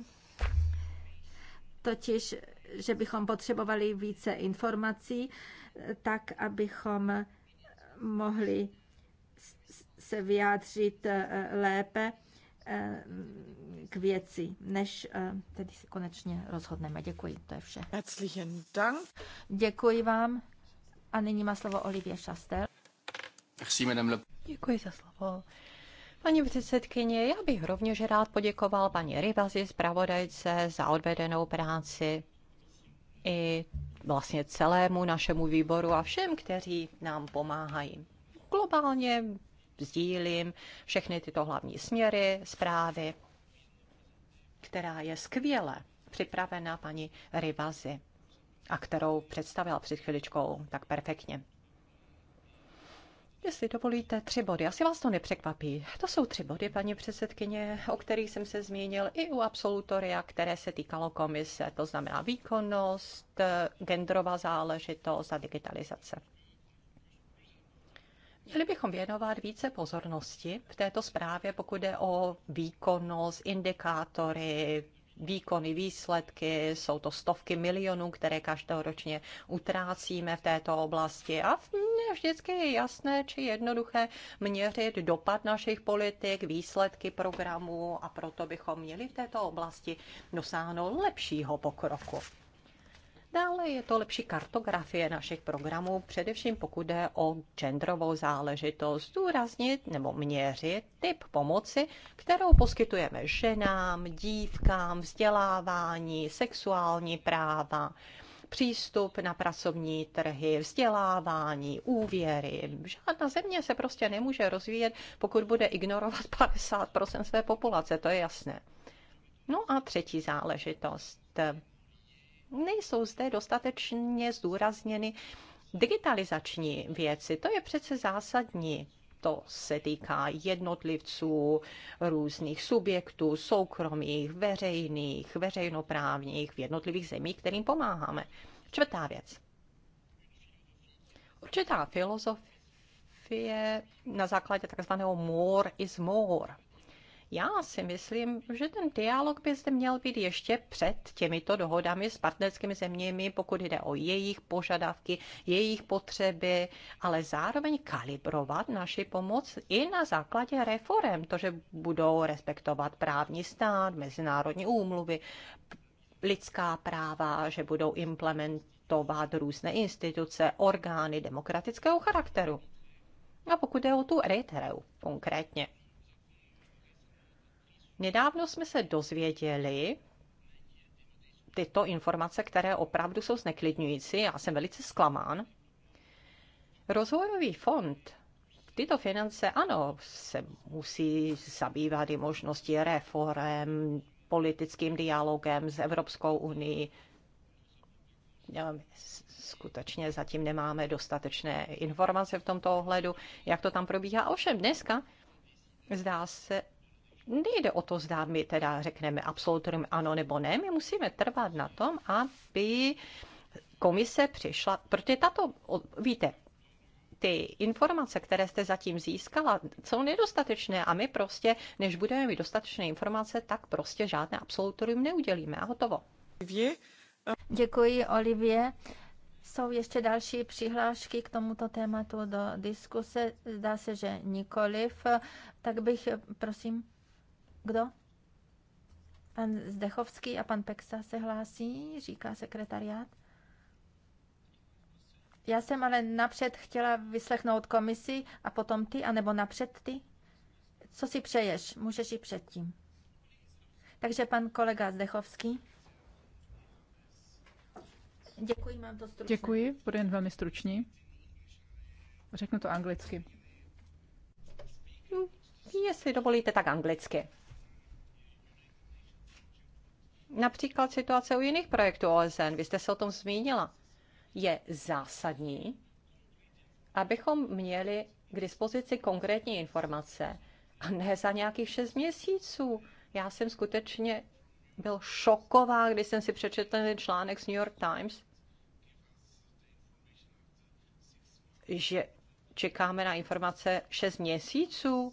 totiž, že bychom potřebovali více informací, eh, tak abychom mohli se vyjádřit eh, lépe k věci, než tedy si konečně rozhodneme. Děkuji, to je vše. Herzlichen Dank. Děkuji vám. A nyní má slovo Olivia Šastel. Děkuji za slovo. Paní předsedkyně, já bych rovněž rád poděkoval paní Rivazi, zpravodajce, za odvedenou práci i vlastně celému našemu výboru a všem, kteří nám pomáhají. Globálně sdílím všechny tyto hlavní směry, zprávy, která je skvěle připravena paní Rivazi a kterou představila před chviličkou tak perfektně. Jestli dovolíte, tři body. Asi vás to nepřekvapí. To jsou tři body, paní předsedkyně, o kterých jsem se zmínil i u absolutoria, které se týkalo komise. To znamená výkonnost, genderová záležitost a digitalizace. Měli bychom věnovat více pozornosti v této zprávě, pokud jde o výkonnost, indikátory, výkony, výsledky, jsou to stovky milionů, které každoročně utrácíme v této oblasti a vždycky je jasné či jednoduché měřit dopad našich politik, výsledky programů a proto bychom měli v této oblasti dosáhnout lepšího pokroku. Dále je to lepší kartografie našich programů, především pokud jde o genderovou záležitost, zdůraznit nebo měřit typ pomoci, kterou poskytujeme ženám, dívkám, vzdělávání, sexuální práva, přístup na pracovní trhy, vzdělávání, úvěry. Žádná země se prostě nemůže rozvíjet, pokud bude ignorovat 50% své populace, to je jasné. No a třetí záležitost nejsou zde dostatečně zdůrazněny digitalizační věci. To je přece zásadní. To se týká jednotlivců, různých subjektů, soukromých, veřejných, veřejnoprávních v jednotlivých zemích, kterým pomáháme. Čtvrtá věc. Určitá filozofie na základě takzvaného more is more. Já si myslím, že ten dialog by zde měl být ještě před těmito dohodami s partnerskými zeměmi, pokud jde o jejich požadavky, jejich potřeby, ale zároveň kalibrovat naši pomoc i na základě reform, to, že budou respektovat právní stát, mezinárodní úmluvy, lidská práva, že budou implementovat různé instituce, orgány demokratického charakteru. A pokud jde o tu Eritreu konkrétně, Nedávno jsme se dozvěděli tyto informace, které opravdu jsou zneklidňující. Já jsem velice zklamán. Rozvojový fond tyto finance, ano, se musí zabývat i možnosti reform, politickým dialogem s Evropskou unii. Skutečně zatím nemáme dostatečné informace v tomto ohledu, jak to tam probíhá. Ovšem dneska zdá se, nejde o to, zda my teda řekneme absolutorium ano nebo ne, my musíme trvat na tom, aby komise přišla, protože tato, víte, ty informace, které jste zatím získala, jsou nedostatečné a my prostě, než budeme mít dostatečné informace, tak prostě žádné absolutorium neudělíme a hotovo. Děkuji, Olivie. Jsou ještě další přihlášky k tomuto tématu do diskuse? Zdá se, že nikoliv. Tak bych, prosím. Kdo? Pan Zdechovský a pan Peksa se hlásí, říká sekretariát. Já jsem ale napřed chtěla vyslechnout komisi a potom ty, anebo napřed ty. Co si přeješ? Můžeš i předtím. Takže pan kolega Zdechovský. Děkuji, mám to stručně. Děkuji, budu jen velmi stručný. Řeknu to anglicky. Hm, jestli dovolíte, tak anglicky například situace u jiných projektů OSN, vy jste se o tom zmínila, je zásadní, abychom měli k dispozici konkrétní informace a ne za nějakých šest měsíců. Já jsem skutečně byl šoková, když jsem si přečetl ten článek z New York Times, že čekáme na informace šest měsíců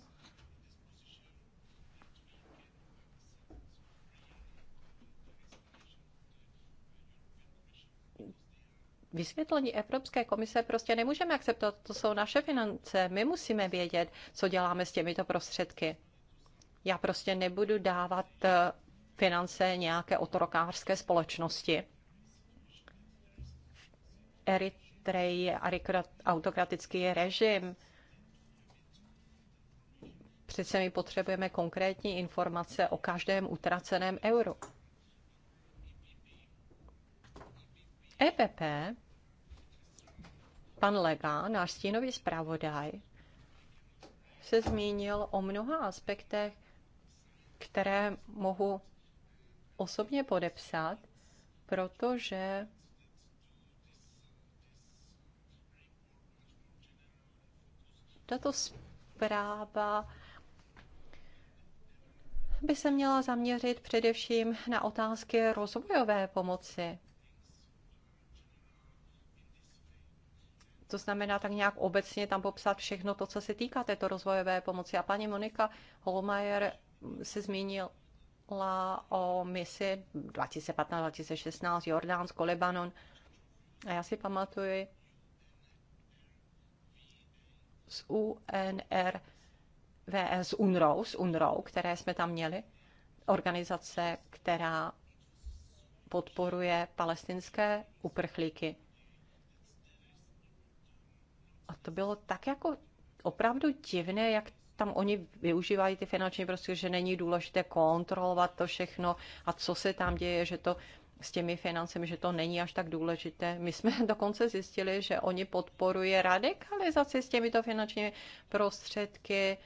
vysvětlení Evropské komise prostě nemůžeme akceptovat. To jsou naše finance. My musíme vědět, co děláme s těmito prostředky. Já prostě nebudu dávat eh, finance nějaké otrokářské společnosti. Eritrej je autokratický režim. Přece my potřebujeme konkrétní informace o každém utraceném euru. EPP pan Lega, náš stínový zpravodaj, se zmínil o mnoha aspektech, které mohu osobně podepsat, protože tato zpráva by se měla zaměřit především na otázky rozvojové pomoci. To znamená tak nějak obecně tam popsat všechno to, co se týká této rozvojové pomoci. A paní Monika Holmajer se zmínila o misi 2015-2016 Jordánsko, Libanon. A já si pamatuji z UNR, VS e, UNRO, z UNRO, které jsme tam měli, organizace, která podporuje palestinské uprchlíky. A to bylo tak jako opravdu divné, jak tam oni využívají ty finanční prostředky, že není důležité kontrolovat to všechno a co se tam děje, že to s těmi financemi, že to není až tak důležité. My jsme dokonce zjistili, že oni podporuje radikalizaci s těmito finančními prostředky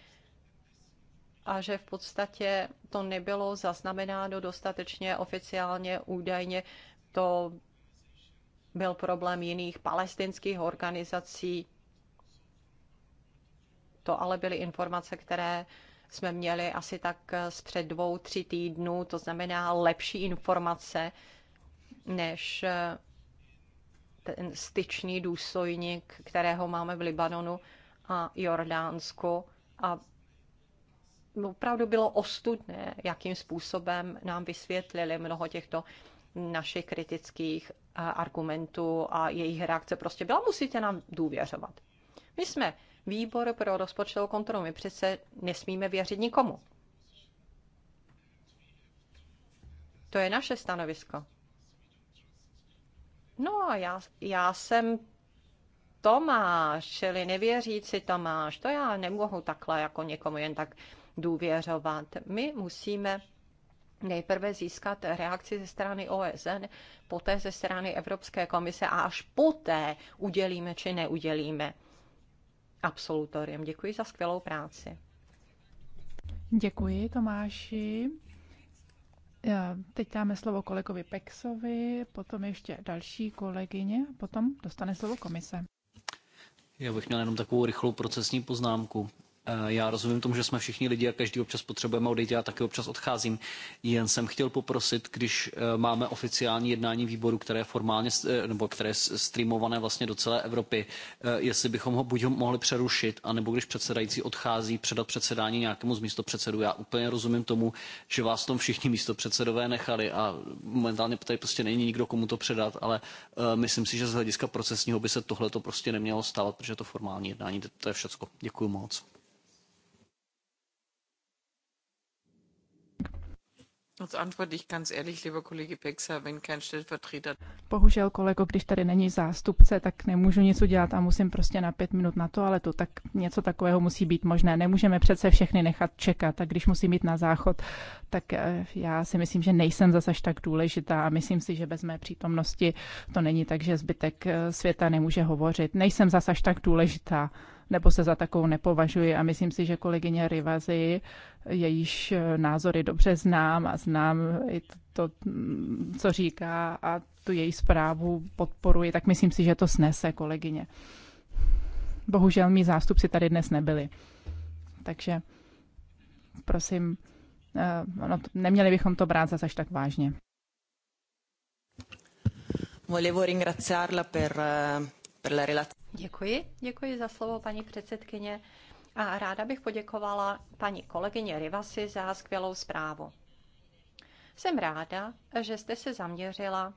a že v podstatě to nebylo zaznamenáno dostatečně oficiálně, údajně to byl problém jiných palestinských organizací, to ale byly informace, které jsme měli asi tak z před dvou, tři týdnů, to znamená lepší informace než eh, ten styčný důstojník, kterého máme v Libanonu a Jordánsku. A opravdu bylo ostudné, jakým způsobem nám vysvětlili mnoho těchto našich kritických eh, argumentů a jejich reakce prostě byla, musíte nám důvěřovat. My jsme výbor pro rozpočtovou kontrolu. My přece nesmíme věřit nikomu. To je naše stanovisko. No a já, já jsem Tomáš, čili nevěřící Tomáš, to já nemohu takhle jako někomu jen tak důvěřovat. My musíme nejprve získat reakci ze strany OSN, poté ze strany Evropské komise a až poté udělíme či neudělíme absolutorium. Děkuji za skvělou práci. Děkuji Tomáši. Teď dáme slovo kolegovi Pexovi, potom ještě další kolegyně, potom dostane slovo komise. Já bych měl jenom takovou rychlou procesní poznámku. Eh, já rozumím tomu, že jsme všichni lidi a každý občas potřebujeme odejít, já taky občas odcházím. Jen jsem chtěl poprosit, když eh, máme oficiální jednání výboru, které je formálně, eh, nebo které je streamované vlastně do celé Evropy, jestli bychom ho buď mohli přerušit, anebo když předsedající odchází, předat předsedání nějakému z místopředsedů. Já úplně rozumím tomu, že vás tom všichni místopředsedové nechali a momentálně tady prostě není nikdo, komu to předat, ale myslím si, že z hlediska procesního by se tohle to prostě nemělo stávat, protože to formální jednání, to je všecko. Děkuji moc. Bohužel, kolego, když tady není zástupce, tak nemůžu nic udělat a musím prostě na pět minut na to, ale to tak něco takového musí být možné. Nemůžeme přece všechny nechat čekat tak když musím jít na záchod, tak eh, já si myslím, že nejsem zase až tak důležitá a myslím si, že bez mé přítomnosti to není tak, že zbytek eh, světa nemůže hovořit. Nejsem zase až tak důležitá nebo se za takovou nepovažuji. A myslím si, že kolegyně Rivazy, jejíž názory dobře znám a znám i to, co říká a tu její zprávu podporuji, tak myslím si, že to snese kolegyně. Bohužel mý zástupci tady dnes nebyli. Takže prosím, no, neměli bychom to brát zase až tak vážně. Volevo ringraziarla per eh, Děkuji, děkuji za slovo, paní předsedkyně. A ráda bych poděkovala paní kolegyně Rivasi za skvělou zprávu. Jsem ráda, že jste se zaměřila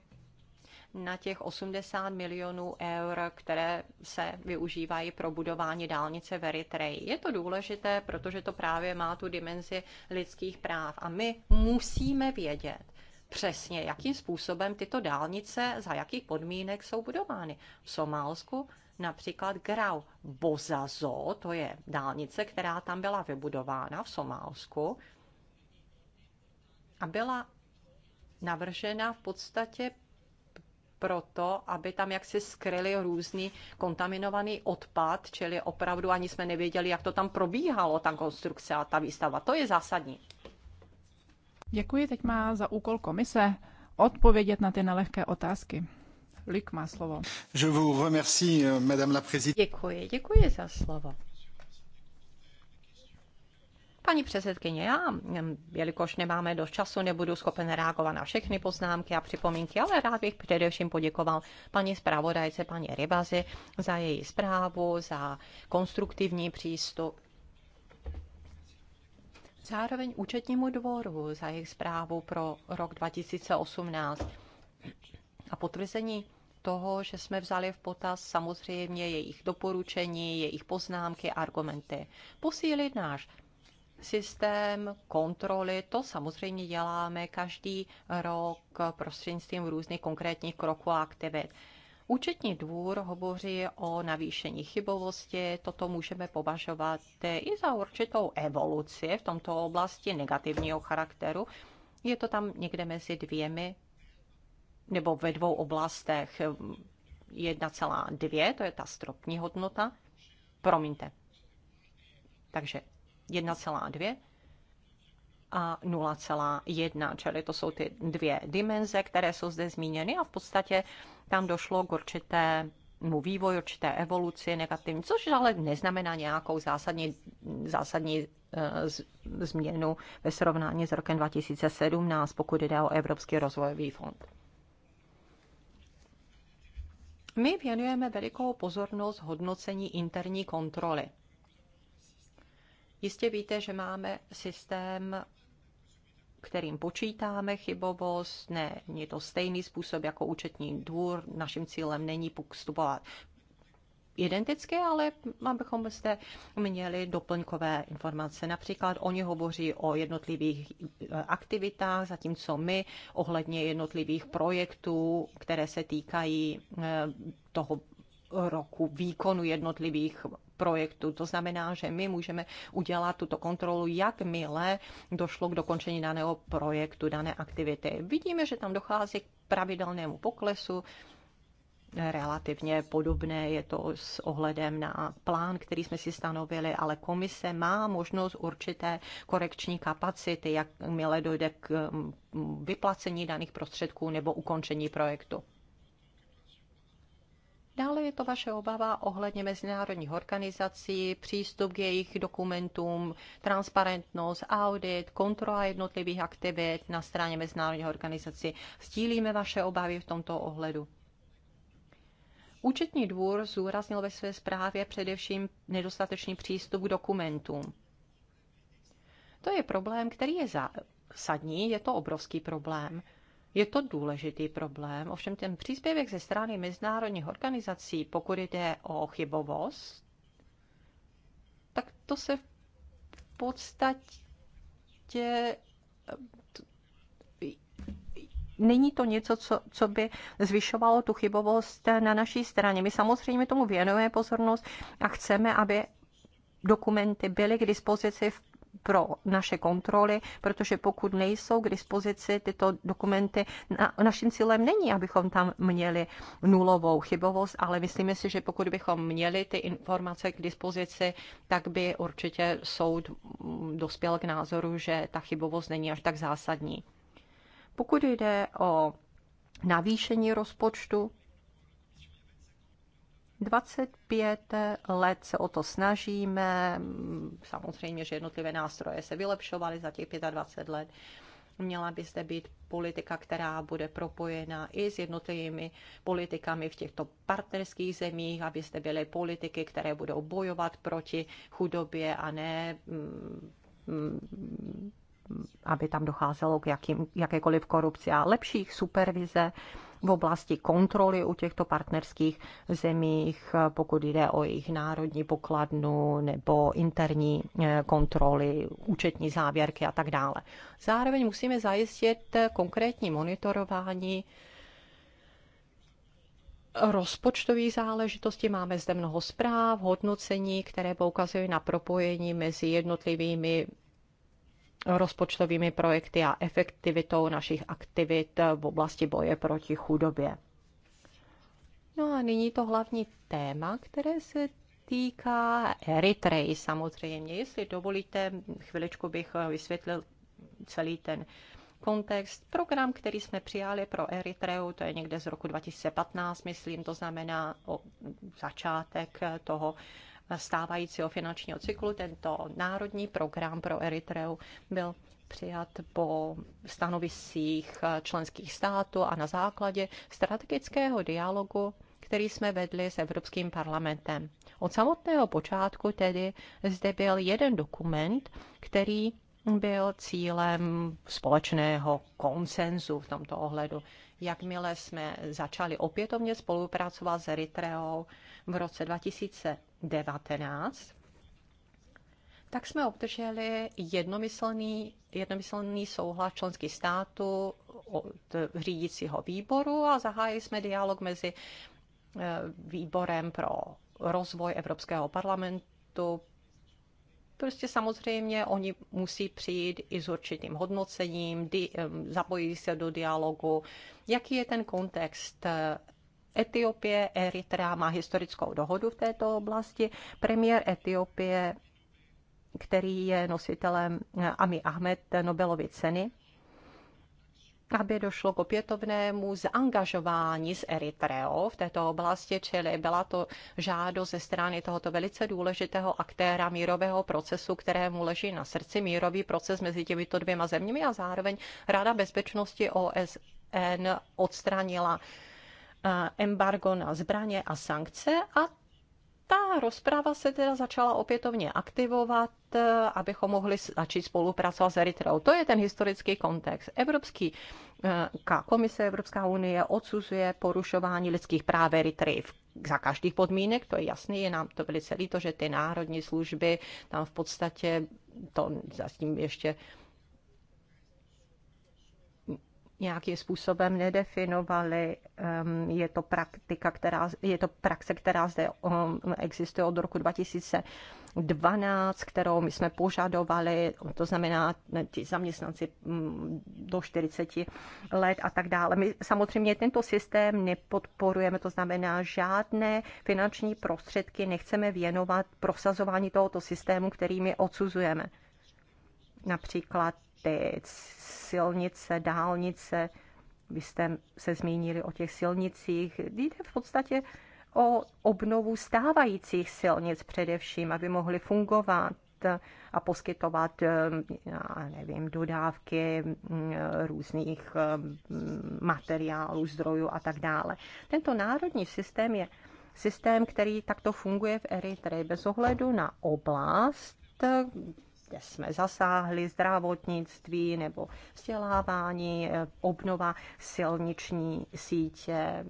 na těch 80 milionů eur, které se využívají pro budování dálnice v Eritreji. Je to důležité, protože to právě má tu dimenzi lidských práv a my musíme vědět, přesně, jakým způsobem tyto dálnice, za jakých podmínek jsou budovány. V Somálsku například Grau Bozazo, to je dálnice, která tam byla vybudována v Somálsku a byla navržena v podstatě proto, aby tam jaksi skryli různý kontaminovaný odpad, čili opravdu ani jsme nevěděli, jak to tam probíhalo, ta konstrukce a ta výstava. To je zásadní. Děkuji, teď má za úkol komise odpovědět na ty nelehké otázky. Lik má slovo. Je vous remercie, madame la président. Děkuji, děkuji za slovo. Paní předsedkyně, já, jelikož nemáme dost času, nebudu schopen reagovat na všechny poznámky a připomínky, ale rád bych především poděkoval paní zpravodajce, paní Rybazi, za její zprávu, za konstruktivní přístup zároveň účetnímu dvoru za jejich zprávu pro rok 2018 a potvrzení toho, že jsme vzali v potaz samozřejmě jejich doporučení, jejich poznámky, argumenty. Posílit náš systém kontroly, to samozřejmě děláme každý rok prostřednictvím různých konkrétních kroků a aktivit. Účetní dvůr hovoří o navýšení chybovosti, toto můžeme považovat i za určitou evoluci v tomto oblasti negativního charakteru. Je to tam někde mezi dvěmi nebo ve dvou oblastech 1,2, to je ta stropní hodnota, promiňte. Takže 1,2 a 0,1, čili to jsou ty dvě dimenze, které jsou zde zmíněny a v podstatě tam došlo k určité mu vývoj, určité evoluci negativní, což ale neznamená nějakou zásadní, zásadní eh, změnu ve srovnání s rokem 2017, pokud jde o Evropský rozvojový fond. My věnujeme velikou pozornost hodnocení interní kontroly. Jistě víte, že máme systém kterým počítáme chybovost, ne, je to stejný způsob jako účetní dvůr, naším cílem není vstupovat identické, ale abychom zde měli doplňkové informace. Například oni hovoří o jednotlivých e, aktivitách, zatímco my ohledně jednotlivých projektů, které se týkají e, toho roku výkonu jednotlivých projektu. To znamená, že my můžeme udělat tuto kontrolu, jakmile došlo k dokončení daného projektu, dané aktivity. Vidíme, že tam dochází k pravidelnému poklesu relativně podobné je to s ohledem na plán, který jsme si stanovili, ale komise má možnost určité korekční kapacity, jakmile dojde k vyplacení daných prostředků nebo ukončení projektu. Dále je to vaše obava ohledně mezinárodních organizací, přístup k jejich dokumentům, transparentnost, audit, kontrola jednotlivých aktivit na straně mezinárodních organizací. Stílíme vaše obavy v tomto ohledu. Účetní dvůr zúraznil ve své zprávě především nedostatečný přístup k dokumentům. To je problém, který je zásadní, je to obrovský problém. Je to důležitý problém, ovšem ten příspěvek ze strany mezinárodních organizací, pokud jde o chybovost, tak to se v podstatě eh, není to něco, co, co by zvyšovalo tu chybovost eh, na naší straně. My samozřejmě tomu věnujeme pozornost a chceme, aby dokumenty byly k dispozici v pro naše kontroly, protože pokud nejsou k dispozici tyto dokumenty, na, naším cílem není, abychom tam měli nulovou chybovost, ale myslíme si, že pokud bychom měli ty informace k dispozici, tak by určitě soud dospěl k názoru, že ta chybovost není až tak zásadní. Pokud jde o navýšení rozpočtu, 25 let se o to snažíme. Samozřejmě, že jednotlivé nástroje se vylepšovaly za těch 25 let. Měla by zde být politika, která bude propojena i s jednotlivými politikami v těchto partnerských zemích, aby zde byly politiky, které budou bojovat proti chudobě a ne mm, mm, aby tam docházelo k jakým, jakékoliv korupci a lepších supervize v oblasti kontroly u těchto partnerských zemích, pokud jde o jejich národní pokladnu nebo interní eh, kontroly, účetní závěrky a tak dále. Zároveň musíme zajistit konkrétní monitorování rozpočtových záležitostí. Máme zde mnoho zpráv, hodnocení, které poukazují na propojení mezi jednotlivými rozpočtovými projekty a efektivitou našich aktivit v oblasti boje proti chudobě. No a nyní to hlavní téma, které se týká Eritreji samozřejmě. Jestli dovolíte, chviličku bych vysvětlil celý ten kontext. Program, který jsme přijali pro Eritreu, to je někde z roku 2015, myslím, to znamená o začátek toho stávajícího finančního cyklu. Tento národní program pro Eritreu byl přijat po stanovisích členských států a na základě strategického dialogu, který jsme vedli s Evropským parlamentem. Od samotného počátku tedy zde byl jeden dokument, který byl cílem společného konsenzu v tomto ohledu. Jakmile jsme začali opětovně spolupracovat s Eritreou v roce 2000, 19, tak jsme obdrželi jednomyslný, jednomyslný souhlas členských států od řídícího výboru a zahájili jsme dialog mezi eh, výborem pro rozvoj Evropského parlamentu. Prostě samozřejmě oni musí přijít i s určitým hodnocením, di, eh, zapojí se do dialogu, jaký je ten kontext eh, Etiopie, Eritrea má historickou dohodu v této oblasti. Premiér Etiopie, který je nositelem eh, Ami Ahmed Nobelovy ceny, aby došlo k opětovnému zaangažování z Eritreou v této oblasti, čili byla to žádost ze strany tohoto velice důležitého aktéra mírového procesu, kterému leží na srdci mírový proces mezi těmito dvěma zeměmi a zároveň Rada bezpečnosti OSN odstranila embargo na zbraně a sankce a ta rozprava se teda začala opětovně aktivovat, eh, abychom mohli začít spolupracovat s Eritreou. To je ten historický kontext. Evropský eh, komise Evropská unie odsuzuje porušování lidských práv Eritreji za každých podmínek, to je jasný, je nám to velice líto, že ty národní služby tam v podstatě to zatím ještě uh, nějakým způsobem nedefinovali. Je to, praktika, která, je to praxe, která zde existuje od roku 2012, kterou my jsme požadovali, to znamená ti zaměstnanci mm, do 40 let a tak dále. My samozřejmě tento systém nepodporujeme, to znamená žádné finanční prostředky nechceme věnovat prosazování tohoto systému, kterými odsuzujeme. Například ty silnice, dálnice, vy jste se zmínili o těch silnicích, jde v podstatě o obnovu stávajících silnic především, aby mohly fungovat a poskytovat, eh, já nevím, dodávky mm, různých eh, materiálů, zdrojů a tak dále. Tento národní systém je systém, který takto funguje v Eritreji bez ohledu na oblast, kde jsme zasáhli, zdravotnictví nebo vzdělávání, eh, obnova silniční sítě.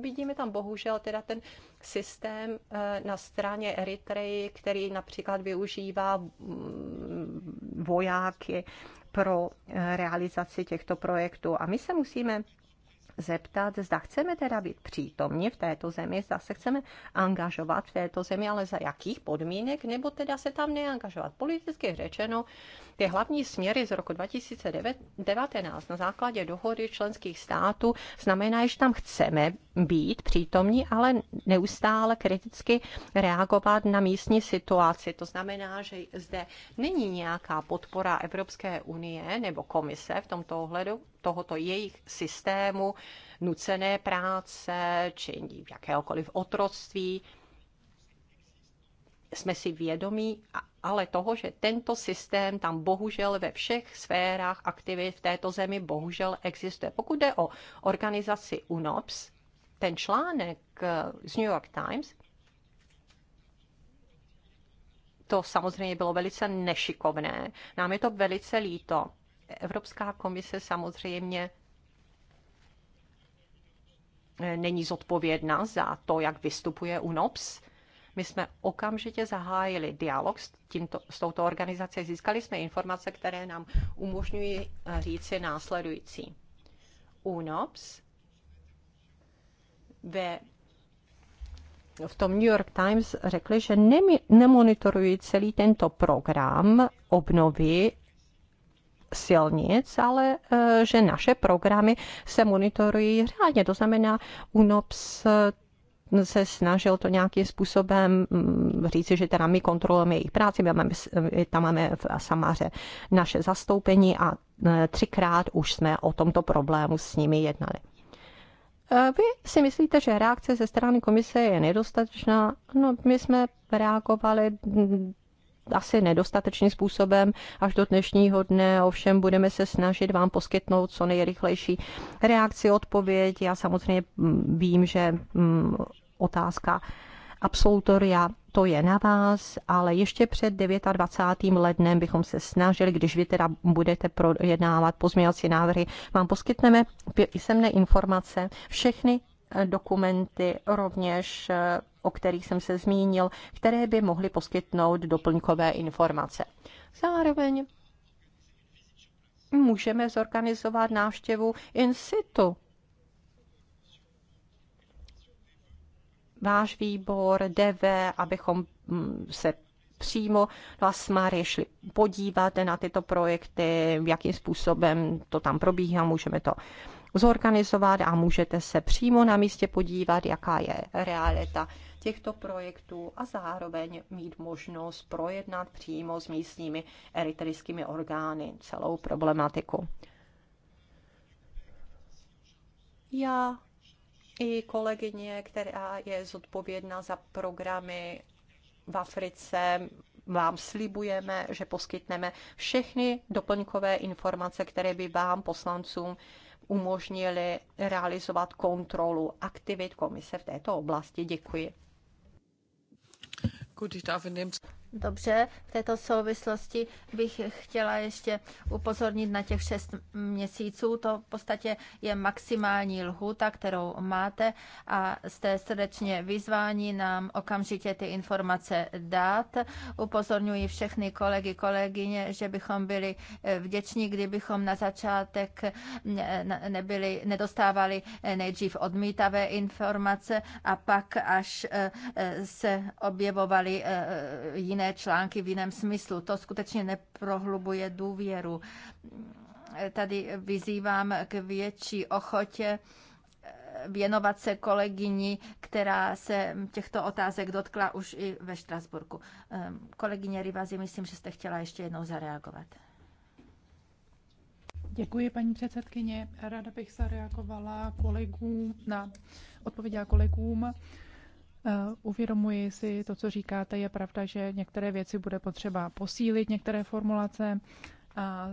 Vidíme tam bohužel teda ten systém eh, na straně Eritreji, který například využívá mm, vojáky pro eh, realizaci těchto projektů. A my se musíme zeptat, zda chceme teda být přítomni v této zemi, zda se chceme angažovat v této zemi, ale za jakých podmínek, nebo teda se tam neangažovat. Politicky řečeno, ty hlavní směry z roku 2019 na základě dohody členských států znamená, že tam chceme být přítomní, ale neustále kriticky reagovat na místní situaci. To znamená, že zde není nějaká podpora Evropské unie nebo komise v tomto ohledu, tohoto jejich systému nucené práce či jakéhokoliv otroctví. Jsme si vědomí ale toho, že tento systém tam bohužel ve všech sférách aktivit v této zemi bohužel existuje. Pokud jde o organizaci UNOPS, ten článek eh, z New York Times to samozřejmě bylo velice nešikovné. Nám je to velice líto. Evropská komise samozřejmě eh, není zodpovědná za to, jak vystupuje UNOPS. My jsme okamžitě zahájili dialog s, tímto, s touto organizací. Získali jsme informace, které nám umožňují eh, říci následující. UNOPS ve v tom New York Times řekli, že nemi, nemonitorují celý tento program obnovy silnic, ale e, že naše programy se monitorují řádně. To znamená, UNOPS se snažil to nějakým způsobem mm, říci, že teda my kontrolujeme jejich práci, my máme, tam máme v Samáře naše zastoupení a e, třikrát už jsme o tomto problému s nimi jednali. E, vy si myslíte, že reakce ze strany komise je nedostatečná? No, my jsme reagovali asi nedostatečným způsobem až do dnešního dne, ovšem budeme se snažit vám poskytnout co nejrychlejší reakci, odpověď. Já samozřejmě mm, vím, že mm, otázka absolutoria to je na vás, ale ještě před 29. lednem bychom se snažili, když vy teda budete projednávat pozměňovací návrhy, vám poskytneme písemné informace, všechny eh, dokumenty, rovněž eh, o kterých jsem se zmínil, které by mohly poskytnout doplňkové informace. Zároveň můžeme zorganizovat návštěvu in situ. Váš výbor, DV, abychom mm, se přímo do Asmary šli podívat na tyto projekty, jakým způsobem to tam probíhá, můžeme to zorganizovat a můžete se přímo na místě podívat, jaká je realita těchto projektů a zároveň mít možnost projednat přímo s místními eritrejskými orgány celou problematiku. Já i kolegyně, která je zodpovědná za programy v Africe, vám slibujeme, že poskytneme všechny doplňkové informace, které by vám, poslancům, umožnili realizovat kontrolu aktivit komise v této oblasti. Děkuji. Gut, ich darf in dem Dobře, v této souvislosti bych chtěla ještě upozornit na těch 6 měsíců. To v podstatě je maximální lhuta, kterou máte a jste srdečně vyzváni nám okamžitě ty informace dát. Upozorňuji všechny kolegy, kolegyně, že bychom byli eh, vděční, kdybychom na začátek eh, nebyli, nedostávali eh, nejdřív odmítavé informace a pak až se objevovaly jiné jiné články v jiném smyslu. To skutečně neprohlubuje důvěru. Tady vyzývám k větší ochotě věnovat se kolegyni, která se těchto otázek dotkla už i ve Štrasburku. Ehm, kolegyně Rivazi, myslím, že jste chtěla ještě jednou zareagovat. Děkuji, paní předsedkyně. Ráda bych zareagovala kolegům na odpověď kolegům. Eh, uvědomuji si to, co říkáte. Je pravda, že některé věci bude potřeba posílit, některé formulace. A,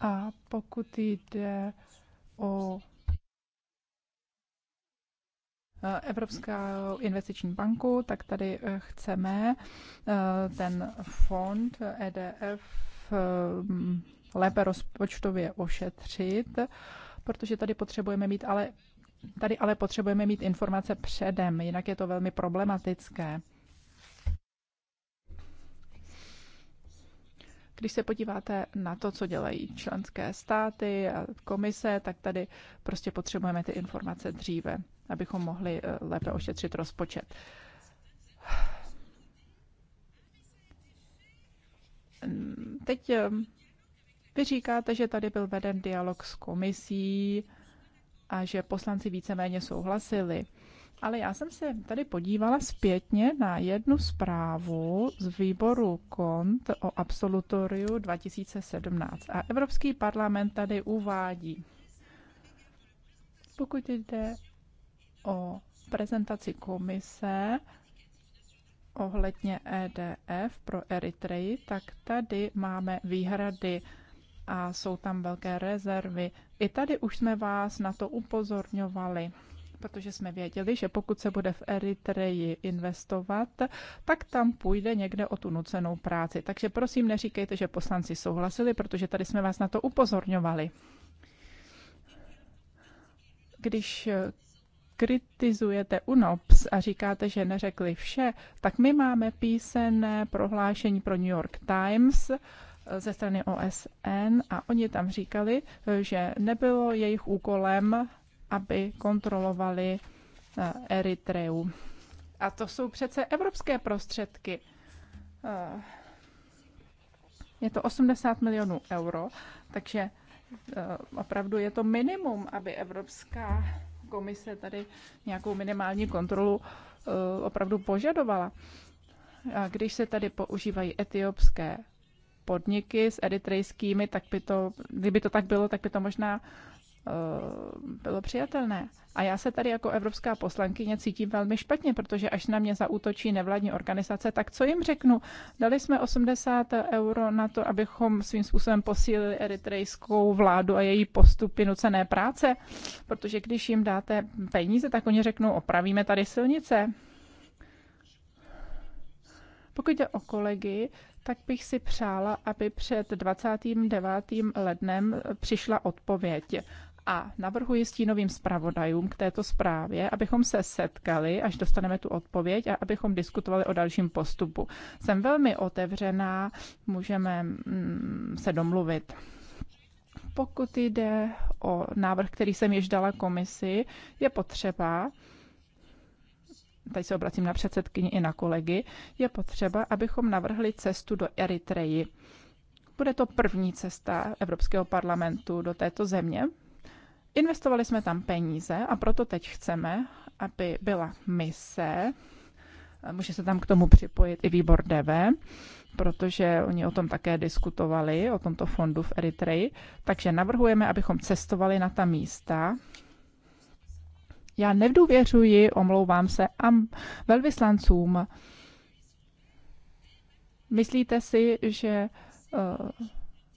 a pokud jde o eh, evropskou investiční banku, tak tady eh, chceme ten fond EDF lépe rozpočtově ošetřit, protože tady potřebujeme mít ale Tady ale potřebujeme mít informace předem, jinak je to velmi problematické. Když se podíváte na to, co dělají členské státy a komise, tak tady prostě potřebujeme ty informace dříve, abychom mohli eh, lépe ošetřit rozpočet. Teď eh, vy říkáte, že tady byl veden dialog s komisí, a že poslanci víceméně souhlasili. Ale já jsem se tady podívala zpětně na jednu zprávu z výboru KONT o absolutoriu 2017. A Evropský parlament tady uvádí, pokud jde o prezentaci komise ohledně EDF pro Eritreji, tak tady máme výhrady a jsou tam velké rezervy. I tady už jsme vás na to upozorňovali protože jsme věděli, že pokud se bude v Eritreji investovat, tak tam půjde někde o tu nucenou práci. Takže prosím, neříkejte, že poslanci souhlasili, protože tady jsme vás na to upozorňovali. Když kritizujete UNOPS a říkáte, že neřekli vše, tak my máme písemné prohlášení pro New York Times ze strany OSN a oni tam říkali, že nebylo jejich úkolem, aby kontrolovali eh, Eritreu. A to jsou přece evropské prostředky. Eh, je to 80 milionů euro, takže eh, opravdu je to minimum, aby Evropská komise tady nějakou minimální kontrolu opravdu požadovala. A když se tady používají etiopské podniky s eritrejskými, tak by to, kdyby to tak bylo, tak by to možná eh, bylo přijatelné. A já se tady jako evropská poslankyně cítím velmi špatně, protože až na mě zaútočí nevládní organizace, tak co jim řeknu? Dali jsme 80 euro na to, abychom svým způsobem posílili eritrejskou vládu a její postupy nucené práce, protože když jim dáte peníze, tak oni řeknou, opravíme tady silnice. Pokud jde o kolegy, tak bych si přála, aby před 29. lednem přišla odpověď. A navrhuji stínovým zpravodajům k této zprávě, abychom se setkali, až dostaneme tu odpověď a abychom diskutovali o dalším postupu. Jsem velmi otevřená, můžeme mm, se domluvit. Pokud jde o návrh, který jsem již dala komisi, je potřeba, teď se obracím na předsedkyni i na kolegy, je potřeba, abychom navrhli cestu do Eritreji. Bude to první cesta Evropského parlamentu do této země. Investovali jsme tam peníze a proto teď chceme, aby byla mise, může se tam k tomu připojit i výbor DV, protože oni o tom také diskutovali, o tomto fondu v Eritreji. Takže navrhujeme, abychom cestovali na ta místa, já nedůvěřuji, omlouvám se, am, velvyslancům. Myslíte si, že uh,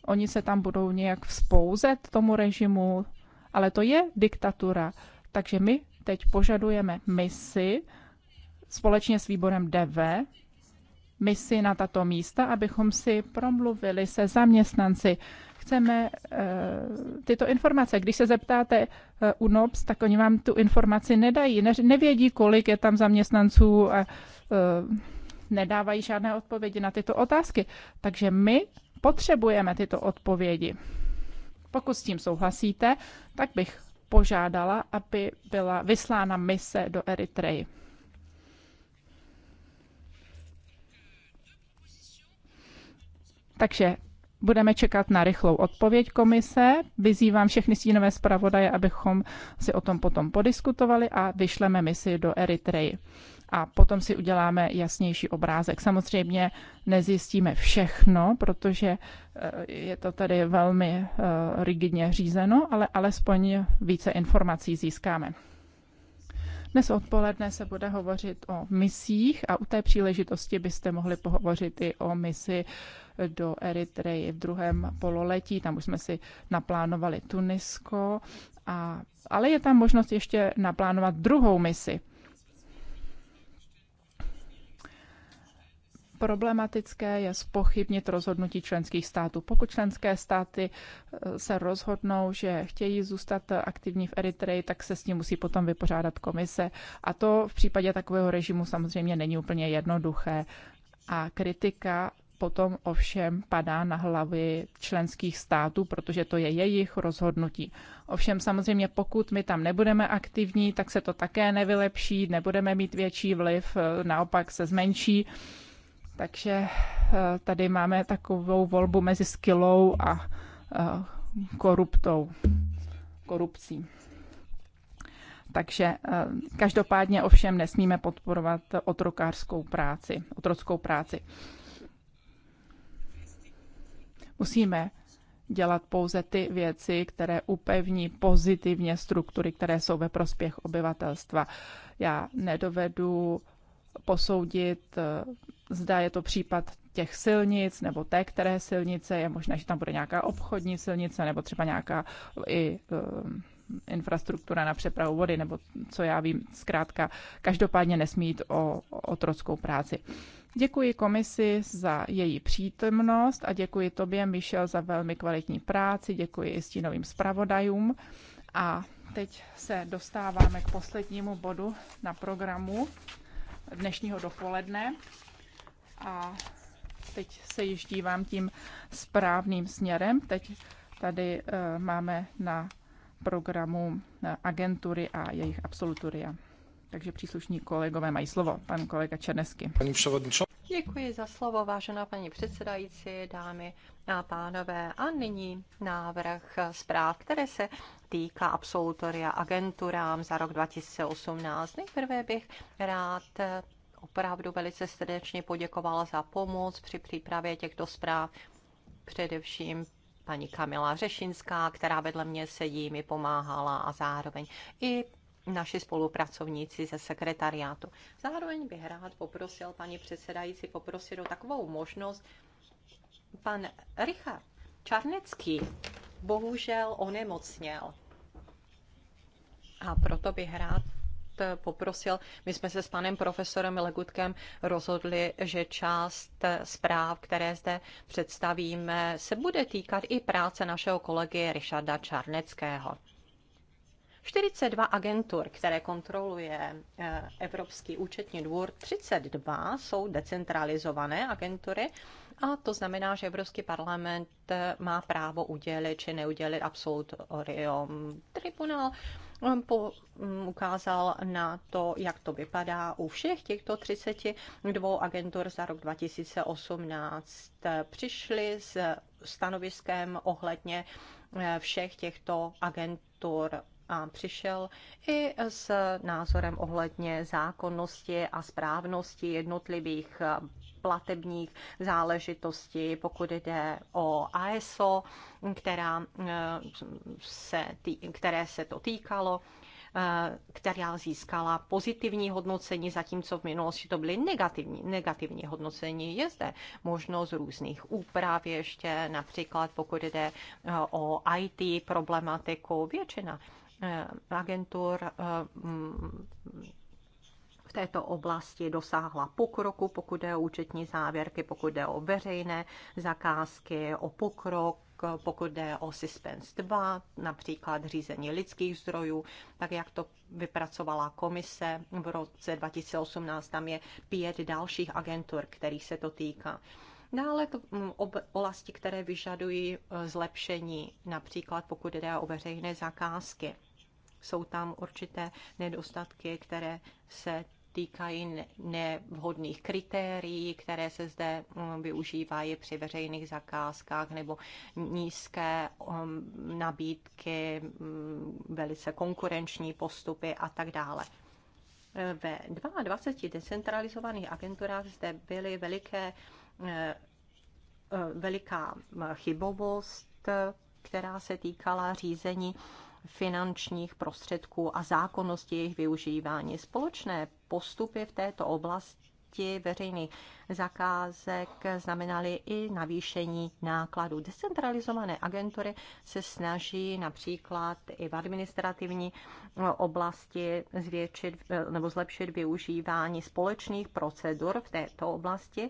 oni se tam budou nějak vzpouzet tomu režimu? Ale to je diktatura. Takže my teď požadujeme misi společně s výborem DV, misi na tato místa, abychom si promluvili se zaměstnanci. Chceme eh, tyto informace. Když se zeptáte eh, u NOPS, tak oni vám tu informaci nedají. nevědí, kolik je tam zaměstnanců a eh, nedávají žádné odpovědi na tyto otázky. Takže my potřebujeme tyto odpovědi. Pokud s tím souhlasíte, tak bych požádala, aby byla vyslána mise do Eritreji. Takže budeme čekat na rychlou odpověď komise. Vyzývám všechny stínové zpravodaje, abychom si o tom potom podiskutovali a vyšleme misi do Eritreji. A potom si uděláme jasnější obrázek. Samozřejmě nezjistíme všechno, protože eh, je to tady velmi eh, rigidně řízeno, ale alespoň více informací získáme. Dnes odpoledne se bude hovořit o misích a u té příležitosti byste mohli pohovořit i o misi do Eritreji v druhém pololetí. Tam už jsme si naplánovali Tunisko, a, ale je tam možnost ještě naplánovat druhou misi. problematické je spochybnit rozhodnutí členských států. Pokud členské státy eh, se rozhodnou, že chtějí zůstat aktivní v Eritreji, tak se s tím musí potom vypořádat komise. A to v případě takového režimu samozřejmě není úplně jednoduché. A kritika potom ovšem padá na hlavy členských států, protože to je jejich rozhodnutí. Ovšem samozřejmě, pokud my tam nebudeme aktivní, tak se to také nevylepší, nebudeme mít větší vliv, eh, naopak se zmenší. Takže eh, tady máme takovou volbu mezi skillou a eh, koruptou, korupcí. Takže každopádně ovšem nesmíme podporovat otrokářskou práci, otrockou práci. Musíme dělat pouze ty věci, které upevní pozitivně struktury, které jsou ve prospěch obyvatelstva. Já nedovedu posoudit, eh, zda je to případ těch silnic nebo té, které silnice. Je možné, že tam bude nějaká obchodní silnice nebo třeba nějaká i eh, infrastruktura na přepravu vody, nebo co já vím, zkrátka každopádně nesmí jít o otrockou práci. Děkuji komisi za její přítomnost a děkuji tobě, Michel, za velmi kvalitní práci, děkuji i stínovým zpravodajům. A teď se dostáváme k poslednímu bodu na programu dnešního dopoledne. A teď se již dívám tím správným směrem. Teď tady eh, máme na programu eh, agentury a jejich absolutoria. Takže příslušní kolegové mají slovo. Pan kolega Černesky. Děkuji za slovo, vážená paní předsedající, dámy a pánové. A nyní návrh zpráv, které se týká absolutoria agenturám za rok 2018. Nejprve bych rád eh, opravdu velice srdečně poděkovala za pomoc při přípravě těchto zpráv, především paní Kamila Řešinská, která vedle mě sedí, mi pomáhala a zároveň i naši spolupracovníci ze sekretariátu. Zároveň bych rád poprosil paní předsedající poprosit o takovou možnost. Pan Richard Čarnecký bohužel onemocněl. A proto bych rád Eh, poprosil. My jsme se s panem profesorem Legutkem rozhodli, že část eh, zpráv, které zde představíme, se bude týkat i práce našeho kolegy Richarda Čarneckého. 42 agentur, které kontroluje eh, Evropský účetní dvůr, 32 jsou decentralizované agentury a to znamená, že Evropský parlament má právo udělit či neudělit absolutorium. Tribunál Hm, po, hm, ukázal na to, jak to vypadá u všech těchto 32 agentur za rok 2018. Přišli s stanoviskem ohledně eh, všech těchto agentur a přišel i s názorem ohledně zákonnosti a správnosti jednotlivých eh, platebních záležitostí, pokud jde o ASO, která eh, se tý, které se to týkalo eh, která získala pozitivní hodnocení, zatímco v minulosti to byly negativní, negativní hodnocení. Je zde možnost různých úprav ještě, například pokud jde eh, o IT problematiku. Většina agentur této oblasti dosáhla pokroku, pokud je o účetní závěrky, pokud je o veřejné zakázky, o pokrok pokud jde o Suspense 2, například řízení lidských zdrojů, tak jak to vypracovala komise v roce 2018, tam je pět dalších agentur, kterých se to týká. Dále to mm, oblasti, které vyžadují e, zlepšení, například pokud jde o veřejné zakázky. Jsou tam určité nedostatky, které se týkají nevhodných kritérií, které se zde mm, využívají při veřejných zakázkách nebo nízké mm, nabídky, mm, velice konkurenční postupy a tak dále. Ve 22 decentralizovaných agenturách zde byly veliké, e, e, veliká chybovost, která se týkala řízení finančních prostředků a zákonnosti jejich využívání. Společné postupy v této oblasti veřejných zakázek znamenaly i navýšení nákladů. Decentralizované agentury se snaží například i v administrativní oblasti zvětšit nebo zlepšit využívání společných procedur v této oblasti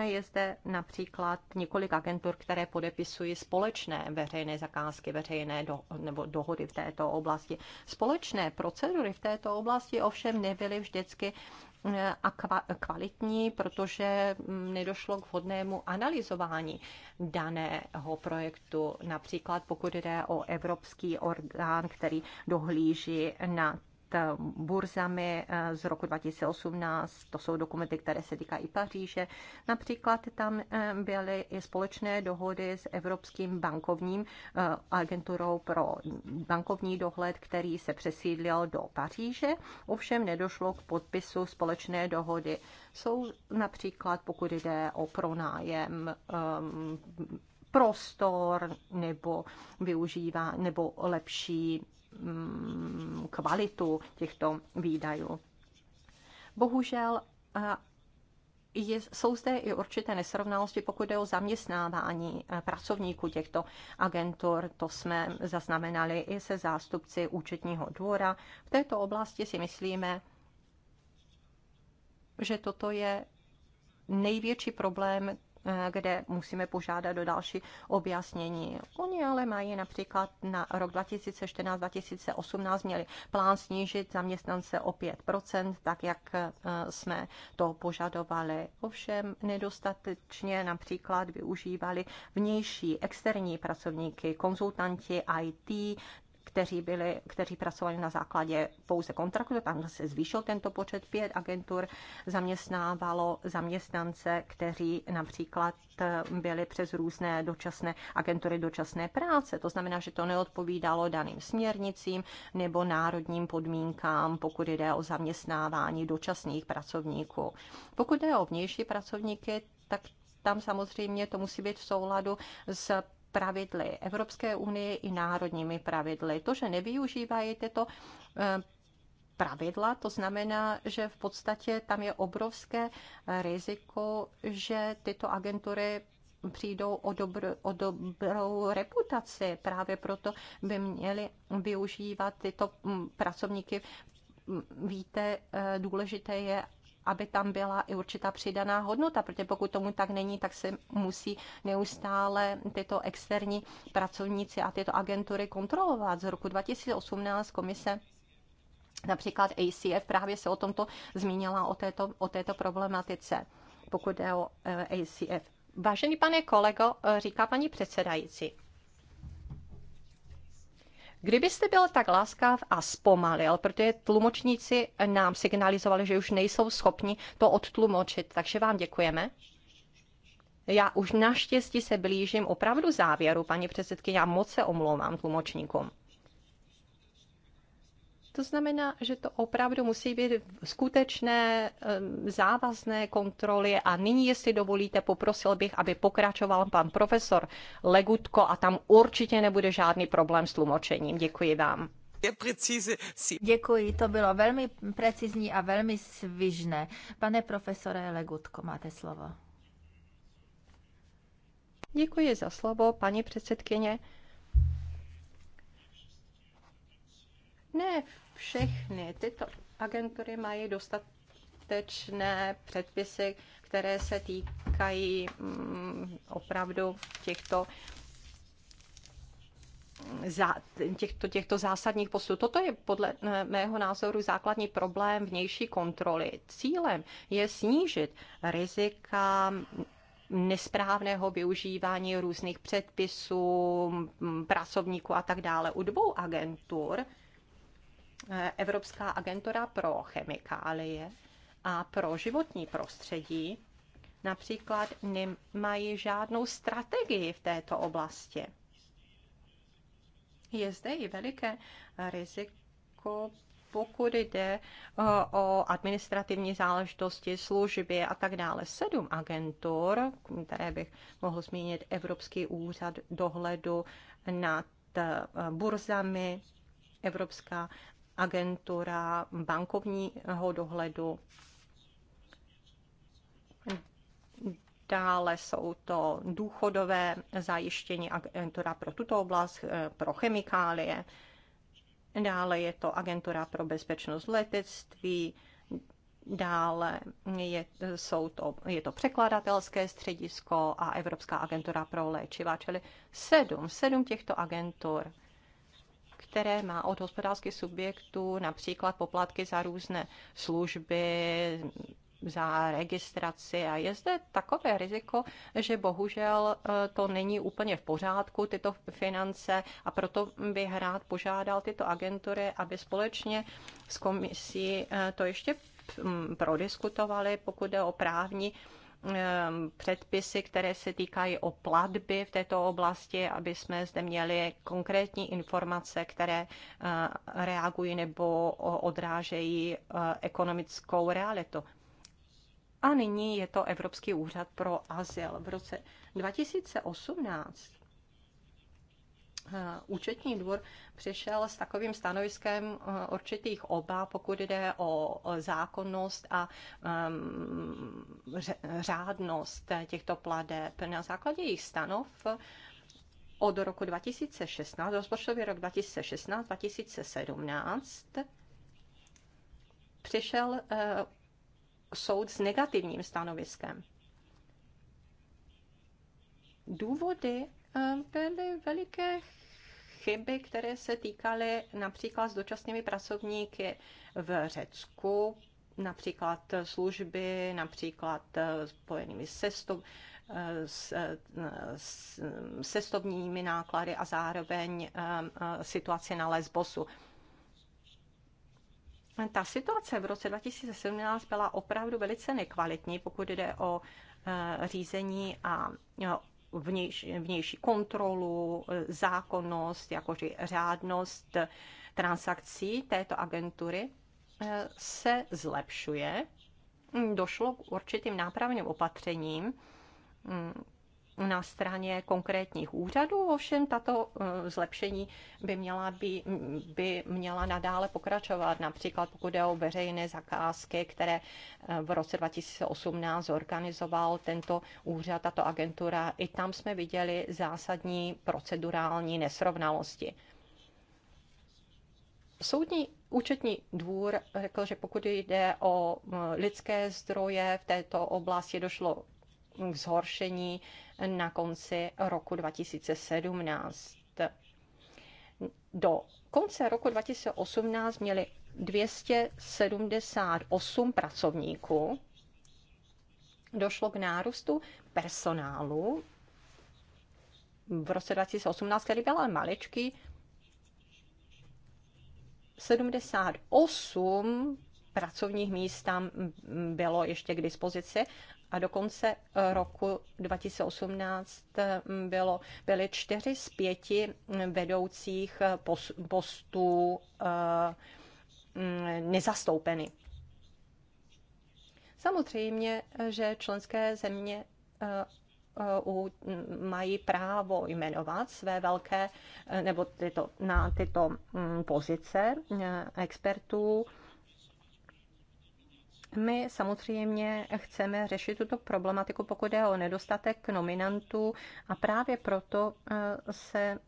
je zde například několik agentur, které podepisují společné veřejné zakázky, veřejné do, nebo dohody v této oblasti. Společné procedury v této oblasti ovšem nebyly vždycky eh, a kvalitní, protože mm, nedošlo k vhodnému analyzování daného projektu. Například pokud jde o evropský orgán, který dohlíží nad burzami eh, z roku 2018, to jsou dokumenty, které se týkají Paříže. Například tam eh, byly i společné dohody s Evropským bankovním eh, agenturou pro bankovní dohled, který se přesídlil do Paříže. Ovšem nedošlo k podpisu společné dohody. Jsou například, pokud jde o pronájem prostor nebo využívá nebo lepší Mm, kvalitu těchto výdajů. Bohužel je, jsou zde i určité nesrovnalosti, pokud jde o zaměstnávání e, pracovníků těchto agentur. To jsme zaznamenali i se zástupci účetního dvora. V této oblasti si myslíme, že toto je největší problém, Eh, kde musíme požádat o další objasnění. Oni ale mají například na rok 2014-2018 měli plán snížit zaměstnance o 5%, tak jak eh, jsme to požadovali. Ovšem nedostatečně například využívali vnější externí pracovníky, konzultanti IT, kteří, byli, kteří pracovali na základě pouze kontraktu, tam se zvýšil tento počet, pět agentur zaměstnávalo zaměstnance, kteří například eh, byli přes různé dočasné agentury dočasné práce. To znamená, že to neodpovídalo daným směrnicím nebo národním podmínkám, pokud jde o zaměstnávání dočasných pracovníků. Pokud jde o vnější pracovníky, tak tam samozřejmě to musí být v souladu s pravidly Evropské unie i národními pravidly. To, že nevyužívají tyto eh, pravidla, to znamená, že v podstatě tam je obrovské riziko, že tyto agentury přijdou o, dobr, o dobrou reputaci. Právě proto by měli využívat tyto mm, pracovníky. Víte, eh, důležité je, aby tam byla i určitá přidaná hodnota, protože pokud tomu tak není, tak se musí neustále tyto externí pracovníci a tyto agentury kontrolovat. Z roku 2018 komise Například ACF právě se o tomto zmínila, o této, o této problematice, pokud je o eh, ACF. Vážený pane kolego, eh, říká paní předsedající, Kdybyste byl tak láskav a zpomalil, protože tlumočníci nám signalizovali, že už nejsou schopni to odtlumočit, takže vám děkujeme. Já už naštěstí se blížím opravdu závěru, paní předsedkyně, já moc se omlouvám tlumočníkům. To znamená, že to opravdu musí být skutečné závazné kontroly a nyní, jestli dovolíte, poprosil bych, aby pokračoval pan profesor Legutko a tam určitě nebude žádný problém s tlumočením. Děkuji vám. Děkuji, to bylo velmi precizní a velmi svižné. Pane profesore Legutko, máte slovo. Děkuji za slovo, paní předsedkyně. Ne, všechny tyto agentury mají dostatečné předpisy, které se týkají mm, opravdu těchto za, těchto, těchto zásadních postupů. Toto je podle eh, mého názoru základní problém vnější kontroly. Cílem je snížit rizika nesprávného využívání různých předpisů, mm, pracovníků a tak dále. U dvou agentur Evropská agentura pro chemikálie a pro životní prostředí například nemají žádnou strategii v této oblasti. Je zde i veliké riziko, pokud jde eh, o administrativní záležitosti, služby a tak dále. Sedm agentur, které bych mohl zmínit, Evropský úřad dohledu nad eh, burzami, Evropská agentura bankovního dohledu. Dále jsou to důchodové zajištění agentura pro tuto oblast, eh, pro chemikálie. Dále je to agentura pro bezpečnost letectví, Dále je, jsou to, je to překladatelské středisko a Evropská agentura pro léčiva, čili sedm, sedm těchto agentur které má od hospodářských subjektů, například poplatky za různé služby, za registraci a je zde takové riziko, že bohužel e, to není úplně v pořádku, tyto finance a proto bych rád požádal tyto agentury, aby společně s komisí e, to ještě prodiskutovali, pokud jde o právní Ehm, předpisy, které se týkají o platby v této oblasti, aby jsme zde měli konkrétní informace, které eh, reagují nebo odrážejí eh, ekonomickou realitu. A nyní je to Evropský úřad pro azyl. V roce 2018 Eh, účetní dvůr přišel s takovým stanoviskem eh, určitých oba, pokud jde o zákonnost a ehm, řádnost těchto pladeb. Na základě jejich stanov od roku 2016, rozpočtový rok 2016-2017, přišel eh, soud s negativním stanoviskem. Důvody Ehm, byly veliké chyby, které se týkaly například s dočasnými pracovníky v Řecku, například služby, například eh, spojenými se eh, eh, s, s, cestovními náklady a zároveň ehm, situace na Lesbosu. Ta situace v roce 2017 byla opravdu velice nekvalitní, pokud jde o řízení a vnější, vnější kontrolu, eh, zákonnost, jakože řádnost transakcí této agentury eh, se zlepšuje. Došlo k určitým nápravným opatřením, mm, na straně konkrétních úřadů, ovšem tato eh, zlepšení by měla, by, by měla nadále pokračovat, například pokud jde o veřejné zakázky, které eh, v roce 2018 zorganizoval tento úřad, tato agentura. I tam jsme viděli zásadní procedurální nesrovnalosti. Soudní účetní dvůr řekl, že pokud jde o eh, lidské zdroje v této oblasti, došlo k zhoršení na konci roku 2017. Do konce roku 2018 měli 278 pracovníků. Došlo k nárůstu personálu v roce 2018, který byl ale maličký, 78 pracovních míst tam bylo ještě k dispozici a do konce roku 2018 mm, bylo, byly čtyři z pěti vedoucích postů eh, mm, nezastoupeny. Samozřejmě, že členské země eh, mm, mají právo jmenovat své velké eh, nebo tyto, na tyto pozice expertů my samozřejmě chceme řešit tuto problematiku, pokud je o nedostatek nominantů a právě proto eh, se eh,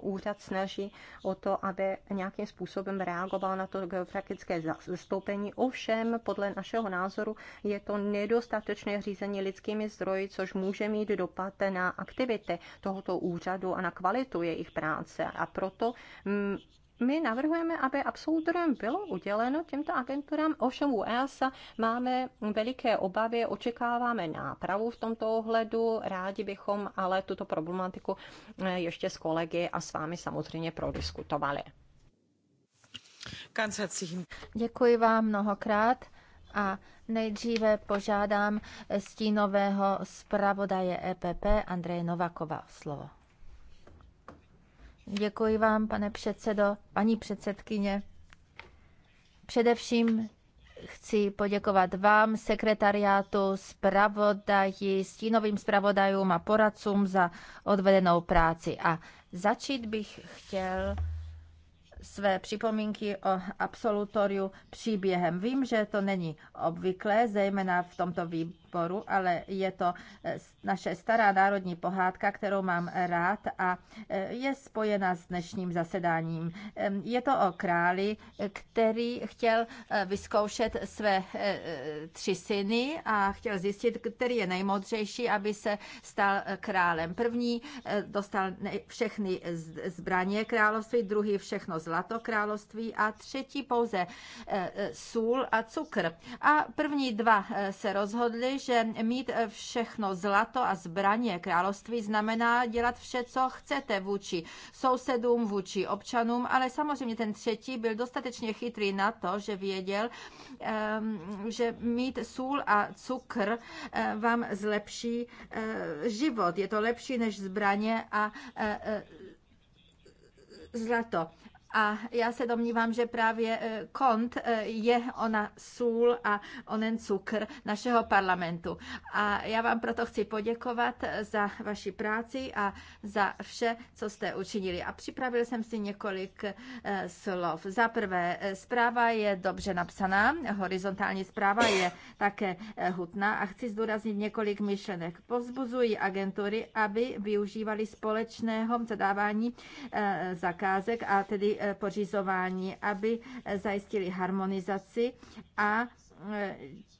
úřad snaží o to, aby nějakým způsobem reagoval na to geografické zastoupení. Ovšem, podle našeho názoru, je to nedostatečné řízení lidskými zdroji, což může mít dopad na aktivity tohoto úřadu a na kvalitu jejich práce. A proto mm, my navrhujeme, aby absolutorium bylo uděleno těmto agenturám, ovšem u EASA máme veliké obavy, očekáváme nápravu v tomto ohledu, rádi bychom ale tuto problematiku eh, ještě s kolegy a s vámi samozřejmě prodiskutovali. Děkuji vám mnohokrát a nejdříve požádám stínového zpravodaje EPP Andreje Novakova slovo. Děkuji vám, pane předsedo, paní předsedkyně. Především chci poděkovat vám, sekretariátu, zpravodaji, stínovým zpravodajům a poradcům za odvedenou práci. A začít bych chtěl své připomínky o absolutoriu příběhem. Vím, že to není obvyklé, zejména v tomto výboru podporu, ale je to eh, naše stará národní pohádka, kterou mám rád a eh, je spojena s dnešním zasedáním. Je to o králi, eh, který chtěl vyzkoušet své tři syny a chtěl zjistit, který je nejmodřejší, aby se stal králem. První dostal všechny zbraně království, druhý všechno zlato království a třetí pouze sůl a cukr. A první dva se rozhodli, že mít eh, všechno zlato a zbraně království znamená dělat vše, co chcete vůči sousedům, vůči občanům, ale samozřejmě ten třetí byl dostatečně chytrý na to, že věděl, ehm, že mít sůl a cukr eh, vám zlepší eh, život. Je to lepší než zbraně a zlato. A já se domnívám, že právě eh, kont eh, je ona sůl a onen cukr našeho parlamentu. A já vám proto chci poděkovat eh, za vaši práci a za vše, co jste učinili. A připravil jsem si několik slov. Za prvé, zpráva je dobře napsaná, horizontální zpráva je také hutná a chci zdůraznit několik myšlenek. Pozbuzují agentury, aby využívali společného zadávání zakázek a tedy Eh, pořizování, aby eh, zajistili harmonizaci a eh,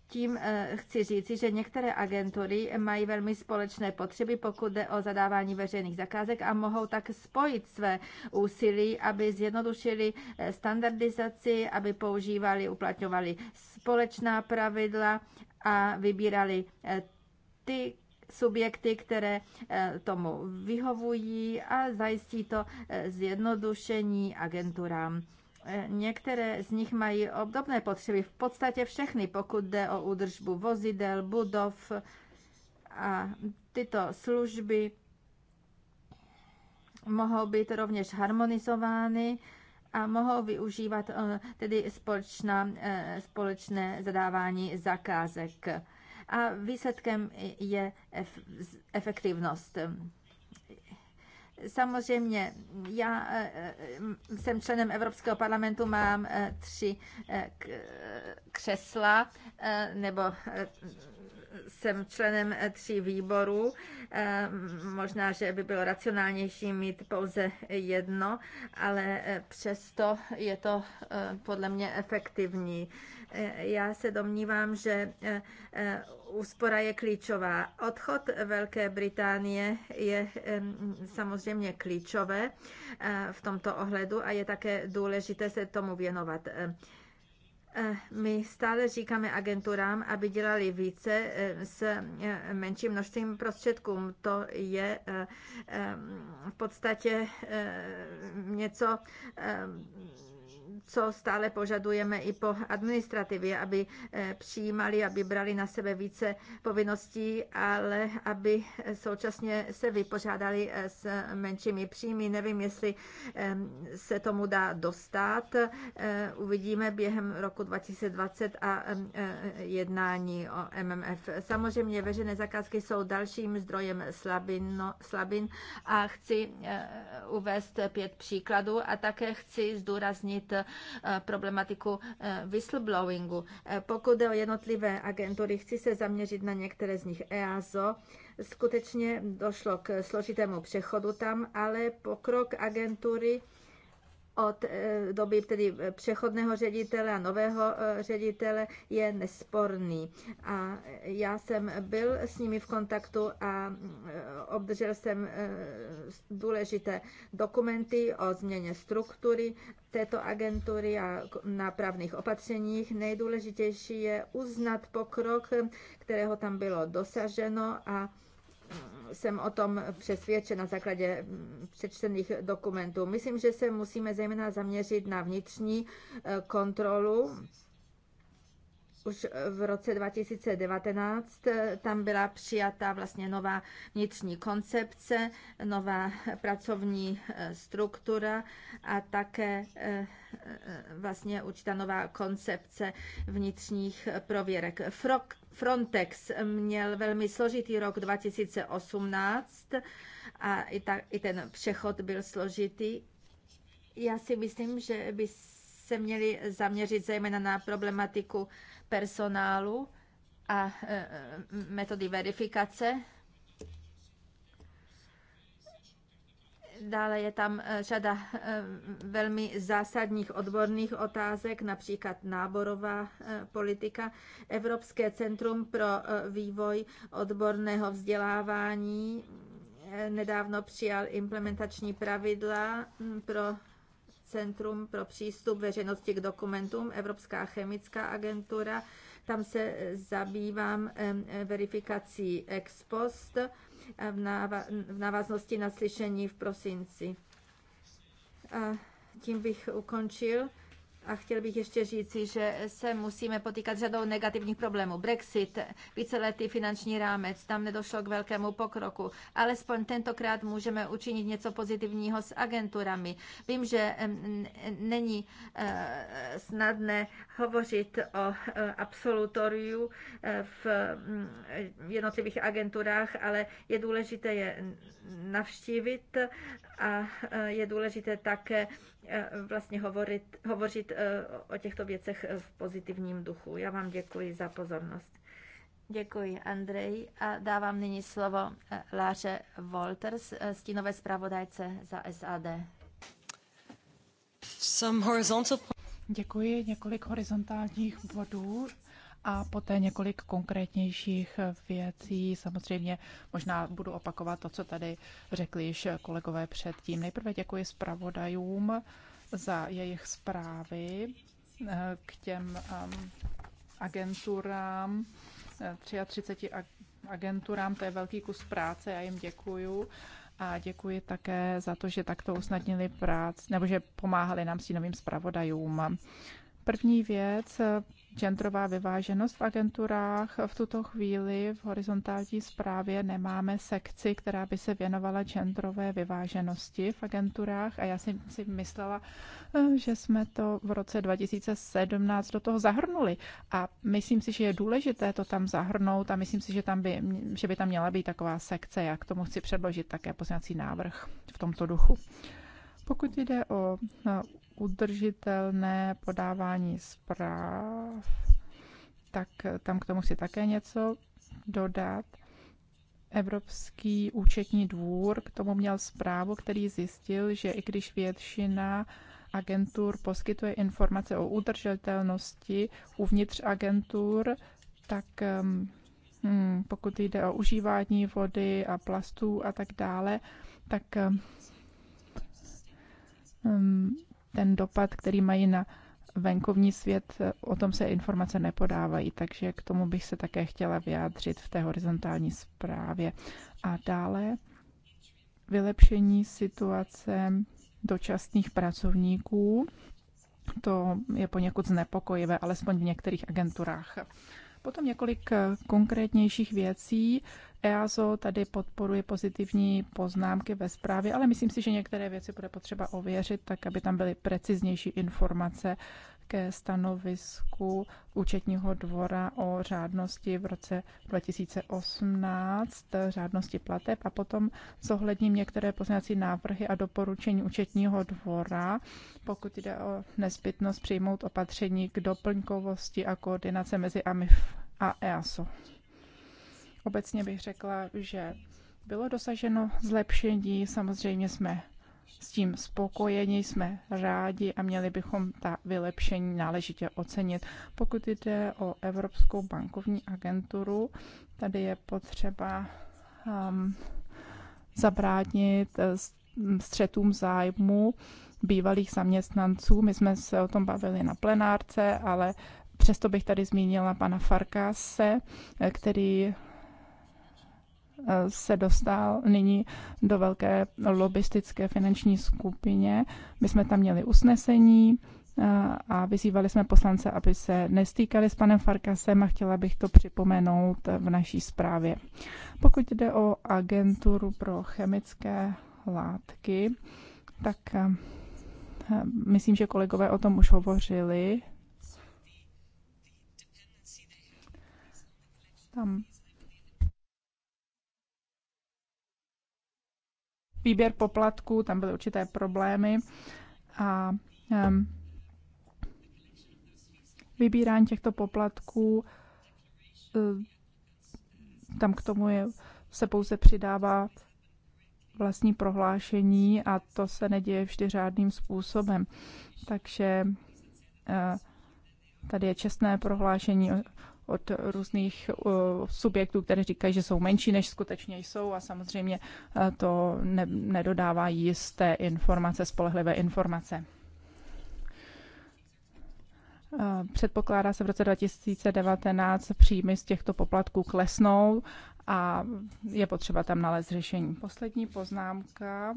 tím chci říci, že některé agentury mají velmi společné potřeby, pokud jde o zadávání veřejných zakázek a mohou tak spojit své úsilí, aby zjednodušili standardizaci, aby používali, uplatňovali společná pravidla a vybírali ty subjekty, které eh, tomu vyhovují a zajistí to eh, zjednodušení agenturám. Eh, některé z nich mají obdobné potřeby, v podstatě všechny, pokud jde o údržbu vozidel, budov a tyto služby mohou být rovněž harmonizovány a mohou využívat tedy společná, společné zadávání zakázek a výsledkem je efektivnost. Samozřejmě, já eh, eh, jsem členem Evropského parlamentu, mám eh, tři křesla nebo jsem členem eh, tří výborů. Eh, možná, že by bylo racionálnější mít pouze jedno, ale eh, přesto je to podle mě efektivní. Já se domnívám, že úspora je klíčová. Odchod Velké Británie je samozřejmě klíčové v tomto ohledu a je také důležité se tomu věnovat. Eh, my stále říkáme agenturám, aby dělali více eh, s eh, menším množstvím prostředkům. To je v podstatě něco co stále požadujeme i po administrativě, aby eh, přijímali, aby brali na sebe více povinností, ale aby eh, současně se vypořádali eh, s menšími příjmy. Nevím, jestli ehm, se tomu dá dostat. Uvidíme během roku 2020 a ehm, jednání o MMF. Samozřejmě veřejné zakázky jsou dalším zdrojem slabin, slabin a chci uvést pět příkladů a také chci zdůraznit Eh, problematiku eh, whistleblowingu. Eh, pokud jde o jednotlivé agentury, chci se zaměřit na některé z nich. EASO skutečně došlo k složitému přechodu tam, ale pokrok agentury od eh, doby tedy přechodného ředitele a nového eh, ředitele je nesporný. A já jsem byl s nimi v kontaktu a eh, obdržel jsem důležité dokumenty o změně struktury této agentury a nápravných opatřeních. Nejdůležitější je uznat pokrok, kterého tam bylo dosaženo a jsem o tom přesvědčena na základě mm, přečtených dokumentů. Myslím, že se musíme zejména zaměřit na vnitřní e, kontrolu. Už v roce 2019 e, tam byla přijata vlastně nová vnitřní koncepce, nová pracovní e, struktura a také vlastně určitá nová koncepce vnitřních prověrek. Frontex měl velmi složitý rok 2018 a i, ta, i ten přechod byl složitý. Já si myslím, že by se měli zaměřit zejména na problematiku personálu a e, e, metody verifikace Dále je tam eh, řada eh, velmi zásadních odborných otázek, například náborová eh, politika, Evropské centrum pro vývoj odborného vzdělávání nedávno přijal implementační pravidla hm, pro Centrum pro přístup veřejnosti k dokumentům, Evropská chemická agentura. Tam se zabývám verifikací ex post v návaznosti na slyšení v prosinci. A tím bych ukončil a chtěl bych ještě říci, že se musíme potýkat s řadou negativních problémů. Brexit, víceletý finanční rámec, tam nedošlo k velkému pokroku. Alespoň tentokrát můžeme učinit něco pozitivního s agenturami. Vím, že není eh, snadné hovořit o eh, absolutoriu eh, v mm, jednotlivých agenturách, ale je důležité je navštívit a eh, je důležité také eh, vlastně hovorit, hovořit eh, o těchto věcech v pozitivním duchu. Já vám děkuji za pozornost. Děkuji, Andrej. A dávám nyní slovo Láře Wolters, stínové zpravodajce za SAD. Some horizontal... Děkuji. Několik horizontálních bodů a poté několik konkrétnějších věcí. Samozřejmě možná budu opakovat to, co tady řekli již kolegové předtím. Nejprve děkuji zpravodajům za jejich zprávy eh, k těm ehm, agenturám, 33 eh, agenturám, to je velký kus práce, já jim děkuju. A děkuji také za to, že takto usnadnili práci, nebo že pomáhali nám s novým zpravodajům. První věc, Gendrová vyváženost v agenturách. V tuto chvíli v horizontální zprávě nemáme sekci, která by se věnovala gendrové vyváženosti v agenturách a já jsem si myslela, že jsme to v roce 2017 do toho zahrnuli a myslím si, že je důležité to tam zahrnout a myslím si, že, tam by, že by tam měla být taková sekce. Já k tomu chci předložit také poznací návrh v tomto duchu. Pokud jde o udržitelné podávání zpráv, tak tam k tomu si také něco dodat. Evropský účetní dvůr k tomu měl zprávu, který zjistil, že i když většina agentur poskytuje informace o udržitelnosti uvnitř agentur, tak um, hmm, pokud jde o užívání vody a plastů a tak dále, tak um, hmm, ten dopad, který mají na venkovní svět, o tom se informace nepodávají, takže k tomu bych se také chtěla vyjádřit v té horizontální zprávě. A dále vylepšení situace dočasných pracovníků. To je poněkud znepokojivé, alespoň v některých agenturách. Potom několik eh, konkrétnějších věcí. EASO tady podporuje pozitivní poznámky ve zprávě, ale myslím si, že některé věci bude potřeba ověřit, tak aby tam byly preciznější informace ke stanovisku účetního dvora o řádnosti v roce 2018, řádnosti plateb a potom zohledním některé poznací návrhy a doporučení účetního dvora, pokud jde o nezbytnost přijmout opatření k doplňkovosti a koordinace mezi AMIF a EASO. Obecně bych řekla, že bylo dosaženo zlepšení, samozřejmě jsme s tím spokojeni, jsme rádi a měli bychom ta vylepšení náležitě ocenit. Pokud jde o Evropskou bankovní agenturu, tady je potřeba um, zabránit eh, mm, střetům zájmu bývalých zaměstnanců. My jsme se o tom bavili na plenárce, ale přesto bych tady zmínila pana Farkase, eh, který se dostal nyní do velké lobbystické finanční skupině. My jsme tam měli usnesení eh, a vyzývali jsme poslance, aby se nestýkali s panem Farkasem a chtěla bych to připomenout v naší zprávě. Pokud jde o agenturu pro chemické látky, tak eh, eh, myslím, že kolegové o tom už hovořili. Tam výběr poplatků, tam byly určité problémy a um, vybírání těchto poplatků, e, tam k tomu je, se pouze přidává vlastní prohlášení a to se neděje vždy řádným způsobem. Takže e, tady je čestné prohlášení od různých eh, subjektů, které říkají, že jsou menší, než skutečně jsou a samozřejmě eh, to ne, nedodává jisté informace, spolehlivé informace. Eh, předpokládá se v roce 2019 příjmy z těchto poplatků klesnou a je potřeba tam nalézt řešení. Poslední poznámka.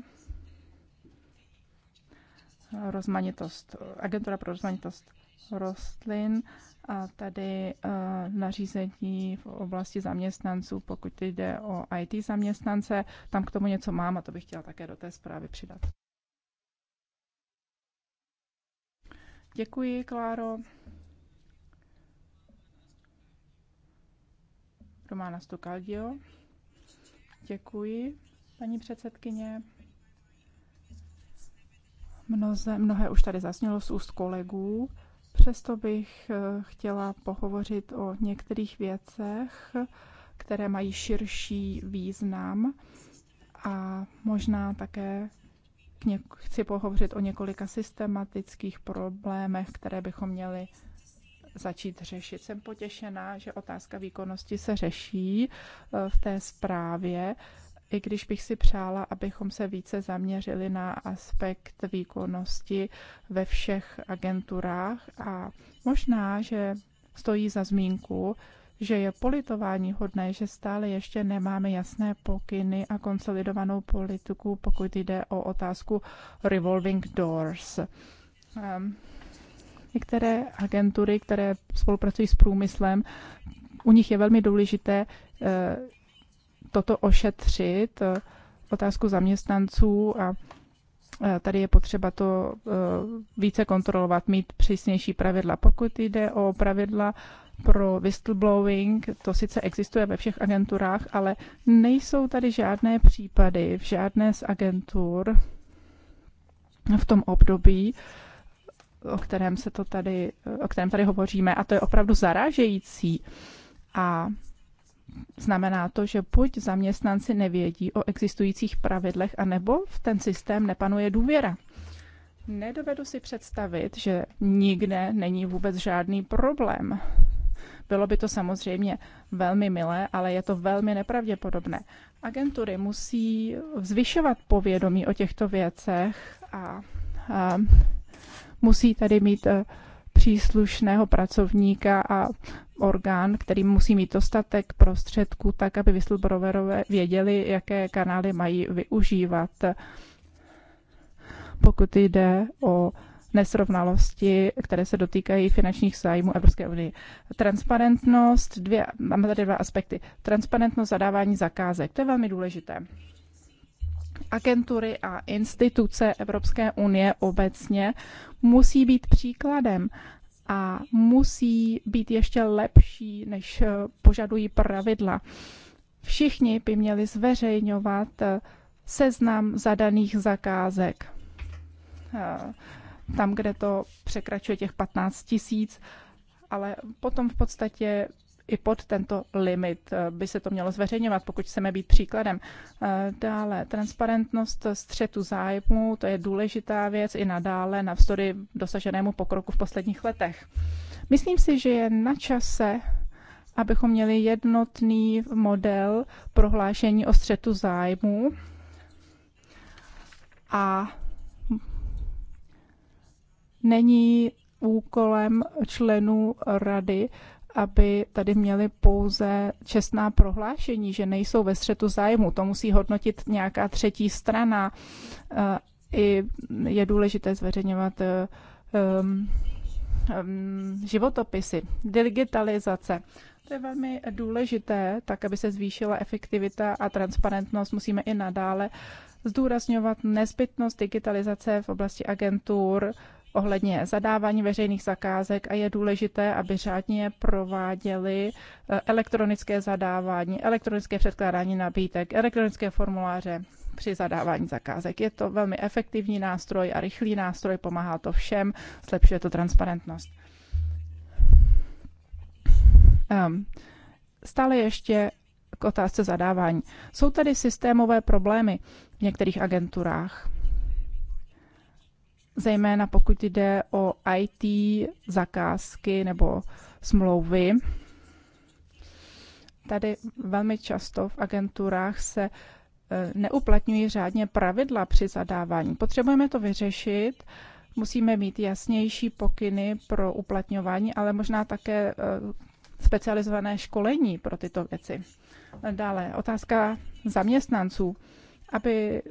Rozmanitost. Agentura pro rozmanitost rostlin a tady eh, nařízení v oblasti zaměstnanců, pokud jde o IT zaměstnance, tam k tomu něco mám a to bych chtěla také do té zprávy přidat. Děkuji, Kláro. Romána Stokaldio. Děkuji, paní předsedkyně. Mnoze, mnohé už tady zasnělo z úst kolegů. Přesto bych eh, chtěla pohovořit o některých věcech, které mají širší význam a možná také chci pohovořit o několika systematických problémech, které bychom měli začít řešit. Jsem potěšená, že otázka výkonnosti se řeší eh, v té zprávě, i když bych si přála, abychom se více zaměřili na aspekt výkonnosti ve všech agenturách a možná, že stojí za zmínku, že je politování hodné, že stále ještě nemáme jasné pokyny a konsolidovanou politiku, pokud jde o otázku revolving doors. Um, některé agentury, které spolupracují s průmyslem, u nich je velmi důležité eh, toto ošetřit, eh, otázku zaměstnanců a eh, tady je potřeba to eh, více kontrolovat, mít přísnější pravidla. Pokud jde o pravidla pro whistleblowing, to sice existuje ve všech agenturách, ale nejsou tady žádné případy v žádné z agentur v tom období, o kterém, se to tady, o kterém tady hovoříme. A to je opravdu zarážející. A Znamená to, že buď zaměstnanci nevědí o existujících pravidlech, anebo v ten systém nepanuje důvěra. Nedovedu si představit, že nikde není vůbec žádný problém. Bylo by to samozřejmě velmi milé, ale je to velmi nepravděpodobné. Agentury musí zvyšovat povědomí o těchto věcech a, a musí tady mít e, příslušného pracovníka a orgán, který musí mít dostatek prostředků, tak aby whistleblowerové věděli, jaké kanály mají využívat. Pokud jde o nesrovnalosti, které se dotýkají finančních zájmů Evropské unie. Transparentnost, dvě, máme tady dva aspekty. Transparentnost zadávání zakázek, to je velmi důležité. Agentury a instituce Evropské unie obecně musí být příkladem a musí být ještě lepší, než eh, požadují pravidla. Všichni by měli zveřejňovat eh, seznam zadaných zakázek. Eh, tam, kde to překračuje těch 15 tisíc, ale potom v podstatě i pod tento limit eh, by se to mělo zveřejňovat, pokud chceme být příkladem. Eh, dále, transparentnost střetu zájmu, to je důležitá věc i nadále navzdory dosaženému pokroku v posledních letech. Myslím si, že je na čase, abychom měli jednotný model prohlášení o střetu zájmu a není úkolem členů rady aby tady měli pouze čestná prohlášení, že nejsou ve střetu zájmu. To musí hodnotit nějaká třetí strana. Eh, I je důležité zveřejňovat eh, životopisy, digitalizace. To je velmi důležité, tak aby se zvýšila efektivita a transparentnost. Musíme i nadále zdůrazňovat nezbytnost digitalizace v oblasti agentur, ohledně zadávání veřejných zakázek a je důležité, aby řádně prováděli eh, elektronické zadávání, elektronické předkládání nabídek, elektronické formuláře při zadávání zakázek. Je to velmi efektivní nástroj a rychlý nástroj, pomáhá to všem, zlepšuje to transparentnost. Um, stále ještě k otázce zadávání. Jsou tady systémové problémy v některých agenturách zejména pokud jde o IT zakázky nebo smlouvy. Tady velmi často v agenturách se e, neuplatňují řádně pravidla při zadávání. Potřebujeme to vyřešit, musíme mít jasnější pokyny pro uplatňování, ale možná také e, specializované školení pro tyto věci. Dále otázka zaměstnanců aby,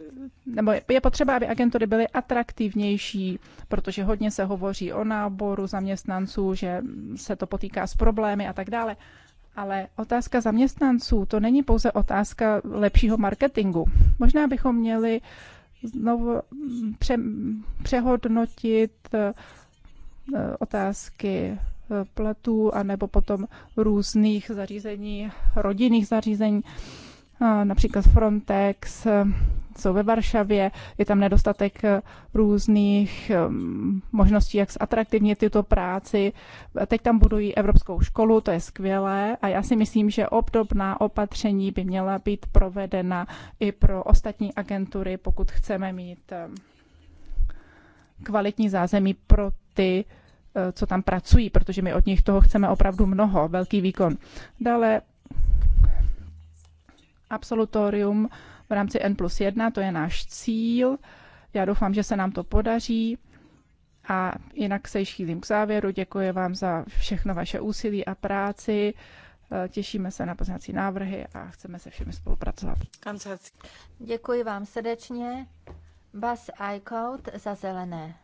nebo je potřeba, aby agentury byly atraktivnější, protože hodně se hovoří o náboru zaměstnanců, že se to potýká s problémy a tak dále. Ale otázka zaměstnanců, to není pouze otázka lepšího marketingu. Možná bychom měli znovu pře, přehodnotit eh, otázky eh, platů anebo potom různých zařízení, rodinných zařízení. Eh, například Frontex, eh, jsou ve Varšavě, je tam nedostatek eh, různých možností, jak zatraktivnit tyto práci. Teď tam budují Evropskou školu, to je skvělé a já si myslím, že obdobná opatření by měla být provedena i pro ostatní agentury, pokud chceme mít kvalitní zázemí pro ty, co tam pracují, protože my od nich toho chceme opravdu mnoho, velký výkon. Dále absolutorium v rámci N plus 1, to je náš cíl. Já doufám, že se nám to podaří. A jinak se již chýlím k závěru. Děkuji vám za všechno vaše úsilí a práci. Eh, těšíme se na poznací návrhy a chceme se všemi spolupracovat. Děkuji vám srdečně. Bas iCode za zelené.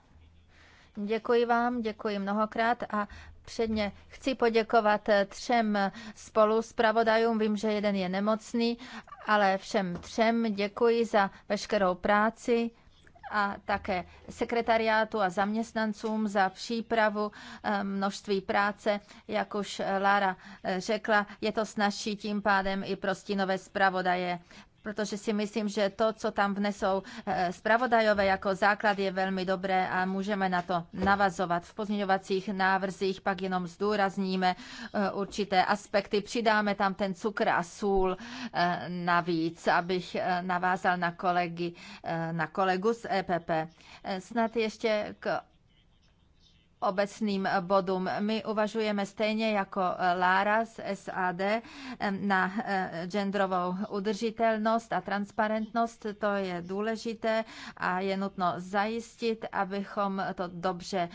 Děkuji vám, děkuji mnohokrát a Předně chci poděkovat eh, třem spolu zpravodajům. Vím, že jeden je nemocný, ale všem třem děkuji za veškerou práci a také sekretariátu a zaměstnancům za přípravu eh, množství práce. Jak už Lara eh, řekla, je to snažší tím pádem i pro stínové zpravodaje protože si myslím, že to, co tam vnesou spravodajové eh, jako základ, je velmi dobré a můžeme na to navazovat. V pozměňovacích návrzích pak jenom zdůrazníme eh, určité aspekty, přidáme tam ten cukr a sůl eh, navíc, abych navázal na, kolegy, na kolegu z EPP. Snad ještě k obecným bodům. My uvažujeme stejně jako eh, Lara z SAD eh, na eh, genderovou udržitelnost a transparentnost. To je důležité a je nutno zajistit, abychom to dobře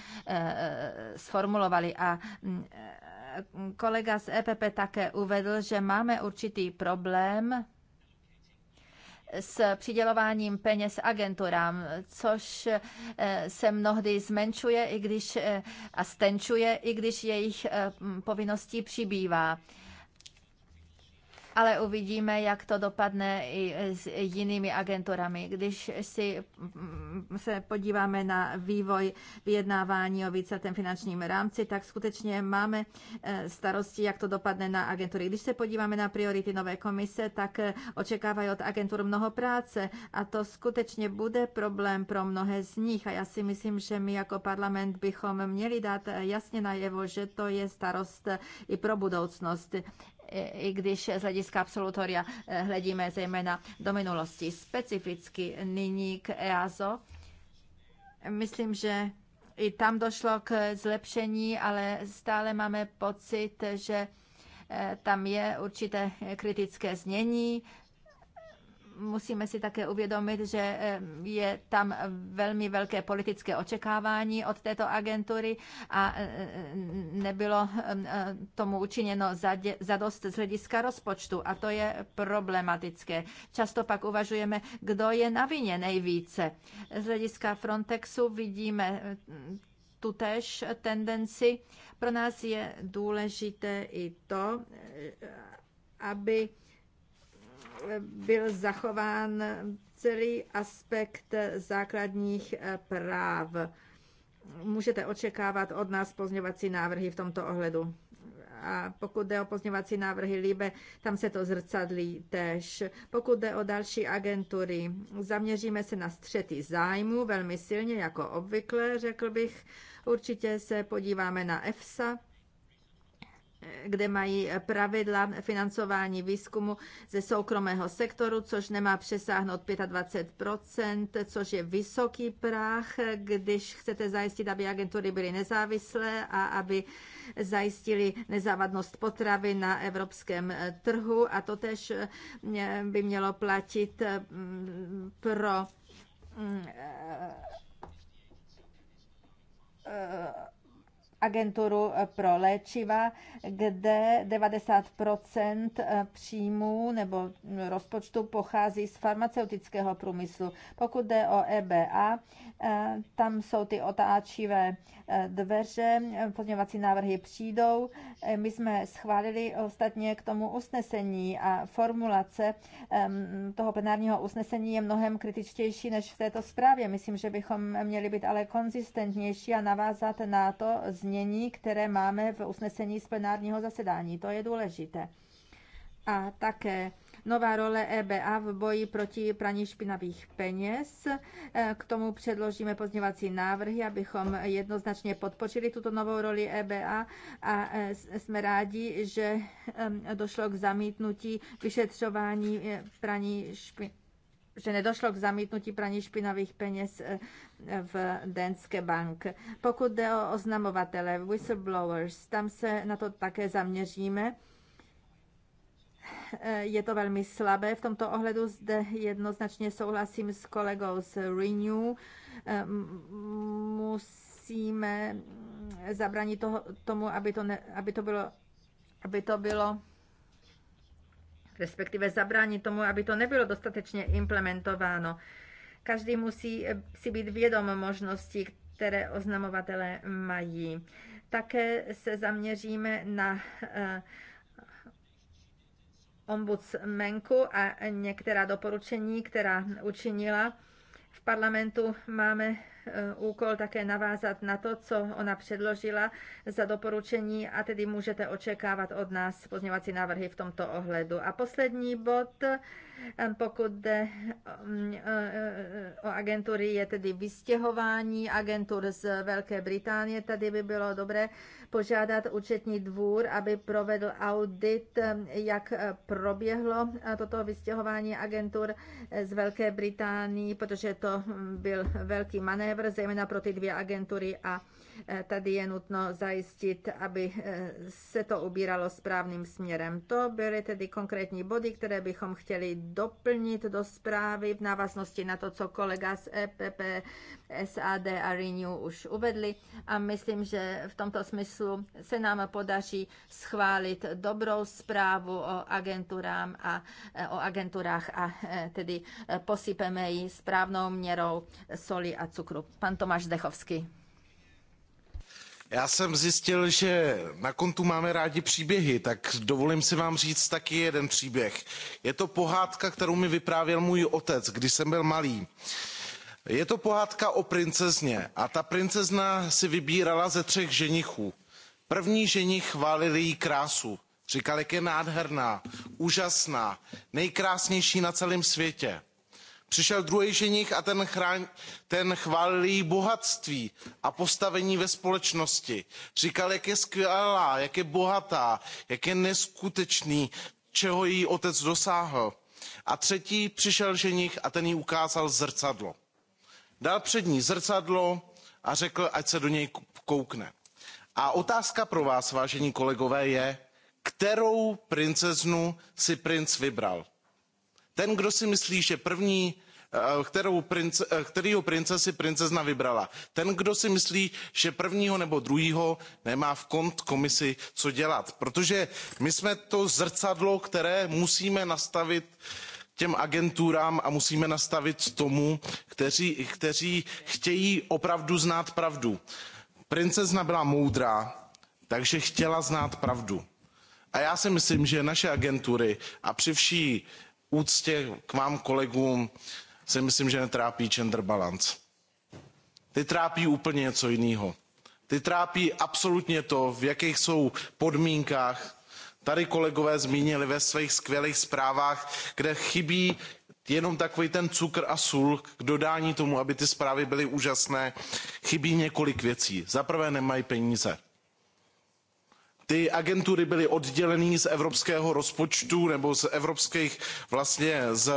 sformulovali. A mm, kolega z EPP také uvedl, že máme určitý problém s přidělováním peněz agenturám, což eh, se mnohdy zmenšuje i když, eh, a stenčuje, i když jejich eh, povinností přibývá ale uvidíme, jak to dopadne i s jinými agenturami. Když si mm, se podíváme na vývoj vyjednávání o víceletém finančním rámci, tak skutečně máme eh, starosti, jak to dopadne na agentury. Když se podíváme na priority nové komise, tak eh, očekávají od agentur mnoho práce a to skutečně bude problém pro mnohé z nich. A já si myslím, že my jako parlament bychom měli dát eh, jasně najevo, že to je starost i pro budoucnost i když z hlediska absolutoria eh, hledíme zejména do minulosti. Specificky nyní k EASO. Myslím, že i tam došlo k zlepšení, ale stále máme pocit, že eh, tam je určité kritické znění musíme si také uvědomit, že eh, je tam velmi velké politické očekávání od této agentury a eh, nebylo eh, tomu učiněno zadost z hlediska rozpočtu a to je problematické. Často pak uvažujeme, kdo je na vině nejvíce. Z hlediska Frontexu vidíme tutéž tendenci. Pro nás je důležité i to, aby byl zachován celý aspekt základních eh, práv. Můžete očekávat od nás pozměňovací návrhy v tomto ohledu. A pokud jde o pozměňovací návrhy Libe, tam se to zrcadlí tež. Pokud jde o další agentury, zaměříme se na střety zájmu velmi silně, jako obvykle, řekl bych. Určitě se podíváme na EFSA, kde mají pravidla financování výzkumu ze soukromého sektoru, což nemá přesáhnout 25 což je vysoký práh, když chcete zajistit, aby agentury byly nezávislé a aby zajistili nezávadnost potravy na evropském eh, trhu. A to tež eh, by mělo platit mm, pro mm, eh, agenturu eh, pro léčiva, kde 90 eh, příjmů nebo rozpočtu pochází z farmaceutického průmyslu. Pokud jde o EBA, eh, tam jsou ty otáčivé E, dveře, e, pozměňovací návrhy přijdou. E, my jsme schválili ostatně k tomu usnesení a formulace toho plenárního usnesení je mnohem kritičtější než v této zprávě. Myslím, že bychom měli být ale konzistentnější a navázat na to znění, které máme v usnesení z plenárního zasedání. To je důležité. A také nová role EBA v boji proti praní špinavých peněz. E, k tomu předložíme pozněvací návrhy, abychom jednoznačně podpořili tuto novou roli EBA a e, jsme rádi, že došlo k zamítnutí vyšetřování e, praní špinavých že nedošlo k zamítnutí praní špinavých peněz v Denske bank. Pokud jde o oznamovatele, whistleblowers, tam se na to také zaměříme je to velmi slabé. V tomto ohledu zde jednoznačně souhlasím s kolegou z Renew. Musíme zabránit toho, tomu, aby to, ne, aby to bylo, aby to bylo respektive zabránit tomu, aby to nebylo dostatečně implementováno. Každý musí si být vědom možností, které oznamovatele mají. Také se zaměříme na uh, ombudsmenku a některá doporučení, která učinila. V parlamentu máme Eh, úkol také navázat na to, co ona předložila za doporučení a tedy můžete očekávat od nás pozměňovací návrhy v tomto ohledu. A poslední bod, eh, pokud jde mm, eh, o agentury, je tedy vystěhování agentur z Velké Británie. Tady by bylo dobré požádat účetní dvůr, aby provedl audit, jak proběhlo toto vystěhování agentur z Velké Británie, protože to mm, byl velký manévr manévr, zejména pro ty dvě agentury a Eh, tady je nutno zajistit, aby eh, se to ubíralo správným směrem. To byly tedy konkrétní body, které bychom chtěli doplnit do zprávy v návaznosti na to, co kolega z EPP, SAD a Renew už uvedli. A myslím, že v tomto smyslu se nám podaří schválit dobrou zprávu o, agenturám a, eh, o agenturách a tedy posypeme ji správnou měrou soli a cukru. Pan Tomáš Dechovský. Já jsem zjistil, že na kontu máme rádi příběhy, tak dovolím si vám říct taky jeden příběh. Je to pohádka, kterou mi vyprávěl můj otec, když jsem byl malý. Je to pohádka o princezně a ta princezna si vybírala ze třech ženichů. První ženich chválil její krásu. Říkal, jak je nádherná, úžasná, nejkrásnější na celém světě přišel druhý ženich a ten, chrán, ten chválil její bohatství a postavení ve společnosti. Říkal, jak je skvělá, jak je bohatá, jak je neskutečný, čeho její otec dosáhl. A třetí přišel ženich a ten jí ukázal zrcadlo. Dal před ní zrcadlo a řekl, ať se do něj koukne. A otázka pro vás, vážení kolegové, je, kterou princeznu si princ vybral ten kdo si myslí že první eh, kterou prince, eh, kterýho prince si princezna vybrala. Ten, kdo si myslí, že prvního nebo druhého nemá v kont komisi co dělat, protože my jsme to zrcadlo, které musíme nastavit těm agenturám a musíme nastavit tomu, kteří, kteří chtějí opravdu znát pravdu. Princezna byla moudrá, takže chtěla znát pravdu. A já si myslím, že naše agentury a při vší úctě k vám kolegům si myslím, že netrápí gender balance. Ty trápí úplně něco jiného. Ty trápí absolutně to, v jakých jsou podmínkách. Tady kolegové zmínili ve svých skvělých zprávách, kde chybí jenom takový ten cukr a sůl k dodání tomu, aby ty zprávy byly úžasné, chybí několik věcí. Za prvé nemají peníze ty agentury byly odděleny z evropského rozpočtu nebo z evropských vlastně z,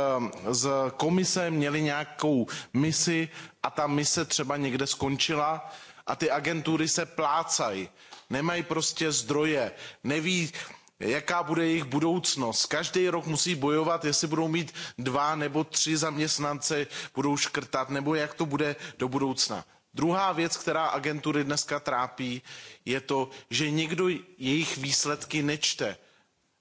z komise, měly nějakou misi a ta mise třeba někde skončila a ty agentury se plácají, nemají prostě zdroje, neví, jaká bude jejich budoucnost. Každý rok musí bojovat, jestli budou mít dva nebo tři zaměstnance, budou škrtat, nebo jak to bude do budoucna. Druhá věc, která agentury dneska trápí, je to, že někdo jejich výsledky nečte.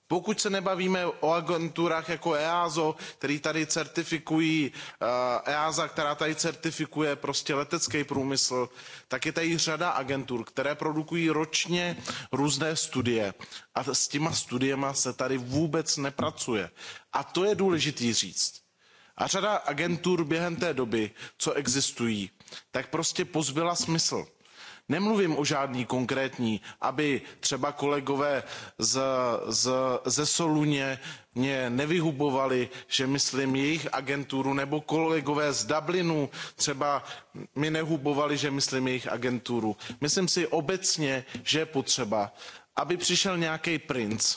Pokud se nebavíme o agenturách jako EASO, který tady certifikují, EASA, eh, e která tady certifikuje prostě letecký průmysl, tak je tady řada agentur, které produkují ročně různé studie. A s těma studiema se tady vůbec nepracuje. A to je důležité říct. A řada agentur během té doby, co existují, tak prostě pozbyla smysl. Nemluvím o žádný konkrétní, aby třeba kolegové z, z, ze Soluně mě nevyhubovali, že myslím jejich agenturu, nebo kolegové z Dublinu třeba mi nehubovali, že myslím jejich agenturu. Myslím si obecně, že je potřeba, aby přišel nějaký princ,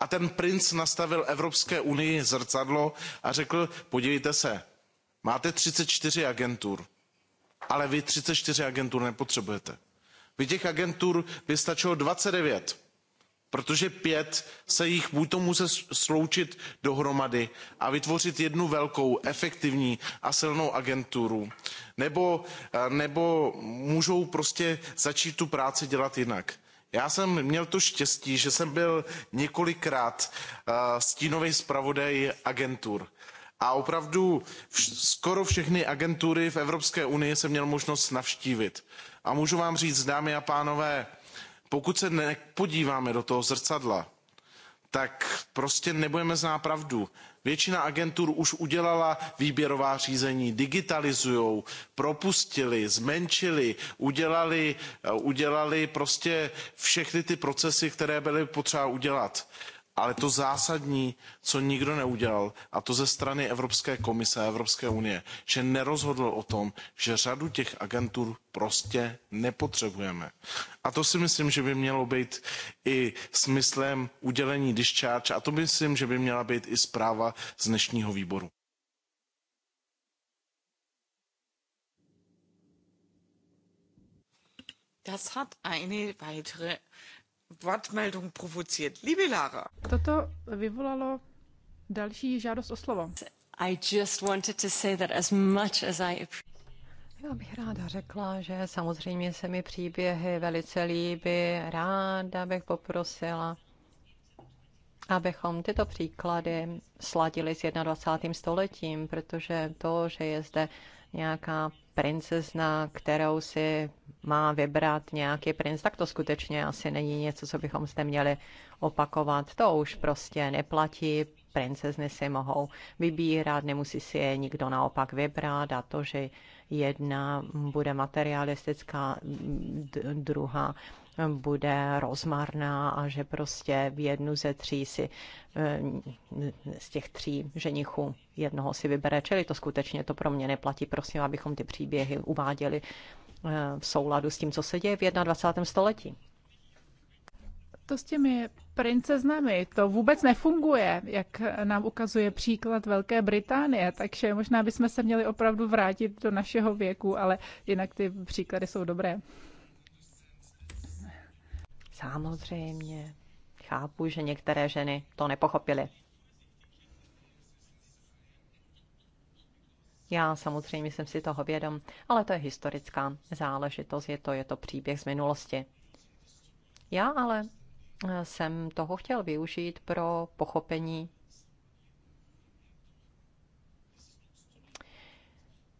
a ten princ nastavil Evropské unii zrcadlo a řekl, podívejte se, máte 34 agentur, ale vy 34 agentur nepotřebujete. Vy těch agentur by stačilo 29, protože pět se jich buď to může sloučit dohromady a vytvořit jednu velkou, efektivní a silnou agenturu, nebo, eh, nebo můžou prostě začít tu práci dělat jinak. Já jsem měl to štěstí, že jsem byl několikrát eh, stínový zpravodaj agentur a opravdu vš- skoro všechny agentury v Evropské unii jsem měl možnost navštívit. A můžu vám říct, dámy a pánové, pokud se nepodíváme do toho zrcadla, tak prostě nebudeme znát pravdu. Většina agentur už udělala výběrová řízení, digitalizujou, propustili, zmenšili, udělali, eh, udělali prostě všechny ty procesy, které byly potřeba udělat ale to zásadní co nikdo neudělal a to ze strany evropské komise a evropské unie že nerozhodl o tom že řadu těch agentur prostě nepotřebujeme. a to si myslím že by mělo být i smyslem udělení discharge a to myslím že by měla být i zpráva z dnešního výboru. Das hat eine weitere Wortmeldung provoziert. Liebe Lara. Toto vyvolalo další žádost o slovo. I just wanted to say that as much as I já bych ráda řekla, že samozřejmě se mi příběhy velice líbí. Ráda bych poprosila, abychom tyto příklady sladili s 21. stoletím, protože to, že je zde nějaká princezna, kterou si má vybrat nějaký princ, tak to skutečně asi není něco, co bychom zde měli opakovat. To už prostě neplatí. Princezny si mohou vybírat, nemusí si je nikdo naopak vybrat a to, že jedna bude materialistická, druhá bude rozmarná a že prostě v jednu ze tří si eh, z těch tří ženichů jednoho si vybere. Čili to skutečně to pro mě neplatí. Prosím, abychom ty příběhy uváděli eh, v souladu s tím, co se děje v 21. století. To s těmi princeznami, to vůbec nefunguje, jak nám ukazuje příklad Velké Británie, takže možná bychom se měli opravdu vrátit do našeho věku, ale jinak ty příklady jsou dobré. Samozřejmě, chápu, že některé ženy to nepochopily. Já samozřejmě jsem si toho vědom, ale to je historická záležitost, je to, je to příběh z minulosti. Já ale eh, jsem toho chtěl využít pro pochopení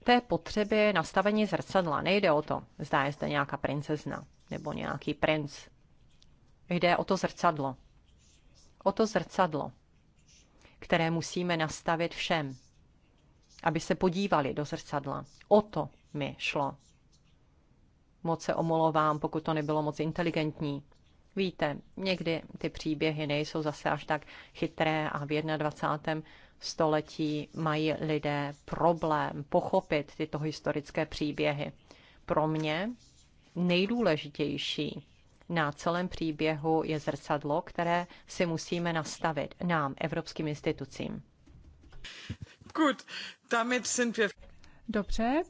té potřeby nastavení zrcadla. Nejde o to, zda je zde nějaká princezna nebo nějaký princ jde o to zrcadlo. O to zrcadlo, které musíme nastavit všem, aby se podívali do zrcadla. O to mi šlo. Moc se omolovám, pokud to nebylo moc inteligentní. Víte, někdy ty příběhy nejsou zase až tak chytré a v 21. století mají lidé problém pochopit tyto historické příběhy. Pro mě nejdůležitější na celém příběhu je zrcadlo, které si musíme nastavit nám, evropským institucím. Gut, damit sind wir... Dobře,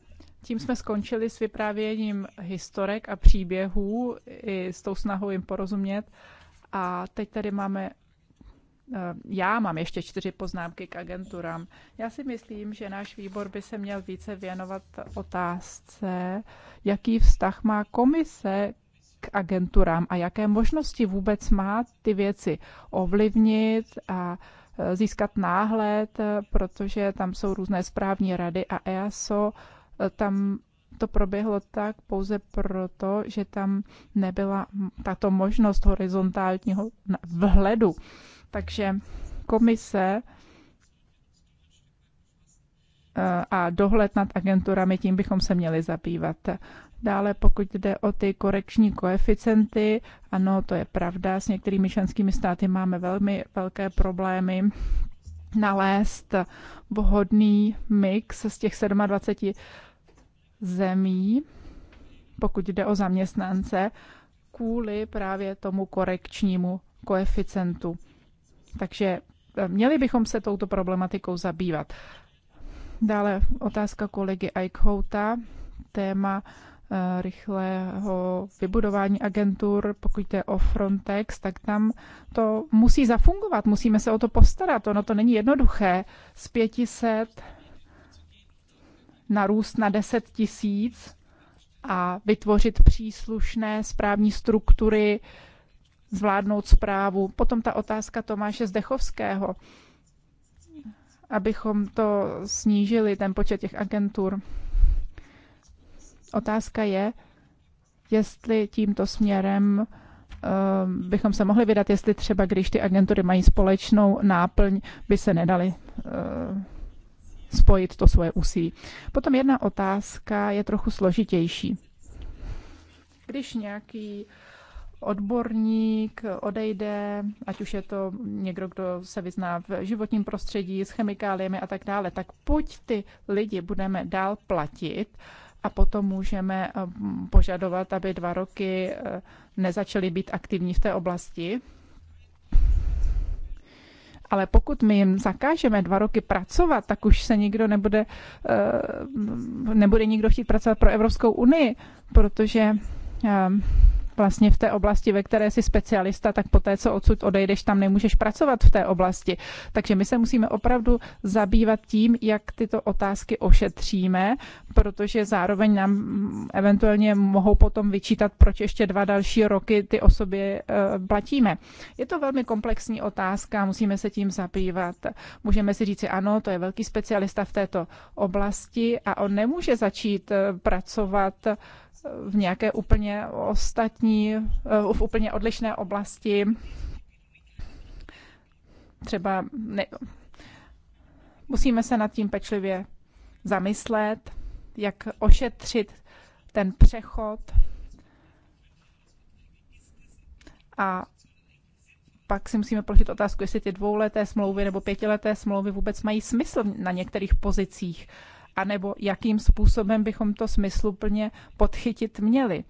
tím jsme skončili s vyprávěním historek a příběhů i s tou snahou jim porozumět. A teď tady máme eh, já mám ještě čtyři poznámky k agenturám. Já si myslím, že náš výbor by se měl více věnovat otázce, jaký vztah má komise k agenturám a jaké možnosti vůbec má ty věci ovlivnit a e, získat náhled, e, protože tam jsou různé správní rady a EASO e, tam to proběhlo tak pouze proto, že tam nebyla tato možnost horizontálního vhledu. Takže komise a dohled nad agenturami, tím bychom se měli zabývat. Dále, pokud jde o ty korekční koeficienty, ano, to je pravda, s některými členskými státy máme velmi velké problémy nalézt vhodný mix z těch 27 zemí, pokud jde o zaměstnance, kvůli právě tomu korekčnímu koeficientu. Takže eh, měli bychom se touto problematikou zabývat. Dále otázka kolegy Eichhouta, téma Eh, rychlého vybudování agentur, pokud jde o Frontex, tak tam to musí zafungovat, musíme se o to postarat. Ono to není jednoduché z 500 narůst na 10 tisíc a vytvořit příslušné správní struktury, zvládnout zprávu. Potom ta otázka Tomáše Zdechovského, abychom to snížili, ten počet těch agentur. Otázka je, jestli tímto směrem eh, bychom se mohli vydat, jestli třeba, když ty agentury mají společnou náplň, by se nedali eh, spojit to svoje úsilí. Potom jedna otázka je trochu složitější. Když nějaký odborník odejde, ať už je to někdo, kdo se vyzná v životním prostředí, s chemikáliemi a tak dále, tak pojď ty lidi budeme dál platit, a potom můžeme eh, požadovat, aby dva roky eh, nezačaly být aktivní v té oblasti. Ale pokud my jim zakážeme dva roky pracovat, tak už se nikdo nebude, eh, nebude nikdo chtít pracovat pro Evropskou unii, protože vlastně v té oblasti, ve které jsi specialista, tak poté, co odsud odejdeš, tam nemůžeš pracovat v té oblasti. Takže my se musíme opravdu zabývat tím, jak tyto otázky ošetříme, protože zároveň nám mm, eventuálně mohou potom vyčítat, proč ještě dva další roky ty osoby e, platíme. Je to velmi komplexní otázka, musíme se tím zabývat. Můžeme si říct, ano, to je velký specialista v této oblasti a on nemůže začít e, pracovat v nějaké úplně ostatní, eh, v úplně odlišné oblasti. Třeba ne, musíme se nad tím pečlivě zamyslet, jak ošetřit ten přechod a pak si musíme položit otázku, jestli ty dvouleté smlouvy nebo pětileté smlouvy vůbec mají smysl na některých pozicích anebo jakým způsobem bychom to smysluplně podchytit měli.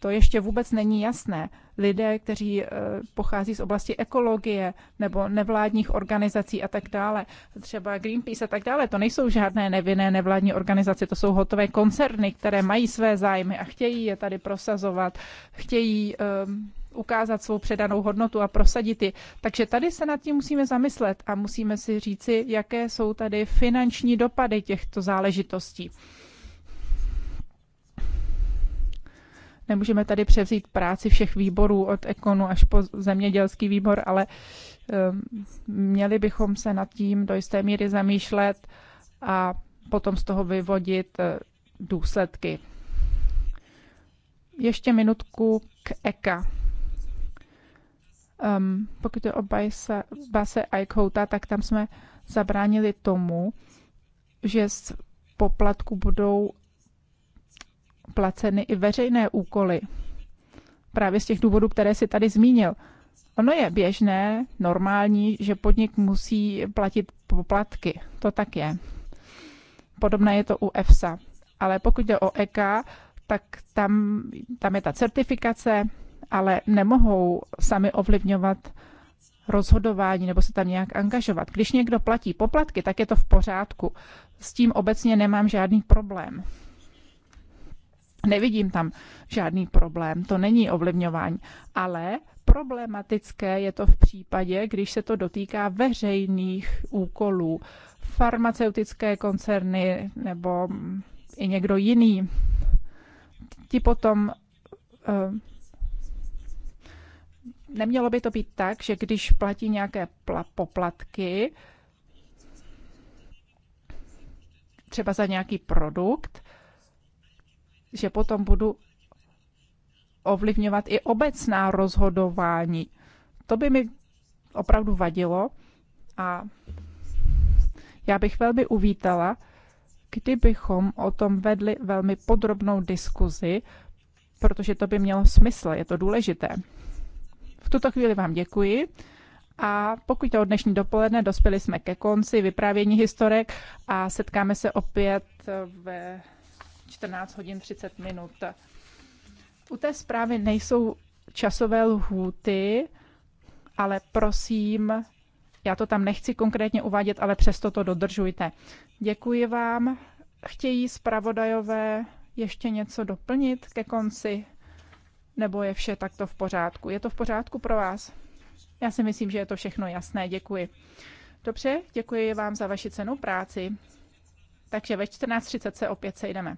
To ještě vůbec není jasné. Lidé, kteří eh, pochází z oblasti ekologie nebo nevládních organizací a tak dále, třeba Greenpeace a tak dále, to nejsou žádné nevinné nevládní organizace, to jsou hotové koncerny, které mají své zájmy a chtějí je tady prosazovat, chtějí ehm, ukázat svou předanou hodnotu a prosadit ji. Takže tady se nad tím musíme zamyslet a musíme si říci, jaké jsou tady finanční dopady těchto záležitostí. Nemůžeme tady převzít práci všech výborů od ekonu až po zemědělský výbor, ale ehm, měli bychom se nad tím do jisté míry zamýšlet a potom z toho vyvodit e, důsledky. Ještě minutku k EKA um, pokud je o Base, base iCouta, tak tam jsme zabránili tomu, že z poplatku budou placeny i veřejné úkoly. Právě z těch důvodů, které si tady zmínil. Ono je běžné, normální, že podnik musí platit poplatky. To tak je. Podobné je to u EFSA. Ale pokud jde o EK, tak tam, tam je ta certifikace, ale nemohou sami ovlivňovat rozhodování nebo se tam nějak angažovat. Když někdo platí poplatky, tak je to v pořádku. S tím obecně nemám žádný problém. Nevidím tam žádný problém, to není ovlivňování, ale problematické je to v případě, když se to dotýká veřejných úkolů, farmaceutické koncerny nebo i někdo jiný. Ti potom eh, nemělo by to být tak, že když platí nějaké poplatky, třeba za nějaký produkt, že potom budu ovlivňovat i obecná rozhodování. To by mi opravdu vadilo a já bych velmi uvítala, kdybychom o tom vedli velmi podrobnou diskuzi, protože to by mělo smysl, je to důležité. V tuto chvíli vám děkuji. A pokud to od dnešní dopoledne, dospěli jsme ke konci vyprávění historek a setkáme se opět ve 14 hodin 30 minut. U té zprávy nejsou časové lhůty, ale prosím, já to tam nechci konkrétně uvádět, ale přesto to dodržujte. Děkuji vám. Chtějí zpravodajové ještě něco doplnit ke konci? nebo je vše takto v pořádku? Je to v pořádku pro vás? Já si myslím, že je to všechno jasné. Děkuji. Dobře, děkuji vám za vaši cenu práci. Takže ve 14.30 se opět sejdeme.